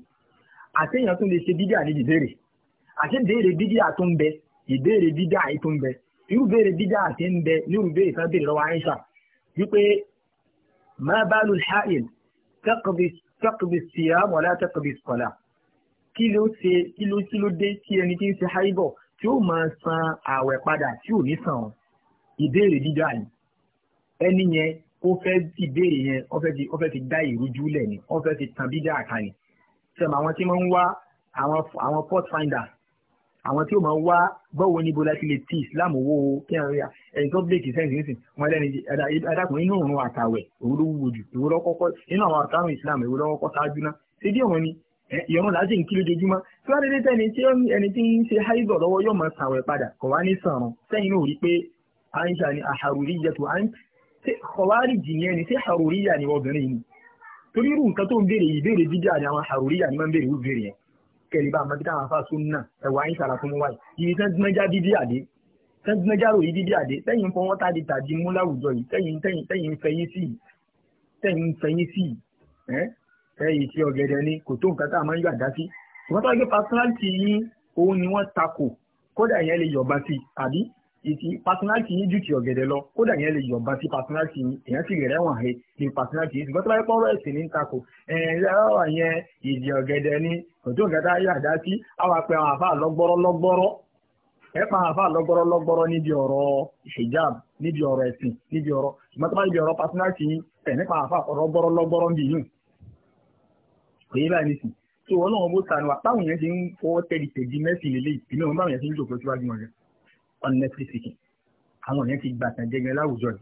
àtẹ̀yàn tún lè ṣe bídíà ní ìbéèrè àti béèrè bídíà tó ń bẹ ìbéèrè bídíà yìí tó ń bẹ irú béèrè bídíà ti ń bẹ ní irú béèrè tán béèrè lọ́wọ́ àyíṣà wípé má bá lu ṣáìl tẹ́kùbì síyá mọ̀lá tẹ́kùbì sọ̀lá kí ló ṣe kí ló kí ló dé tí ẹni tí ń ṣe háìbọ̀ tí ó máa san ààwẹ̀ padà tí ò ní san ìbéèrè bídíà yìí ẹni yẹn ó fẹ́ ti yẹn ó fẹ́ ti ó fẹ́ ti dá ìrújú lẹ̀ ni ó fẹ́ ti tàn bí dá àkàní sẹ́mu àwọn tí wọ́n ń wá àwọn àwọn port finder àwọn tí ó máa wá báwo ni bó láti lè ti islam owó kẹrin ẹni tó bèèkì sẹ́ǹsì nísìn wọn lẹ́ni adákùn inú òun àtàwẹ̀ òun ló wúwo jù òun lọ́kọ́kọ́ inú àwọn àtàwọn islam òun lọ́kọ́kọ́ ṣáájú náà ṣé òun ni ìyọ̀run láti ń kí lójoojúmọ́ tí wọ́n dédé tẹ́ni tí ẹni tí ń ṣe haizọ̀ lọ́wọ́ yóò máa ṣàwẹ̀ padà kò ní sàrùn sẹ́yìn náà rí pé aisha ni àhàrùrí yẹtù ṣé kọ̀wárìjì yẹn ni ṣé haruriya ni obìnrin ni torí irú nǹkan tó ń béèrè yìí béèrè dídá ni àwọn haruriya ni máa ń béèrè irú béèrè yẹn kẹlẹ bá àmọ́ títà àwọn afáṣú náà ẹ̀wọ̀ ayé sara fún wáyé ibi tán gbẹ́já dídí àdé tán gbẹ́já rò yìí dídí àdé tẹ́yìn fọ́ wọ́n tàdí tàdí mú láwùjọ yìí tẹ́yìn tẹ́yìn tẹ́yìn fẹ́yìn sí yìí tẹ́yìn sí yìí ẹ́ ẹ̀yìn tí ọ̀gẹ̀dẹ̀ ni kò tó nǹkan tá a máa ń yọ àdá sí. wọ́n personality yín òun ni wọ́n takò kódà ìyẹn lè yọ̀ba sí àbí ìtì personality yín ju ti lọ kódà yẹn lè yọ̀ǹba sí personality yín èèyàn sì rẹ̀wọ̀n he ní personality yín ṣùgbọ́n tó bá pọ́nrọ́ ẹ̀sìn ní tako ẹ̀ẹ́dẹ́rọ̀ yẹn ìdí ọ̀gẹ̀dẹ̀ ni ọjọ́ nǹkan tá a yà dá sí àwọn apẹ̀ àwọn àfa lọ́gbọ́rọ́ lọ́gbọ́rọ́ ẹ àwọn àfa lọ́gbọ́rọ́ lọ́gbọ́rọ́ níbi ọ̀rọ̀ unnecessary àwọn èèyàn ti gbàtàn jẹgẹ láwùjọ yìí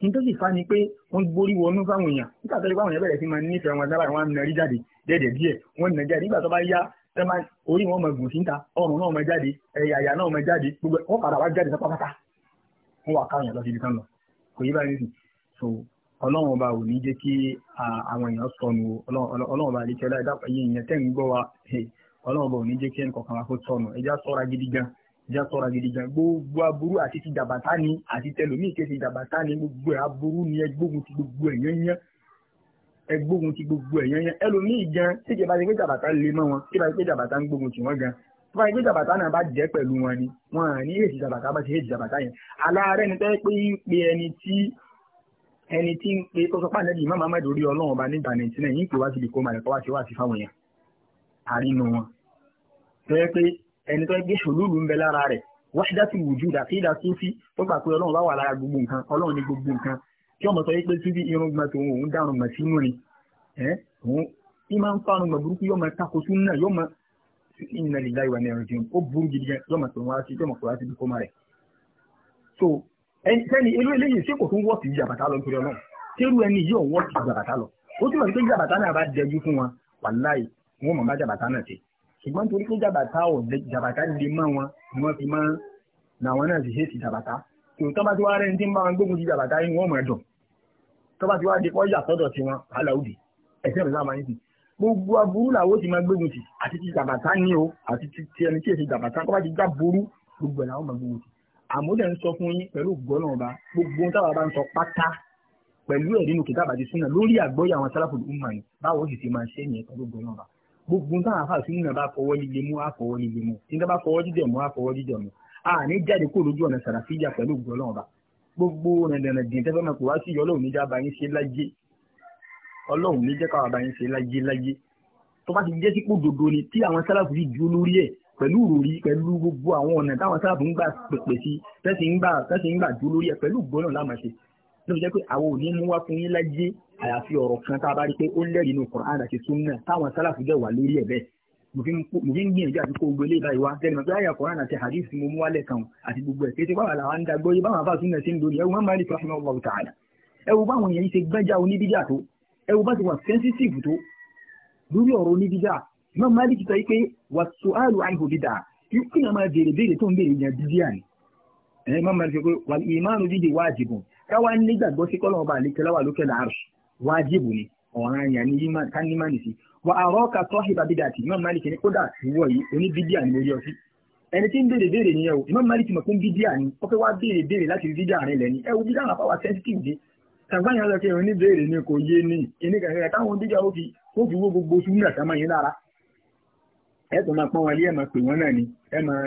kí n tó sì fa ni pé wọ́n gbórí wọnú fáwọn èèyàn nígbà tó lè fáwọn èèyàn bẹ̀rẹ̀ sí máa nífẹ̀ẹ́ wọn sábà wọn nà rí jáde dẹ́ẹ̀dẹ̀ díẹ̀ wọ́n nà jáde nígbà tó bá yá orí wọn mọ̀ gùn síta ọrùn náà mọ̀ jáde ẹ̀yà àyà náà mọ̀ jáde gbogbo wọn padà wá jáde pátápátá wọn wà káwọn èèyàn lọ síbi kan lọ kò yí báyìí nìyí so ọlọ́run ọba ò ní jẹ́ kí àwọn èèyàn sọnù ọlọ́run ọba àlekẹ́lá ẹ̀dá jẹ́ sọ̀rọ̀ gidigan gbogbo aburú àti ti jàbátá ni àti tẹlómi kejì jàbátá ni gbogbo ẹ̀ aburú ni ẹgbógun ti gbogbo ẹ̀ yányán ẹgbógun ti gbogbo ẹ̀ yányán ẹlòmíì gan tí kìí bá ti pé jàbátá lè mọ́ wọn tí bá ti pé jàbátá ń gbógun tì wọ́n gan tó bá ti pé jàbátá náà bá jẹ́ pẹ̀lú wọn ni wọn à ní èsì jàbátá bá ti èsì jàbátá yẹn aláàárẹ̀ ni tẹ́ pé pé ẹni tí ẹni tí ń pe tó sọ pàdé yìí máma má dorí ọlọ́run ọba níta nàìjíríà yìí ń pè wá síbi kó máa lẹ́kọ́ wá sí wá sí fáwọn èèyàn àrínú wọn tẹ́ pé ẹni tó gbé ṣòlúùlù ń bẹ lára rẹ̀ wáṣídá sí wùjú dàkídà súnfí tó gbà pé ọlọ́run bá wà lára gbogbo nǹkan ọlọ́run ní gbogbo nǹkan kí ọmọ sọ pé síbi irun gbọn tòun òun dàrún mọ̀ sínú ni òun ìmọ̀ ń fárun gbọ̀n burúkú yọmọ tako sún náà yọmọ ìnà lè dáìwà ní ẹ̀rọ̀jìn ó burú gidi gan yọmọ tó wá sí yọmọ kòwá sí bí kò rẹ̀. so ẹni irú eléyìí ṣé kò tún wọ́ sí jàbàtà lọ nítorí ọlọ́run ṣé irú ẹni yìí ò wọ́ sí jàbàtà lọ ó túmọ̀ sí pé jàbàtà náà bá dẹjú fún wọn wàláì wọn mọ̀ bá jàbàtà náà ṣe ṣùgbọ́n torí pé jàbàtà ò jàbàtà lè mọ́ wọn ni wọ́n fi mọ́ làwọn náà sì ṣe ti jàbàtà tí ò tọ́ba tí wọ́n rẹ́ni tí ń bá wọn gbógun ti jàbàtà yín wọ́n mọ̀ ẹ̀dùn tọ́ba tí wọ́n di kọ́ yà sọ́dọ̀ sí wọn aláwùdì ẹ̀sẹ̀ rẹ̀ láwọn yìí gbogbo aburú làwọn ti máa gbógun ti àti ti jàbàtà ní o àti ti ẹni tí èsì jàbàtà tọ́ba ti já burú gbogbo làwọn máa gbógun ti àmúdẹ̀ ń sọ fún yín pẹ̀lú ògbọ́nà gbogbo ohun táwa bá ń sọ pátá pẹ̀lú ẹ̀rí kìtàbà ti súnà lórí àgbọ́yé àwọn sálàfòdù gbogbo táwọn afa sínú náà bá fọwọ́ líle mú àfọwọ́ líle mú nígbà bá fọwọ́ jíjẹ mú àfọwọ́ jíjẹ mú a ní jáde kó lójú ọ̀nà sàràfíjà pẹ̀lú ògùn ọlọ́run ba gbogbo rẹ̀ndẹ̀rẹ̀ dín tẹ́fẹ́ máa pè wá sí ọlọ́run níjà bá yín ṣe láyé ọlọ́run níjà káwa bá yín ṣe láyé láyé tó bá ti jẹ́ sípò dodo ni tí àwọn sálàfù yìí dúró lórí ẹ̀ pẹ̀lú ròrí pẹ̀lú gbogbo àwọn ọ̀nà táwọn sálàfù ń gbà pèpè sí tẹ́sí ń gbà dúró lórí ẹ̀ pẹ̀lú gbọ́nà lámàṣe ló fi jẹ́ pé àwọn òní mú wá fún yín láyé àyàfi ọ̀rọ̀ kan tá a bá rí pé ó ń lẹ́rìí inú Kùránì àti Sunnah táwọn sálàfù jẹ́ wà lórí ẹ̀ bẹ́ẹ̀ mo fi ń gbìyànjú àti kó gbogbo eléyìí báyìí wá tẹnu pé àyà Kùránì àti hadith mo mú wálẹ̀ kan àti gbogbo ẹ̀ kété báwa làwọn ń dagbó yé báwọn afáàsùn náà ti ń lórí ẹ̀wù máa ń máa ní kí wọ́n ta'ala ẹ̀wù báwọn káwá nígbàgbọ́ sí kọ́lọ́ ọba àlejò láwà lókè láàrú wájìbù ni ọ̀ràn yẹn ní kánímánì sí wà àrọ́ ka tọ́hì bàbídà àti Imam Malik ní kódà wọ̀ yìí oníbídíà ni mo yọ sí ẹni tí ń béèrè béèrè nìyẹn o Imam Malik mọ̀ pé ń bídíà ni ó fẹ́ wá béèrè béèrè láti rí bídíà rẹ lẹ́ni ẹ wo bídíà náà fáwọn sensitive dé tàgbáyà lọ sí ìrìn ni kò yé ni ìní kàkẹ́kẹ́ táwọn bídíà ó fi ó fi wó gbogbo súnmọ́ àtàmọ́ yín lára ẹ tó ni ẹ máa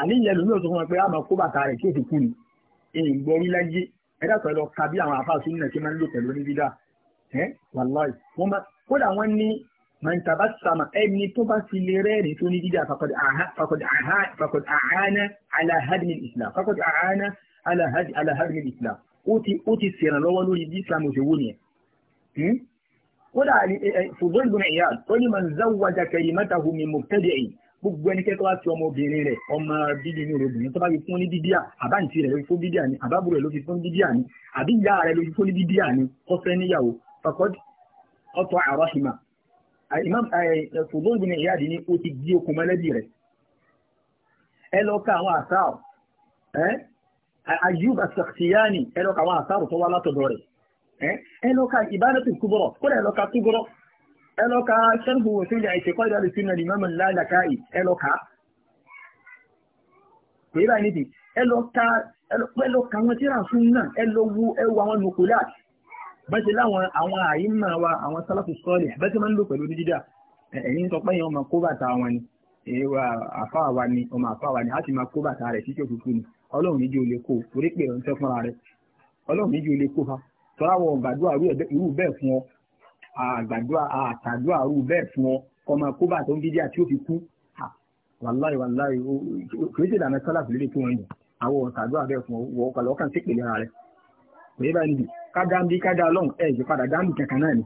àníyàn lómi ò sọ fún wọn pé a máa gbọ́ orí láyé ẹ dàtọ̀ lọ ka bí àwọn àfáà súnmọ́ ṣe máa ń lò pẹ̀lú oníbídà ẹ wàláì wọ́n bá kódà wọ́n ní mọ̀ntàbá sàmà ẹni tó bá fi lè rẹ́ẹ̀rì tó ní bídà fakọ̀dì àhánà aláhàdìmí islam fakọ̀dì àhánà aláhàdìmí islam ó ti sèrè lọ́wọ́ lórí bí islam ò ṣe wó nìyẹn. Hmm? kódà fùdó ìgbìmọ̀ ìyá ó ní gbogbo ẹnikẹ́ni tó bá fi ọmọbìnrin rẹ̀ ọmọ bíbí inú rẹ̀ obìnrin tó bá fi fún ní bíbíà àbáǹtí rẹ̀ ló fi fún bíbíà ni àbábù rẹ̀ ló fi fún bíbíà ni àbí ìyá rẹ̀ ló fi fún ní bíbíà ni kọ́fẹ́ níyàwó fakọ́d ọ̀tọ̀ àrọ́hìmà fòlóògùn ìyá àdín ni ó ti gbé okùn mọ́lẹ́bí rẹ̀ ẹ lọ ka àwọn àṣàrò ẹ ayub asakhtiyani ẹ lọ ka àwọn àṣàrò tó wá látọ̀dọ̀ rẹ̀ ẹ lọ ka ìbánatù kúbọ̀rọ̀ kó ẹlọ́ka ṣẹ́gun òṣèlú àìṣekọ́ ìdálẹ̀ sínú ẹ̀dì mọ́mọ́ lálàká ì ẹlọ́ka kò yí báyìí nìdí ẹlọ́ka ẹlọ́ka wọn tíra fún náà ẹlọ́wu ẹwà wọn nùkúlá bẹ́ẹ̀ láwọn àwọn àyínmọ̀ wa àwọn sálàfù sọ́ọ̀lì bẹ́ẹ̀ tí wọ́n ń lò pẹ̀lú dídá ẹ̀yìn sọ pé yẹn ọmọ kó a máa kó bàtà rẹ̀ títí òkùnkùn ni ọlọ́run níjó lè kó fúnra rẹ̀ ọlọ́run níjó lè kó fa tọ́láwọ̀ gbàdúrà irú bẹ́ẹ̀ fún ọ àgbàdua àtàdua rú bẹ́ẹ̀ fún ọ ọmọ kóbá tó ń bí díà tí ó fi kú wàláì o kìí ṣe ìdáná sálà fìlẹ̀ tó wọ́n yìí àwọn ọ̀tàdua bẹ́ẹ̀ fún ọ ọkọ̀ lọ́kàn sí ìpìlẹ̀ ara rẹ̀ òye báyìí níbi ká dáńbí ká dáa lọ́hùn ẹ̀ ìpadà dáńbí kankan náà ni.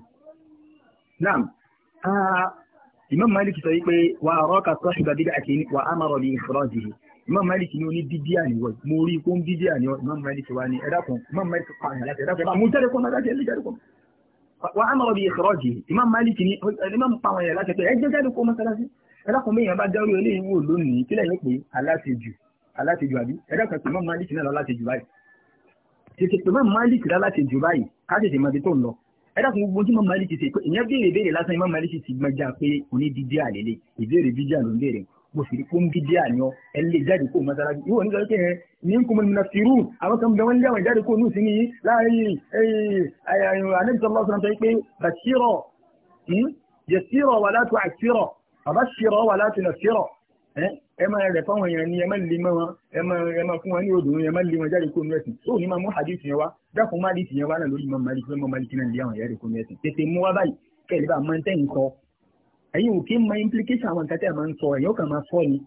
naam imam malik sọ wípé wà á rọ́ọ̀kà sọ́ọ̀ṣì bàbí àti wà á mọ̀rọ̀ ní ìfọ́rọ̀jì imam malik ni o ní bídíà ni wọ́n mo rí i kó ń bídíà ni wọ́n imam malik wá ní ẹ̀dá kan imam malik pààyàn láti ẹ̀dá kan ẹ̀ bá mú jáde kọ́ máa jáde ẹ̀ lé jáde kọ́ máa wà á mọ̀rọ̀ bí ìṣọ́rọ̀jì imam malik ni imam pàwọn èèyàn láti pé ẹ jẹ́ jáde kó mọ́sálásí ẹlẹ́kùn méèyàn bá dárú eléyìí wò lónìí kílẹ̀ yóò pé aláṣejù aláṣejù àbí ẹlẹ́kùn pé imam malik náà láṣejù báyìí tètè pé imam malik láṣejù báyìí ká tètè mọ ibi tó ń lọ ẹlẹ́kùn gbogbo tí imam malik ṣe pé ìyẹn béèrè béèrè lásán imam malik ti gbẹjà pé onídìdí àlélẹ̀ ìbéèrè bíjà ló ń béèrè bó sì rí kó ń bí díà ni ọ ẹ lè jáde kó mọ́sálásí ìwọ nígbà tó yẹn ní ń kúmọ̀ nínú fìrù àwọn kan bẹ wọ́n lé àwọn jáde kó nù sí nìyí láàyè àníbi sọlá sọlá sọ pé bàṣírọ̀ yẹsírọ̀ wà látò àṣírọ̀ àbáṣírọ̀ wà látò nàṣírọ̀ ẹ máa rẹ̀ fáwọn èèyàn ni ẹ máa lè mọ́ wọn ẹ máa ẹ máa fún wọn ní odò ẹ máa lè wọn jáde kó nù ẹ̀sìn tó ní máa mú hadith yẹn wá dákun má hadith yẹn wá náà lórí mọ́ malik mọ́ malik náà lé àwọn jáde kó nù ẹ̀sìn tètè mú wá báyìí kẹ́lẹ́ bá ẹ̀yin ò kí ń mọ implication àwọn nǹkan tẹ́ ẹ̀ máa ń sọ ẹ̀yin ó kàn máa sọ ni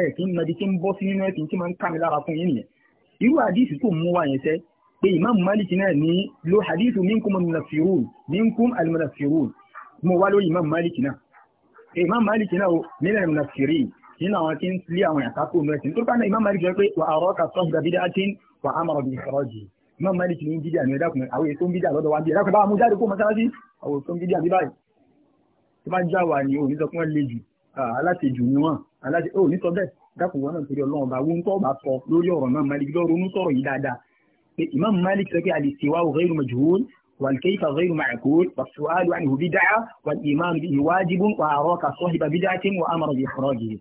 ẹ̀ kí ń mọdí kí ń bọ́ sí nínú ẹ̀sìn tí máa ń ká mi lára fún yín nìyẹn irú àdìsí tó mú wa yẹn sẹ́ pé Imam Malik náà ní lo àdìsí minkum al-munaffirun minkum al-munaffirun mo wá lórí Imam Malik náà Imam Malik náà nínú al-munaffirin nínú àwọn tí ń lé àwọn yàtá kó nù ẹ̀sìn tó bá náà Imam Malik sọ pé wà á rọ́ọ̀kà sọ́ọ̀dà bídà àti wà á mọ̀rọ̀ bí ìfọ̀rọ̀jì ní ẹ̀dá kùnrin àwọn èso ń bídà lọ́dọ̀ wa bí ẹ̀dá kùnrin bá mú jáde kó mọ́sálásí àwọn èso ń bídà bí báyìí bá já wà ní òní sọ pé wọ́n le jù alátejù ni wọ́n aláti ó ní sọ bẹ́ẹ̀ dákùn wọn náà torí ọlọ́run ọba wo ń tọ́ ọba sọ lórí ọ̀rọ̀ náà Malik lọ́rọ̀ onú sọ̀rọ̀ yìí dáadáa pé Imam Malik sọ pé al-istiwa ghayru majhul والكيف غير معقول والسؤال عنه بدعة والإيمان به واجب وأراك صاحب بدعة وأمر بإخراجه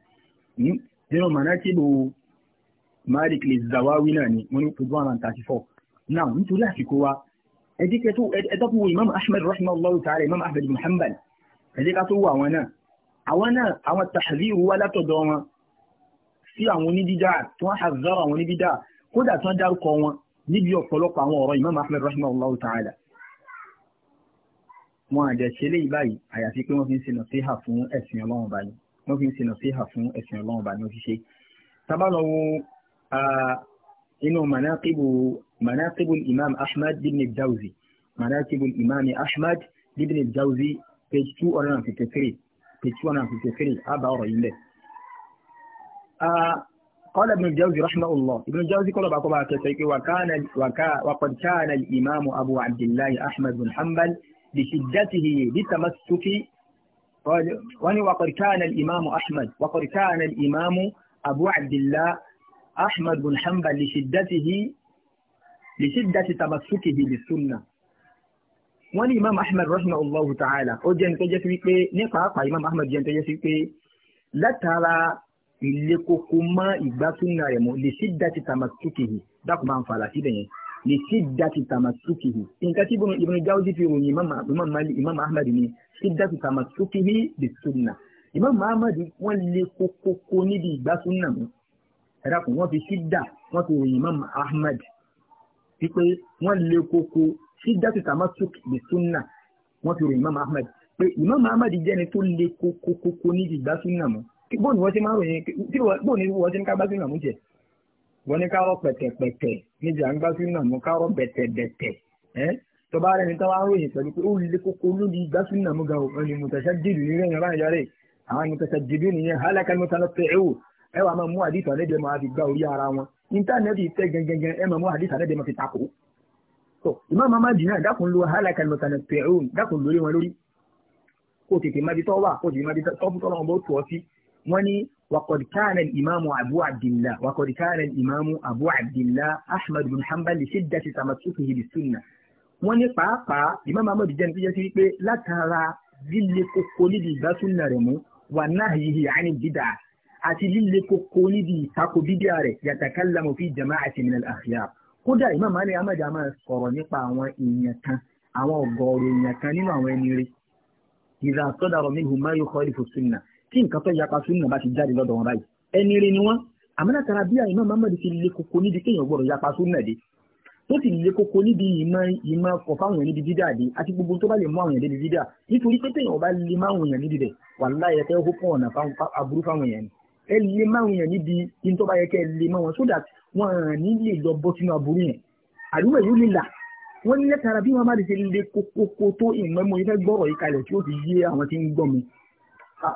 دينو مناكب مالك للزواوي ناني من قدوان 34 نعم انتو لا في كوا اديكتو ادقوا امام احمد رحمه الله تعالى امام احمد بن حنبل ẹ̀jẹ̀ ká tó wọ àwọn náà àwọn náà àwọn tàhàzírù wá látọ̀dọ̀ wọn sí àwọn onídídá tí wọ́n hàzọ́rọ̀ àwọn onídídá kódà tí wọ́n dárúkọ wọn níbi ọ̀pọ̀lọpọ̀ àwọn ọ̀rọ̀ Imam Ahmed rahimahullahu ta'ala wọn àjẹsẹ lẹ́yìn báyìí àyàfi pé wọ́n fi ń ṣe nàṣíhà fún ẹ̀sìn Ọlọ́run báyìí wọ́n fi ń ṣe nàṣíhà fún ẹ̀sìn Ọlọ́run báyìí wọ́n fi ṣe tabalọwo inú manaqibu manaqibu imam Ahmad ibn Jawzi page two hundred and fifty three page two hundred and fifty three á bá yìí lẹ̀. قال ابن الجوزي رحمه الله ابن الجوزي قال بقى بقى وكان وكا وقد كان الإمام أبو عبد الله أحمد بن حنبل بشدته بالتمسك وني وقد كان الإمام أحمد وقد كان الإمام أبو عبد الله أحمد بن حنبل لشدته لشدة تمسكه بالسنة wọ́n ní imam ahmed rahimahullahu ta'ala ó jẹ́ nítorí jẹ́ sí wípé ní pàápàá imam ahmed jẹ́ nítorí jẹ́ sí wípé látara ilé koko mọ́ ìgbásúnà rẹ̀ mọ́ lè sí dati tamasukihi dákun máa ń fa àlàsí bẹ̀yẹn lè sí dati tamasukihi nǹkan tí ibùdó jáwéjì fi ròyìn imam ahmed ni sí dati tamasukihi lè sunna imam ahmed wọ́n lè kókókó níbi ìgbásúnà mọ́ ẹ̀rọ wọ́n fi sí dà wọ́n fi ròyìn imam ahmed wípé wọ́n lè kókó ṣídàtú tamasuk bi sunna wọ́n ti imam ahmed pé imam ahmed jẹ́ ni tó le kókókókó ní ìgbà sunna mọ́ bó ni wọ́n ti máa ròyìn bó ni wọ́n ti ń ká gbá sunna mú jẹ wọ́n ní ká rọ pẹ̀tẹ̀pẹ̀tẹ̀ ń gbá sunna mú ká rọ bẹ̀tẹ̀bẹ̀tẹ̀ tọba rẹ̀ ní tọ́wọ́ ròyìn pẹ̀lú pé ó le kókó lórí ìgbà sunna mú ga òun ni mùtẹ̀sẹ̀ jìlù nílẹ̀ yẹn báyìí yọrẹ̀ àwọn mùtẹ̀sẹ̀ jìlù nìyẹn hálàkà mùtẹ̀sẹ̀ ẹ wà máa mú àdìsàn lẹ́dẹ̀ẹ́ máa fi gba orí ara ẹ so Imam Ahmad náà dákun lu halaka mutanatti'un dákun lórí wọn lórí kó tètè má bi tọ́ wà kó tètè má bi tọ́ fún tọ́lọ́wọ́n bó tù ọ sí wọ́n ní وقد كان الإمام أبو عبد الله وقد كان الإمام أبو عبد الله أحمد بن حنبل لشدة تمسكه بالسنة wọ́n ní pàápàá Imam Ahmad jẹ́ nítorí sí wípé látara líle koko níbi ìbásúnà rẹ̀ mú wà náà yìí kódà Imam Ali Ahmad máa sọ̀rọ̀ nípa àwọn èèyàn kan àwọn ọ̀gọ̀ọ̀rọ̀ èèyàn kan nínú àwọn ẹni rẹ̀ ìdá àtọ́dàrọ̀ mi hùmá yóò kọ́ ìfò sunna tí nǹkan tó yapa sunna bá ti jáde lọ́dọ̀ wọn báyìí ẹni rẹ̀ ni wọ́n àmọ́ látara bí Imam Ahmad ti le koko níbi kéèyàn gbọ́dọ̀ yapa sunna dé tó sì le koko níbi ìmọ̀ ìmọ̀ kọ̀ fáwọn èèyàn níbi dídà dé àti gbogbo tó bá lè mú àwọn èèyàn níbi dídà nítorí pé téèyàn bá lè máwọn èèyàn níbi dẹ̀ wàláhì ẹ̀ tẹ́ ó pọ̀ ọ̀nà aburú fáwọn èèyàn ni ẹ lè máwọn èèyàn níbi ní tó bá yẹ kẹ́ ẹ lè máwọn so wọn ní lè lọ bọ́ sínú aburú yẹn àdúgbò yóò lè là wọ́n ní lẹ́tara bí mamadi ṣe lè kókókó tó ìmọ̀ mo fẹ́ gbọ́rọ̀ yìí kalẹ̀ tí ó ti yé àwọn tí ń gbọ́ mi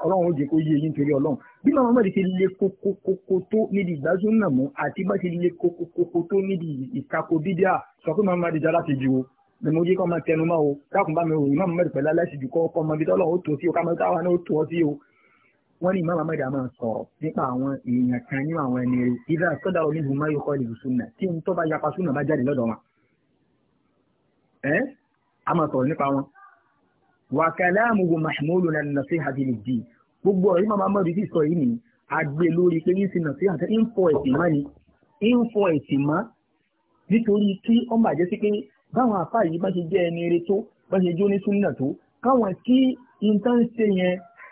ọlọ́run ó jẹ́ kó yé yín nítorí ọlọ́run bí mamadi ṣe lè kókókó tó níbi ìgbásùn náà mọ́ àti bá ṣe lè kókókó tó níbi ìkako bídíà sọ pé mamadi jara ti ju o ni mo jí kọ́ máa tẹnu mọ́ o káàkùn bá mi òòrùn náà mọ́ mẹ́rin pẹ̀lú o ká máa káwọn náà wọ́n ní ìmáàmù Ahmad máa sọ̀rọ̀ nípa àwọn èèyàn kan nínú àwọn ẹni rẹ̀ ìdá sọ́dà oníhùn máa yọkọ́ ìlú súnà tí n tó bá yapa súnà bá jáde lọ́dọ̀ wọn. ẹ a máa sọ̀rọ̀ nípa wọn. wa kalamuhu mahmulun ala nasihati lid-din gbogbo ọ̀rọ̀ ìmáàmù Ahmad ti sọ yìí nìyí agbe lórí pé yín ti nà sí àtẹ ń ẹ̀sìn mọ́ ni ń ẹ̀sìn mọ́ nítorí kí ọmọ àjẹ́ sí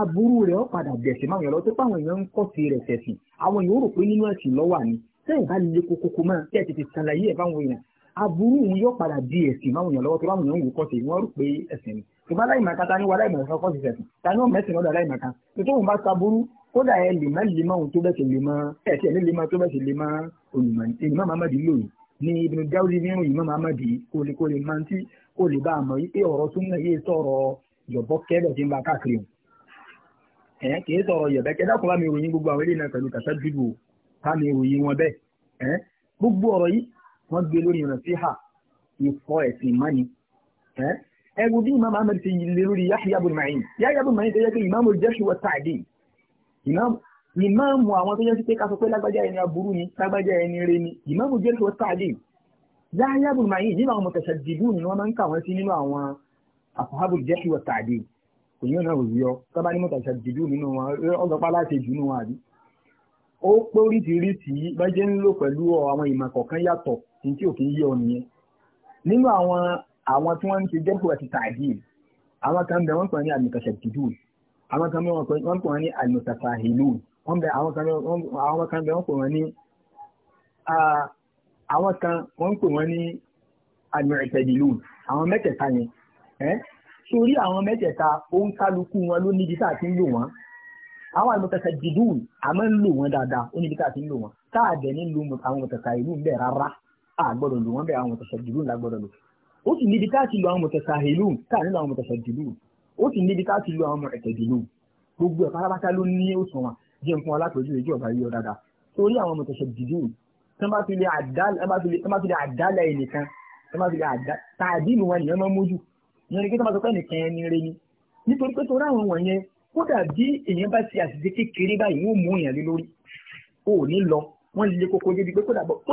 aburú rẹ̀ ọ́ padà bẹ̀sẹ̀ máa yàn lọ tó pé àwọn èèyàn ń kọ́ sí rẹ̀ tẹ̀sìn àwọn èèyàn rò pé nínú ẹ̀sìn lọ́wọ́ àní sẹ́yìn bá le kokoko mọ́ tẹ́ tètè ṣàlàyé ẹ̀ báwọn èèyàn aburú òun yóò padà di ẹ̀sìn máwọn èèyàn lọ́wọ́ tó báwọn èèyàn ń wò kọ́ sí wọ́n rò pé ẹ̀sìn ni ṣùgbọ́n aláìmọ̀ká ta ni wọ́n ni wọ́n mẹ́sìn lọ́dọ̀ aláìmọ̀ká tuntun òun bá saburú kódà ẹ lè má lè má òun tó bẹ́sẹ̀ lè má ẹ̀sìn ẹ̀ lè má tó bẹ́sẹ̀ lè má olùmọ̀ ìmọ̀ mamadi lóyún ní Ibn Jawzi nínú ìmọ̀ mamadi kólékólé máa ń tí kó lè bá àmọ́ yí pé ọ̀rọ̀ súnmọ́ yé sọ̀rọ̀ yọ̀bọ́ kẹ́lẹ̀ tí ń bá káàkiri ẹ̀ kì í sọ̀rọ̀ yẹ̀bẹ̀ kẹ́ dákun bá mi ròyìn gbogbo àwọn eléyìí náà pẹ̀lú kàtà dúdú o ká mi ròyìn wọn bẹ́ẹ̀ ẹ̀ gbogbo ọ̀rọ̀ yìí wọ́n gbé lórí nasiha ìfọ̀ ẹ̀sìn mọ́ni ẹ̀ ẹ wo bí imam ahmed ṣe lè lórí yahya bin ma'in yahya bin ma'in tó yẹ pé imam al-jashi wa ta'dil imam ìmáàmù àwọn tó yẹ sí pé ká sọ pé lágbájá ẹni aburú ni lágbájá ẹni rẹ ni ìmáàmù jẹ́ ìṣòro sáàdì yáyá bùnmáyé nínú àwọn mọ̀tẹ̀sẹ̀ dìbò ni wọ́n máa ń kà wọ́n sí nínú àwọn àfọ̀hábù jẹ́ ìṣòro sáàdì èyí náà ò yọ sábà ní mọ̀tàṣà jùlù nínú wọn ọ̀sọ̀pá láti jù nínú wọn àbí. ó pé oríṣiríṣi bẹ́jẹ́ ń lò pẹ̀lú àwọn ìmọ̀ kọ̀ọ̀kan yàtọ̀ ní tí òfin yọ nìyẹn. nínú àwọn àwọn tí wọ́n ń ṣe jẹ́pọ̀ àti tààdì àwọn kan bẹ wọ́n pọ̀ ní àmìtàṣà jùlù àwọn kan bẹ wọ́n pọ̀ ní àmìtàṣà ìlú àwọn kan bẹ wọ́n pọ̀ ní àwọn kan wọ́n pọ̀ ní àmìtàṣà ìlú àwọn mẹ́tẹ̀ẹ̀ta yẹn sórí àwọn mẹ́tẹ̀ẹ̀ta òun kálukú wọn ló níbi tá a ti ń lò wọ́n àwọn àlùmọ̀tẹ̀kà dìdú àmọ́ ń lò wọ́n dáadáa ó níbi tá a ti ń lò wọ́n tá a dẹ̀ ní lu àwọn mọ̀tẹ̀kà ìlú ń bẹ̀ rárá a gbọ́dọ̀ lò wọ́n bẹ̀ àwọn mọ̀tẹ̀kà dìdú la gbọ́dọ̀ lò ó sì níbi tá a ti lo àwọn mọ̀tẹ̀kà ìlú tá a nílò àwọn mọ̀tẹ̀kà dìdú ó sì níbi tá a ti lo àwọn mọ̀tẹ̀kà dìdú gbogbo ẹ̀ pátápátá ló ní òsùn wọn jẹ́ nǹkan alápèjú ìjọ ọ̀gá yíyọ dáadáa torí àwọn mọ̀tẹ̀kà dìdú tán bá bá fi lè àdá tàdínù wọn nìyẹn máa mójú ìyẹn ni kí wọ́n máa sọ pé nìkan ẹni rẹ ni nítorí pé torí àwọn wọ̀nyẹn kódà bí èèyàn bá ṣe àṣìṣe kékeré báyìí wọ́n mú èèyàn lé lórí o ò ní lọ wọ́n lè kókó débi pé kódà kó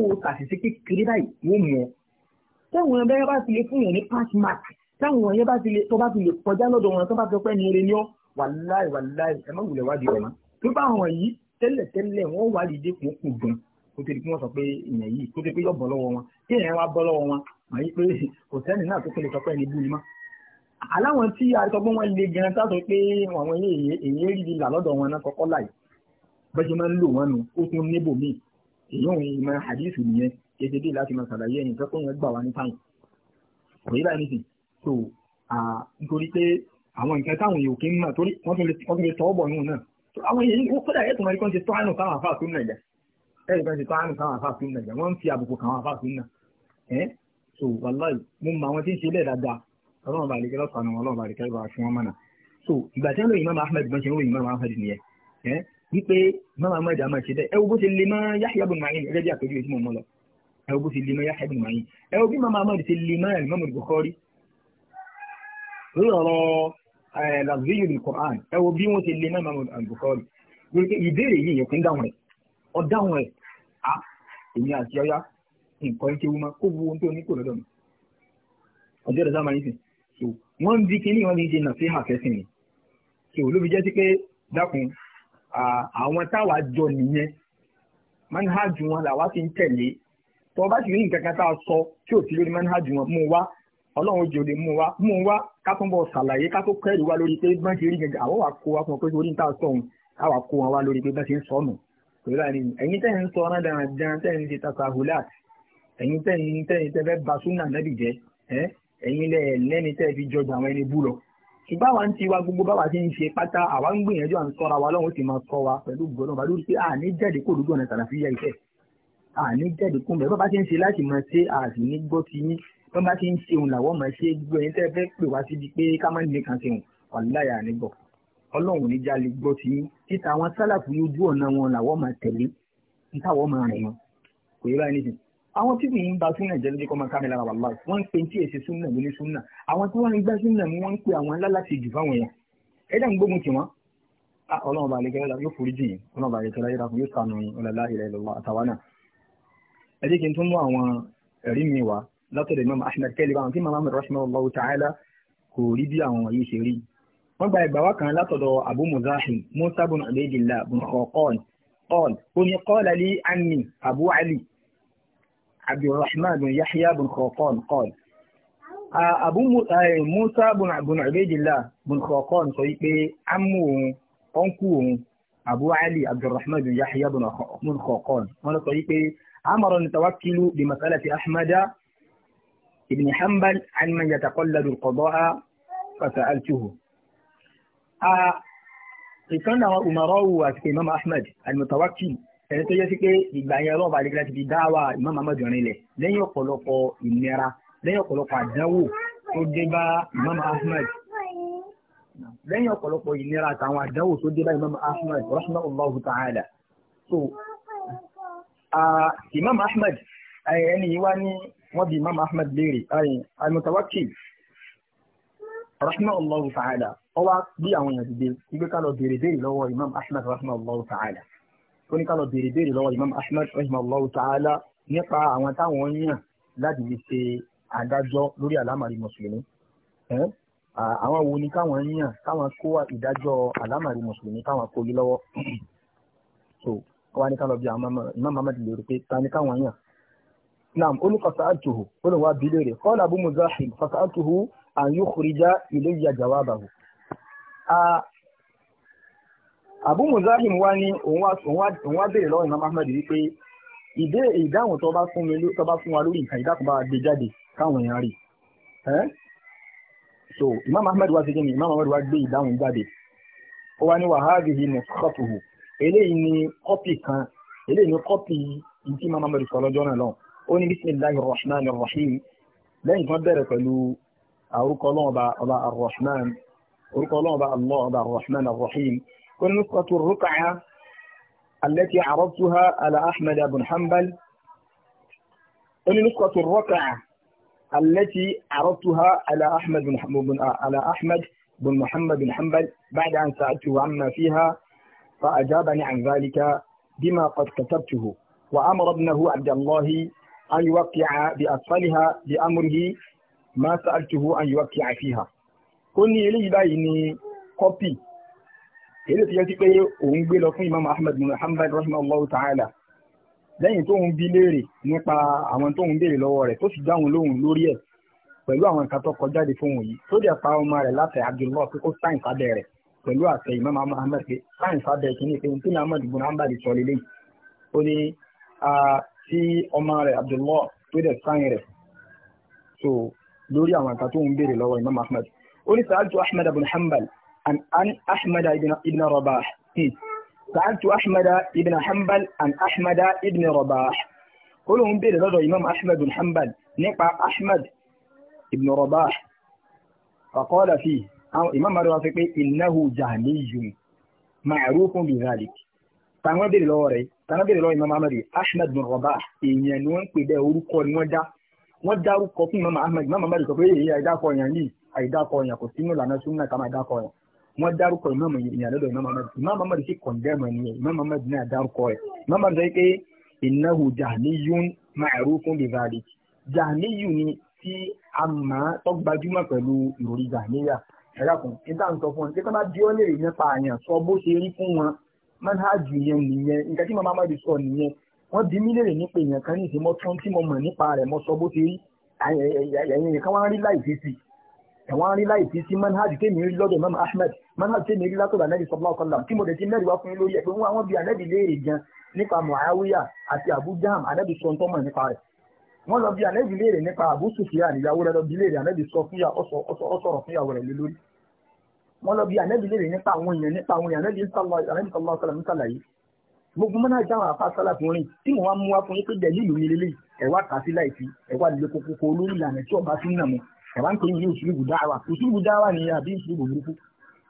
o ṣàṣìṣe kékeré báyìí wọ́n mú ọ. táwọn ẹgbẹ́ bá ti lè fún yẹn ní pass mark táwọn ẹgbẹ́ bá ti lè tó bá ti lè kọjá lọ́dọ̀ wọn tó bá sọ pé ẹni ni ọ́ wàláì wàláì ẹ má wulẹ̀ wádìí ọ̀nà tó bá wọn yìí tẹ́lẹ̀ tẹ́lẹ̀ wọ́n wà lè dé kó kù gan kó tẹ̀lé kí wọ́n sọ pé ìyẹn yìí kó tẹ̀lé pé yọ bọ́ lọ́wọ́ wọn kí èèyàn wá bọ́ lọ́wọ́ wọn wọ́n yí pé kò sẹ́ni náà tó kéré sọ pé ẹni bú aláwọn tí wọn le gan pe sọ pé àwọn eriri rí di là lọ́dọ̀ wọn náà kọ́kọ́ láì bẹ́ẹ̀ ṣe máa ń lò wọn nù ó tún níbò míì èyí òun ìmọ̀ àdìsù nìyẹn kéde bí láti máa ṣàlàyé ẹni tó kóyàn gbà so nítorí pé àwọn nǹkan táwọn èèyàn mọ̀ torí wọ́n tún lè tọ́ bọ̀ náà àwọn èèyàn ó so wàláì mo mọ àwọn tí ń ṣe ilé dáadáa ọlọ́run bá àlekẹ́ lọ́sàn-án àwọn ọlọ́run bá àlekẹ́ lọ́sàn-án fún wọn mọ̀nà so ìgbà tí wọ́n lóyún Imam Ahmed bọ́n ṣe ń lóyún Imam Ahmed nìyẹn ẹ wípé Imam Ahmed àmọ́ ṣe dẹ́ ẹ wo bó ṣe lè mọ́ Yahya ibn Ma'in ẹgbẹ́ bí àpèjú ètí mọ̀ mọ́ lọ ẹ wo bó ṣe lè mọ́ Yahya ibn Ma'in ẹ wo bí Imam Ahmed ṣe lè mọ́ Imam Bukhari lórí ọ̀rọ̀ làzíyù ní Qur'an ẹ wo bí wọ́n ṣe lè mọ́ Imam Bukhari ìbéèrè yìí yẹ kí ń dáhùn rẹ̀ ọ dáhùn rẹ̀ ah èmi àti ọyá nǹkan ń kéwu máa kó gbogbo ohun tó ní kò lọ́dọ̀ mi ọjọ́ ìdájọ́ máa ń sìn so wọ́n ń bí kíní wọ́n ti ń ṣe nàfíhà fẹ́sìn ni so ló fi jẹ́ sí pé dákun àwọn táwa jọ nìyẹn manhajù wọn làwa fi ń tẹ̀lé tó bá sì ní nǹkan kan tá a sọ tí ò sí lórí manhajù wọn mú wá ọlọ́run jò lè mú wa mú wa ká tó ń bọ̀ ṣàlàyé ká tó kẹ́rì wa lórí pé bá ń ṣe rí gẹ́gẹ́ àwọn wà kó wa fún ọ pé orí ń tà sọ òun á wà kó wọn wá lórí pé bá ṣe ń sọ ọ̀nà pẹ̀lú àní ẹ̀yin tẹ́ ń sọ ọ̀nà dáadáa tẹ́ ń ṣe tasahula ẹ̀yin tẹ̀yin tẹ̀yin tẹ́ fẹ́ ba súnà nẹ́bì jẹ́ ẹ́ ẹ̀yin lẹ̀ lẹ́ni tẹ́ fi jọjà àwọn ẹni bú lọ. ṣùgbọ́n àwa ń ti wa gbogbo báwa ti ń ṣe pátá àwa ń gbìyànjú à ń sọ́ra wa lọ́wọ́ sì máa sọ wa pẹ̀lú gbọ́dọ̀ bá lórí pé àní jáde kó lójú ọ̀nà sàlàfíà iṣẹ́ àní jáde kó mẹ́rin bá ti ń ṣe láti máa ṣe àti ní gbọ́ ti yín bí wọ́n bá ti ń ṣe òun làwọn máa ṣe gbọ́ ẹ̀yin tẹ́ fẹ́ pè wá síbi pé ká má nìkan ṣe òun wàláyà ní gbọ́ ọlọ́run ní jáde gbọ́ ti yín títa àwọn sálàfù lójú ọ̀nà wọn làwọn máa tẹ̀lé nítawọ́ máa rìn wọn kò yẹ báyìí nísìnyí àwọn tí kìí ń ba súnà jẹ́ lójú kọ́ máa kámi lára wàláì wọ́n ń pe tí èsì súnà lóní súnà àwọn tí wọ́n ń gbá súnà mú wọ́n ń pe àwọn aláláṣẹ jù fáwọn èèyàn ẹ̀dá ń gbógun tì wọ́n ah, ọlọ́run bá alẹ́kẹ́ lọ́la yóò forí jì ọlọ́run bá alẹ́kẹ́ lọ́la yóò sànù ọlọ́lá ilẹ̀ ìlọ́wọ́ àtàwọn náà ẹ jẹ́ kí n tún mú àwọn ẹ̀rí mi wá látọ̀dọ̀ imam ahmed kẹ́lẹ́ báwọn tí imam عبد الرحمن بن يحيى بن خوقان قال أبو موسى بن بن عبيد الله بن خوقان صيبي عمه أنكوه أبو علي عبد الرحمن بن يحيى بن خوقان وأنا صيبي أمر نتوكل بمسألة أحمد بن حنبل عن من يتقلد القضاء فسألته إذا كان أمراء إمام أحمد المتوكل ẹni tó yẹ sí pé ìgbà yẹn ọlọ́ọ̀bà àdìgbà ti fi dá wa Imam Ahmad rinlẹ̀ lẹ́yìn ọ̀pọ̀lọpọ̀ ìnira lẹ́yìn ọ̀pọ̀lọpọ̀ àdánwò tó dé bá Imam Ahmad lẹ́yìn ọ̀pọ̀lọpọ̀ ìnira àtàwọn àdánwò tó dé bá Imam Ahmad rahimahullahu ta'ala so Imam Ahmad ẹni yìí wá ní wọ́n bí Imam Ahmad léèrè al-Mutawakkil rahimahullahu ta'ala ọwá bí àwọn èèyàn dìde ìgbékalọ̀ béèrè béèrè lọ́wọ́ Imam Ahmad rahimahullahu ta'ala ó ní ká lọ béèrè béèrè lọ́wọ́ imam ahmed rahimahullah ta'ala nípa àwọn táwọn yàn láti fi ṣe adájọ́ lórí àlámàrí mùsùlùmí àwọn wo ni káwọn yàn káwọn kó ìdájọ́ àlámàrí mùsùlùmí káwọn kó yí lọ́wọ́ so wọ́n ní ká lọ bí àwọn imam ahmed lè rí pé ta ni káwọn yàn naam ó ní fasa'atuhu ó lè wá bí léèrè qala abu muzahim fasa'atuhu an yukhrija ilayya jawabahu abu muzahim wá ní òun wá béèrè lọ́wọ́ imam ahmed wípé ìbéèrè ìdáhùn tó bá fún mi tó bá fún wa lórí nǹkan ìdáhùn bá gbé jáde káwọn èèyàn rí so imam ahmed wá ṣe kí ni imam ahmed wá gbé ìdáhùn jáde ó wá ní wàhálì ní kọ́pùhù eléyìí ní kọ́pì kan eléyìí ní kọ́pì ìtí imam ahmed sọ lọ́jọ́ náà lọ́wọ́ ó ní bisimilahi rahman rahim lẹ́yìn tó bẹ̀rẹ̀ pẹ̀lú orúkọ ọlọ́ọ̀ba ọba arrahman orúkọ ọlọ́ọ̀ba allah ọba arrahman arrahim والنسخة الرقعة التي عرضتها على أحمد بن حنبل النسخة الرقعة التي عرضتها على أحمد بن بن على أحمد بن محمد بن حنبل بعد أن سألته عما فيها فأجابني عن ذلك بما قد كتبته وأمر ابنه عبد الله أن يوقع بأسفلها بأمره ما سألته أن يوقع فيها. كوني لي بايني كوبي èyí tó yẹ sí pé òun gbé lọ fún imam ahmed muhammad rahimahullahu ta'ala lẹ́yìn tóun bi léèrè nípa àwọn tóun béèrè lọ́wọ́ rẹ̀ tó sì dáhùn lóhùn lórí ẹ̀ pẹ̀lú àwọn nǹkan tó kọjáde fún òun yìí tó dẹ̀ pa ọmọ rẹ̀ láti abdullahi pé kó sáìn sábẹ́ rẹ̀ pẹ̀lú àṣẹ imam ahmed pé sáìn sábẹ́ kìíní pé nítorí ahmed muhammad sọ lélẹ̀ ó ní tí ọmọ rẹ̀ abdullahi tó dẹ̀ sáìn rẹ̀ عن عن أحمد بن ابن رباح سألت أحمد بن حنبل عن أحمد بن رباح قلهم بير رجل إمام أحمد بن حنبل نقع أحمد بن رباح فقال فيه أو إمام الرافقي إنه جهمي معروف بذلك tàwọn béèrè lọ́wọ́ rẹ̀ tàwọn béèrè lọ́wọ́ imam ahmed ahmed bin rabah èèyàn ni wọ́n ń pè bẹ́ẹ̀ orúkọ ni wọ́n dá wọ́n dá orúkọ fún imam ahmed imam ahmed sọ pé èyí àìdákọ̀ èèyàn yìí àìdákọ̀ èèyàn kò sínú ìlànà súnmọ́ ká máa dákọ̀ èèyàn wọ́n dárúkọ ìmáàmù ìyàlódò ìmáàmù ahmed ìmáàmù ahmed sì kọ̀ndẹ́mù ẹni yẹn ìmáàmù ahmed náà dárúkọ ẹ̀ ìmáàmù ahmed sọ pé ìnáhù jahniyun ma'rufun bi zalik jahniyu ni tí a máa tó gbajúmọ̀ pẹ̀lú ìròrí jahniya ẹ̀rọ kan níta ń sọ fún ọ pé tọ́ba bí ó lè rí nípa àyàn sọ bó ṣe rí fún wọn manhaju yẹn nìyẹn nǹkan tí màmá ahmed mo mọ̀ nípa mo sọ bó ṣe rí ẹ̀yìn kan wá rí láì fi ẹ̀wọ̀n rí láì fi sí manhaj tèmi rí lọ́dọ̀ mọ́mọ́ ahmed manhaj tèmi rí látọ̀dọ̀ anabi sallallahu alaihi wasallam tí mo dẹ̀ ti mẹ́rin wá fún yín lórí ẹ̀ pé wọ́n àwọn bíi anabi léèrè gan nípa muawiya àti abu jaham anabi sọ ntọ́mọ̀ nípa rẹ̀ wọ́n lọ bíi anabi léèrè nípa abu sufyan ìyàwó rẹ̀ lọ bíi léèrè anabi sọ fúnyà ọ̀sọ̀rọ̀ fúnyàwó rẹ̀ lé lórí wọ́n lọ bíi gbogbo mọ́nà jáwọn afásálà fún rìn tí mo wá mú wá fún yín pé dẹ̀lí ìlú mi lélẹ́yìí ẹ̀wá kà sí láìsí ẹ̀wá lè kókó olórí ìlànà tí ọba fi ń nà mọ́ bàbá ń pè ní usulubu da'wa usulubu da'wa ni àbí usulubu burúkú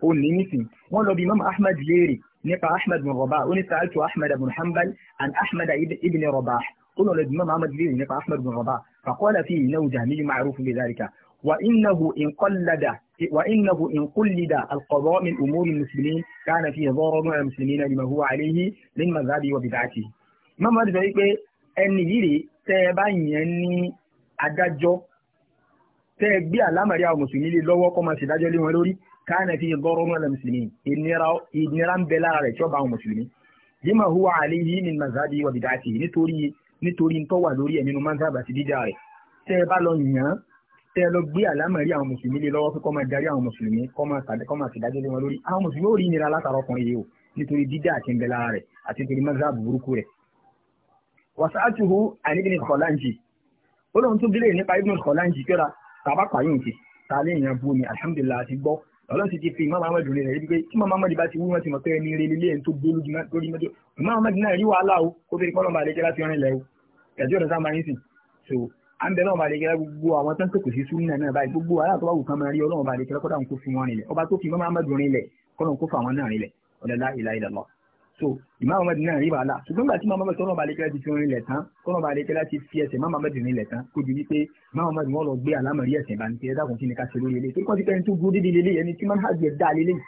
ó ní nísìn wọ́n lọ bí imam ahmed léèrè nípa ahmed bin rabah ó ní sa'altu ahmed bin hanbal an ahmed ibn rabah ó lọ bí imam ahmed léèrè nípa ahmed bin rabah faqala fi innahu jahmiyyu ma'rufun bi dhalika وإنه إن قلد وإنه إن قلد القضاء من أمور المسلمين كان فيه ضرر على المسلمين لما هو عليه من مذهبه وبدعته. Imam Malik sọ pé ẹni yìí tẹ́ ẹ bá yẹn ní adájọ́ tẹ́ ẹ gbé àlámàrí àwọn mùsùlùmí lé lọ́wọ́ kọ́ máa ṣèdájọ́ lé wọn lórí káàna fi gbọ́rọ́ mọ́lá mùsùlùmí ìnira ń bẹ lára rẹ̀ tí ó bá àwọn mùsùlùmí. lima huwa alayhi min mazhabi wa bid'ati nítorí nítorí ń tọ́wà lórí ẹ̀ nínú mazhab àti dídá rẹ̀ tẹ́ ẹ bá lọ yàn án gbé àlámàrí àwọn mùsùlùmí lé lọ́wọ́ kọ́ máa darí àwọn mùsùlùmí kọ́ máa ṣèdájọ́ lé wọn lórí àwọn mùsùlùmí ò rí ìnira látara ọkùnrin yìí o nítorí dídá àti ń bẹ lára rẹ̀ àti nítorí mazhab burúkú rẹ̀. wàsáàtúhù àníbìnrin kọ̀láǹjì ó lóun tún bílẹ̀ nípa ibùdó kọ̀láǹjì kẹ́ra tàbá pààyàn ti ta lè yàn bú ni alhamdulillah àti gbọ́ ọlọ́run ti ti fi ìmọ̀ Muhammad rẹ̀ rẹ̀ wípé tí màmá Muhammad bá ti wú wọn ti mọ̀ pé ẹni rẹ̀ lélẹ̀ ẹni tó gbé lójú lórí mọ́tò ìmọ̀ Muhammad náà rí wàhálà o kó fẹ́ẹ́ kọ́lọ́mà àlejò láti rìn lẹ́wọ̀ ẹ̀jọ́ ọ̀dọ̀ sáà máa ń sìn so à ń bẹ náà balẹ̀kẹ́lá gbogbo àwọn tó ń pèkò sí súnmọ́ náà báyìí gbogbo aláà tó wù kán máa rí ọlọ́run balẹ̀kẹ́lá kọ́dà so ìmọ̀ àwọn mẹ́rin náà rí wàhálà ṣùgbọ́n nígbà tí màmá mẹ́rin tọ́nà balẹ̀ kẹ́lá ti fi orin lẹ̀ tán tọ́nà balẹ̀ kẹ́lá ti fi ẹsẹ̀ màmá mẹ́rin rìn lẹ̀ tán kó di wípé màmá mẹ́rin wọn lọ gbé àlámọ̀rí ẹ̀sìn bá ní kí ẹ dákun kí ni ká ṣe lórí ilé torí kọ́ńtì ẹni tó dúró dídí lélẹ̀ ẹni tí máa jẹ dá lélẹ̀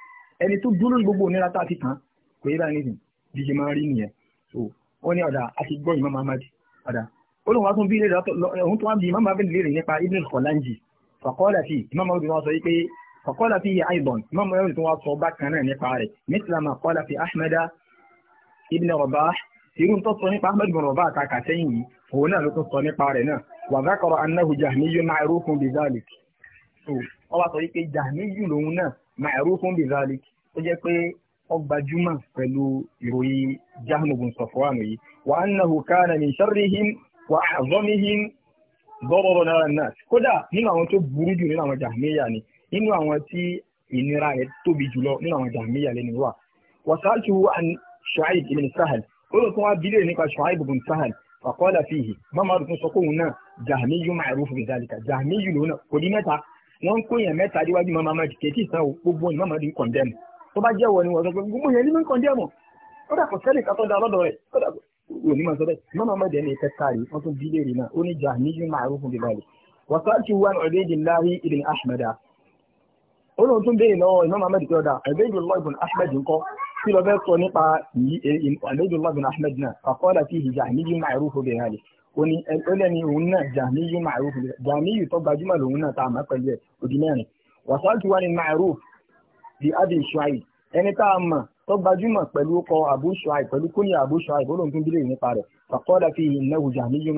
ẹni tó dúró ní gbogbo onírà tá a fi tán kò yẹ báyìí nìyẹn bí ṣe máa rí nìyẹn so wọ́n ní ọ̀dà a ti gbọ́ ìmọ̀ Muhammad ọ̀dà olùwà tún bí léèrè òun tó wá bí Imam Ahmad léèrè nípa Ibn al-Khalanji faqala fi Imam Ahmad wọn sọ yìí pé faqala fi àìbọ̀n Imam Ahmad tó wá sọ bákan náà nípa rẹ̀ mithla ma qala fi Ahmada ibn Rabah irú tó sọ nípa ahmed bin Rabah àtàkà sẹ́yìn yìí òun náà ló tún sọ nípa rẹ̀ náà wa zakara annahu jahmiyun ma'rufun bi zalik ó wá sọ wípé jahmiyun lòun náà ma'rufun bi zalik ó jẹ́ pé ó gbajúmọ̀ pẹ̀lú ìròyìn jahmu bin Safwan yìí wa annahu kana min sharrihim wa a'zamihim dọ́rọ̀rọ̀ náírà náà kódà nínú àwọn tó burú jù nínú àwọn jahmiya ni nínú àwọn tí ìnira Shu'aib ibn Sahal ó lọ tún wá bílẹ̀ nípa Shu'aib ibn Sahal faqala fihi mamadu tún sọ pé òun náà jahmiyu ma'ruf bi zalika jahmiyu lòun náà kò ní mẹ́ta wọ́n ń kó yẹn mẹ́ta díwájú mamadu kèétí ìsan o gbogbo ni mamadu ń kọ̀ndẹ́mù tó bá jẹ́ wọ ni wọ́n sọ pé gbogbo yẹn ni mo ń kọ̀ndẹ́mù ó dà kò sẹ́lẹ̀ kátó da lọ́dọ̀ rẹ̀ ó dà ní ma sọ tún bílẹ̀ rè náà ó ní jahmiyu ma'ruf bi zalika wasaaki wan Ubaidillahi ibn kí lọ fẹ́ sọ nípa eh, Ubaydullah bin Ahmad náà faqala fihi jahmiyyun ma'rufun bi hali ó ní ẹlẹ́ni òun náà jahmiyyun ma'rufun bi jahmiyyun tó gbajúmọ̀ lòun náà tá a máa pẹ̀lú ẹ̀ òdì mẹ́rin wasaltu wani ma'ruf bi abi shuaib ẹni tá a mọ̀ tó gbajúmọ̀ pẹ̀lú ọkọ̀ abu shuaib pẹ̀lú kúnyà abu shuaib ó lóun tún bílẹ̀ nípa rẹ̀ faqala fihi innahu jahmiyyun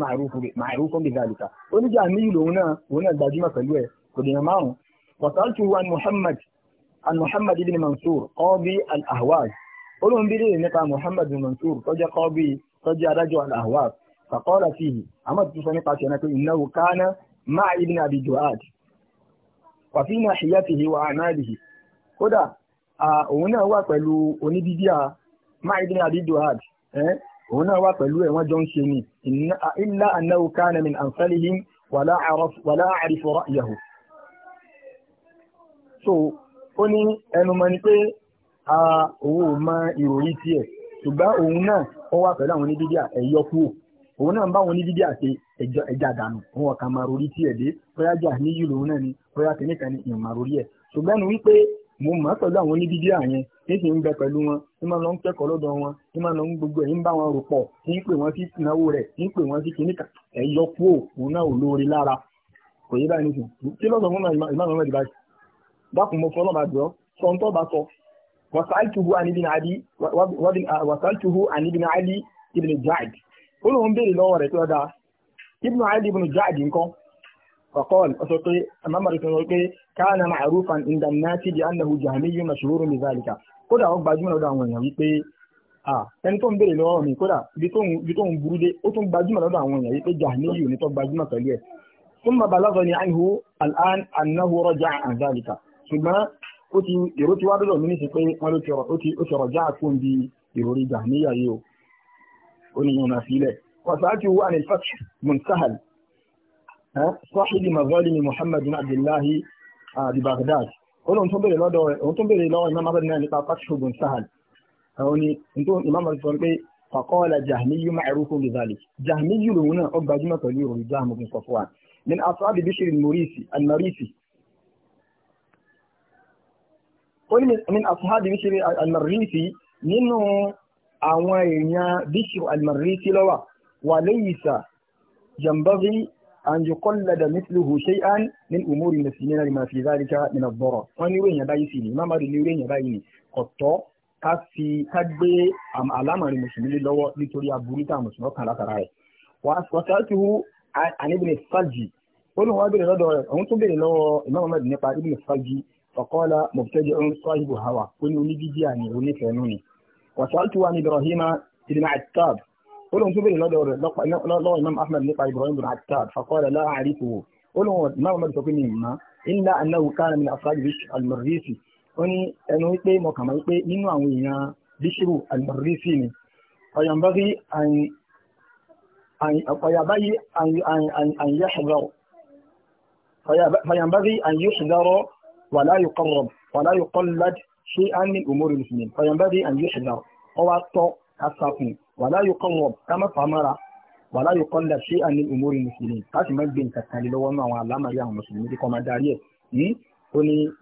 ma'rufun bi dhalika ó ní jahmiyyun lòun náà òun náà gbajúmọ̀ pẹ̀lú ẹ̀ òdì márùn-ún wasaltu wani muhammad عن محمد بن منصور قاضي الأهواز قلهم بلي نقع محمد بن منصور فجاء قاضي فجاء رجع الأهواز فقال فيه أما تصنقع سنكو إنه كان مع ابن أبي جواد وفي ناحيته وأعماله kódà òun náà wà pẹ̀lú onídídíà máa ibi àbí duhad òun náà wà pẹ̀lú ẹ̀wọ́n jọ ń ṣe ni illa annahu kana min ansalihim wala a'rifu ra'yahu so ó ní ẹnumọ́ ni pé òun ò mọ ìròyìn tiẹ̀ ṣùgbọ́n òun náà ó wà pẹ̀lú àwọn onídídíà ẹ̀yọ kúrò òun náà ń bá àwọn onídídíà ṣe ẹja dànù òun ọ̀kan máa rori tiẹ̀ dé bóyá jà ní lòun náà ni bóyá ni ìmọ̀ rori ẹ̀ ṣùgbọ́n ẹnu wípé mo mọ̀ pẹ̀lú àwọn onídídíà yẹn níṣẹ́ ń bẹ pẹ̀lú wọn ní máa lọ ń kẹ́kọ̀ọ́ lọ́dọ̀ wọn máa lọ ń gbogbo bá wọn rò pọ̀ pè wọ́n sí ìnáwó rẹ̀ pè wọ́n sí dákun mo fún ọlọ́mà jọ sọ ń tọ́ bá sọ wasaltuhu an ibn ali wasaltuhu an ibn ali ibn jaad ó lóun béèrè lọ́wọ́ rẹ̀ tó dá ibn ali ibn jaad nǹkan فقال أسوقي أمام رسولك كان معروفا عند الناس بأنه جهمي مشهور بذلك kódà àwọn gbajúmọ̀ lọ́dọ̀ àwọn èèyàn wípé ẹni tó ń béèrè lọ́wọ́ mi kódà bí tó ń burú dé ó tún gbajúmọ̀ lọ́dọ̀ àwọn èèyàn wípé jahmiyu ni tó gbajúmọ̀ pẹ̀lú ẹ̀. ثم بلغني عنه الآن أنه رجع عن ṣùgbọ́n ó ti èrò ti wá dọ́dọ̀ mí níṣẹ́ pé wọ́n ló ti ọ̀rọ̀ ó ti ọ̀rọ̀ já àkóhùn bí ìròrí gbà níyàyé o ó ní yọ̀nà sílẹ̀ wàsáàtì wà ní fath munsahal sọ́hìdì mazalimi muhammad bin abdullahi di baghdad ó lóun tó bèrè lọ́dọ̀ òun tó bèrè lọ́wọ́ imam abdul náà nípa fath munsahal àwọn ni nítorí imam abdul sọ pé faqala jahmiyu ma'rufun bi dhalik jahmiyu lòun náà ó gbajúmọ̀ pẹ̀lú ìròrí jahmiyu bin safwan min asabi bishir al-marisi ó ní min asuhadi bishiri almarisi nínú àwọn èèyàn bishiri almarisi lọ́wà wà laysa jambari an yi kollada mislihu shay'an min umuri muslimina lima fi zalika min ad-darar wọ́n ní ìròyìn báyìí sì ni má má rí ní ìròyìn báyìí ni ọ̀tọ̀ ká fi ká gbé àlámọ̀rin mùsùlùmí lọ́wọ́ nítorí aburú tá mùsùlùmí kan látara rẹ̀ wọ́n sá ti hu àníbìnrin ó lóun wá bèrè lọ́dọ̀ rẹ̀ òun tún bèrè lọ́wọ́ Imam Ahmad nípa ibn fàájì fọ̀kọ́lá mọ̀tẹ́jọ́ ń sọ́yìnbó hawa ó ní oníjíjíà ní onífẹ̀ẹ́nú ni wàsáàtú wa ní ibrahim ibn attab ó lóun tó bèrè lọ́dọ̀ rẹ̀ lọ́wọ́ imam ahmed nípa ibrahim ibn attab fọ̀kọ́lá láàárín kò ó lóun imam ahmed sọ pé ní ìmọ̀ ilá anáwó kánà min afraj bish almarisi ó ní ẹnu wípé mọ̀kànmá wípé nínú àwọn èèyàn bishiru almarisi ni ọ̀yàmbárí ọ̀yàbáyé àyẹ̀ṣẹ̀dọ̀rọ̀ ولا يقرب ولا يقلد شيئا من أمور المسلمين فينبغي أن يحذر أو الصافي ولا يقرب كما فمر ولا يقلد شيئا من أمور المسلمين قاس ما بين كتالي لو ما وعلى ما يا مسلمين دي كما داريه قولي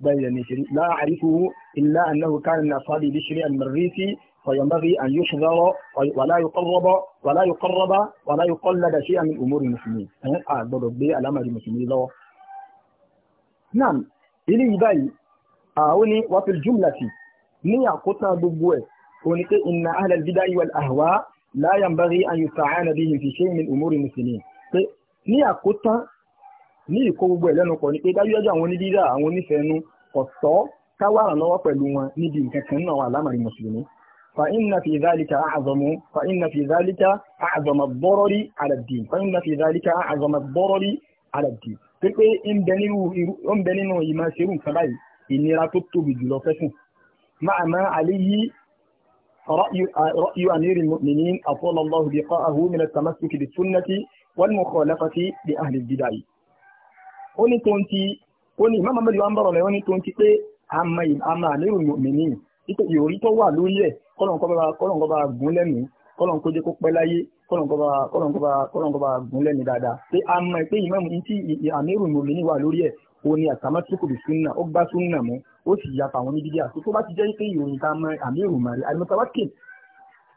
بين لا أعرفه إلا أنه كان من أصحاب بشر المريسي فينبغي أن يحذر ولا يقرب ولا يقرب ولا يقلد شيئا من أمور المسلمين أه؟ أعبد بي على المسلمين لو náà ilé yìí báyìí àwọn ní wàfíl jùmlàtì ní àkótán gbogbo ẹ̀ o ní pé inna ahlal bidai wal ahwa la yanbaghi an yusta'ana bihim fi shay'in min umuri muslimin pé ní àkótán ní ìkó gbogbo ẹ̀ lẹ́nu pọ̀ ní pé dájúdájú àwọn onídídá àwọn onífẹ̀ẹ́nu ọ̀tọ́ káwá àrànlọ́wọ́ pẹ̀lú wọn níbi nǹkan kan náà wà lámàrin mùsùlùmí فإن في ذلك أعظم فإن في ذلك أعظم الضرر على الدين فإن في ذلك أعظم الضرر pé ń bẹ nínú ìmọ̀ ṣerú nǹkan báyìí ìnira tó tóbi jùlọ fẹ́sùn máa máa àléyí رأي أمير المؤمنين أطول الله بقاءه من التمسك بالسنة والمخالفة لأهل البدع. Oni tonti, oni Imam Ahmad Yohan bọ̀rọ̀ lẹ́wọ́n ní tonti pé àmà àmà àmírù mùmìnì, tó wà lórí ẹ̀ kọ́lọ̀n bá gún lẹ́nu, kọ́lọ̀n jẹ́ kó pẹ́ láyé, kọ́lọ̀nkọ́ba gúnlẹ̀ ní dáadáa pé a mọ̀ pé ìmáàmù ní tí àmírù mòmí níwà lórí ẹ̀ o ní àtàmọ́ tí kò bí súnà ó gbá súnà mú ó sì ya tàwọn ní dídí àti tó bá ti jẹ́ pé ìròyìn ká mọ àmírù màrí àlùmọ́tàwákè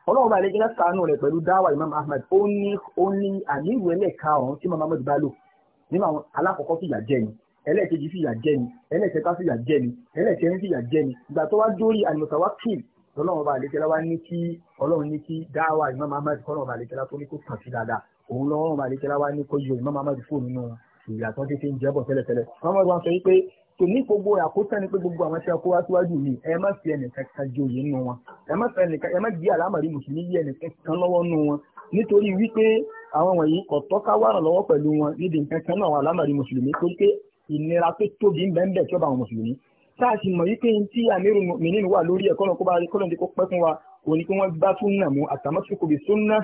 ọlọ́run bá lè jẹ́ sànù rẹ̀ pẹ̀lú dáwà imam ahmed ó ní ó ní àmírù ẹlẹ́ka ọ̀hún tí mama ahmed bá lò nínú àwọn alákọ̀ọ́kọ́ fìyà jẹ ni ẹlẹ́ẹ̀kejì fìyà jẹ ni ẹlẹ́ẹ̀kẹta fìyà jẹ ni lọ́lọ́run bá àlékẹ́lá wá ní kí ọlọ́run ní kí dáwà Imam Ahmad kọ́lọ́run bá àlékẹ́lá tó ní kó kàn sí dáadáa òun lọ́run bá àlékẹ́lá wá ní kó yọ Imam Ahmad fóònù nínú ìyàtọ̀ títí ń jẹ́bọ̀ tẹ́lẹ̀tẹ́lẹ̀. Muhammad wa sọ wípé kò ní gbogbo àkótán ni pé gbogbo àwọn tí a kó wá síwájú mi ẹ má fi ẹnìkan kan joyè nù wọn ẹ má fi ẹnìkan ẹ má di àlámọ̀rí mùsùlùmí yí ẹnìkan kan lọ́wọ́ nù wọn nítorí wípé àwọn wọ̀nyí kò tọ́ ká wà ràn lọ́wọ́ pẹ̀lú wọn níbi nǹkan kan náà àwọn àlámọ̀rí mùsùlùmí torí pé ìnira tó tóbi ń bẹ́ẹ̀ bẹ́ẹ̀ tí ó bá àwọn mùsùlùmí tá a sì mọ̀ yí pé n tí àmírù mìíràn wà lórí ẹ̀ kọ́nà kọ́nà tí kò pẹ́ fún wa kò ní kí wọ́n bá súnà mú àtàmọ́sókò bí súnà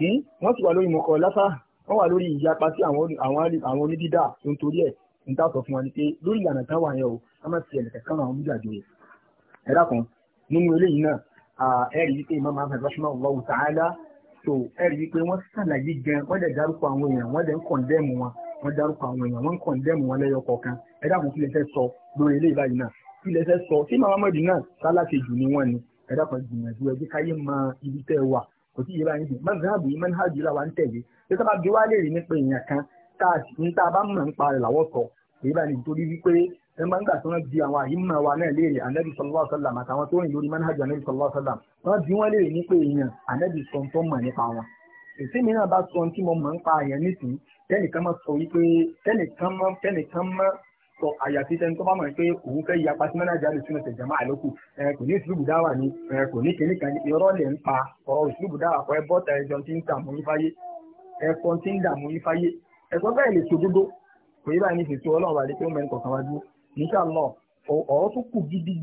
hmm? wọ́n sì wà lórí mọ̀kọ́ lásà wọ́n wà lórí ìyapa sí àwọn onídídà tó ń torí ẹ̀ ń tà sọ fún wa ni pé lórí ìlànà táwa yẹn o a máa ti ẹ̀nìkan kan àwọn onídàájọ́ yẹn. ẹ dákun nínú eléyìí náà ẹ rí i pé Imam Ahmad rahimahullahu ta'ala so ẹ rí i pé wọ́n ṣàlàyé gan wọ́n dẹ̀ dárúkọ àwọn èèyàn wọ́n dẹ̀ ń kọ̀ndẹ́mù wọn wọ́n dárúkọ àwọn èèyàn wọ́n ń kọ̀ndẹ́mù wọn fẹ́ sọ lórí eléyìí báyìí náà kí lẹ fẹ́ sọ sí màmá mọ̀dì náà sálákejì ni wọ́n ni ẹ̀dá kan gbìyànjú ẹgbẹ́ káyé mọ ibi tẹ́ ẹ wà kò sí iye báyìí mọ́nàbù yìí mọ́nàbù yìí làwọn ń tẹ̀lé ṣé sábà bí wàá lè rí nípa èèyàn kan tá a bá mọ̀ nípa rẹ̀ làwọ̀ sọ èyí báyìí nítorí wípé ẹ máa ń gbà tí wọ́n di àwọn àyímọ̀ wa náà léèrè ànábì sallallahu alaihi wasallam àtàwọn tó rìn lórí manhaj ànábì sallallahu alaihi wasallam wọ́n bí wọ́n léèrè nípa èèyàn ànábì sọ tó mọ̀ nípa wọn. èsì mi náà bá sọ tí mo mọ̀ nípa èèyàn nísìnyí tẹ́nìkan máa sọ wípé tẹ́nìkan máa sọ àyàfi tẹni tó bá mọ̀ pé òun fẹ́ yapa sí mẹ́nàjà lè túnú ṣẹ̀jẹ̀ máa lókù kò ní ìṣubú dáwà ni kò ní kíní kan irọ́ lè ń pa ọ̀rọ̀ ìṣubú dáwà kọ́ ẹ bọ́ta ẹjọ́ tí ń dààmú yín fáyé ẹ̀kọ́ tí ń dààmú yín fáyé ẹ̀kọ́ bẹ́ẹ̀ lè ṣòdodo kò yí báyìí ní ṣètò ọlọ́run gidi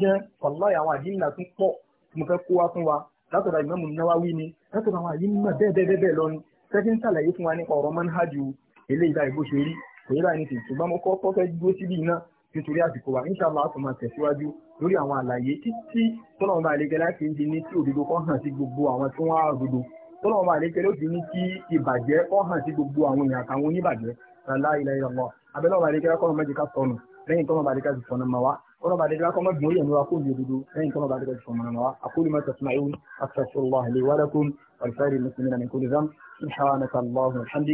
gan wa kò yẹ báyìí nìsín ṣùgbọ́n mo kọ́ kọ́ fẹ́ dúró síbí iná nítorí àsìkò wa níṣà máa tún máa tẹ̀síwájú lórí àwọn àlàyé títí tọ́lọ́mọ bá àlejò láti ń di ní tí òdodo kọ́ hàn sí gbogbo àwọn tí wọ́n á òdodo tọ́lọ́mọ bá àlejò ló ti ní kí ìbàjẹ́ kọ́ hàn sí gbogbo àwọn èèyàn àtàwọn oníbàjẹ́ ṣàlá ilẹ̀ ìrànlọ́ abẹ́lẹ́ ọba àlejò lákọ́ mẹ́jẹ ká sọnù lẹ́yìn tọ́lọ́mọ bá àlejò sọnù mọ́ wa tọ́lọ́mọ bá àlejò lákọ́ mẹ́jọ yẹn nura kó ní òdodo lẹ́yìn tọ́lọ́mọ bá àlejò sọnù mọ́ wa akóni mẹ́ta tún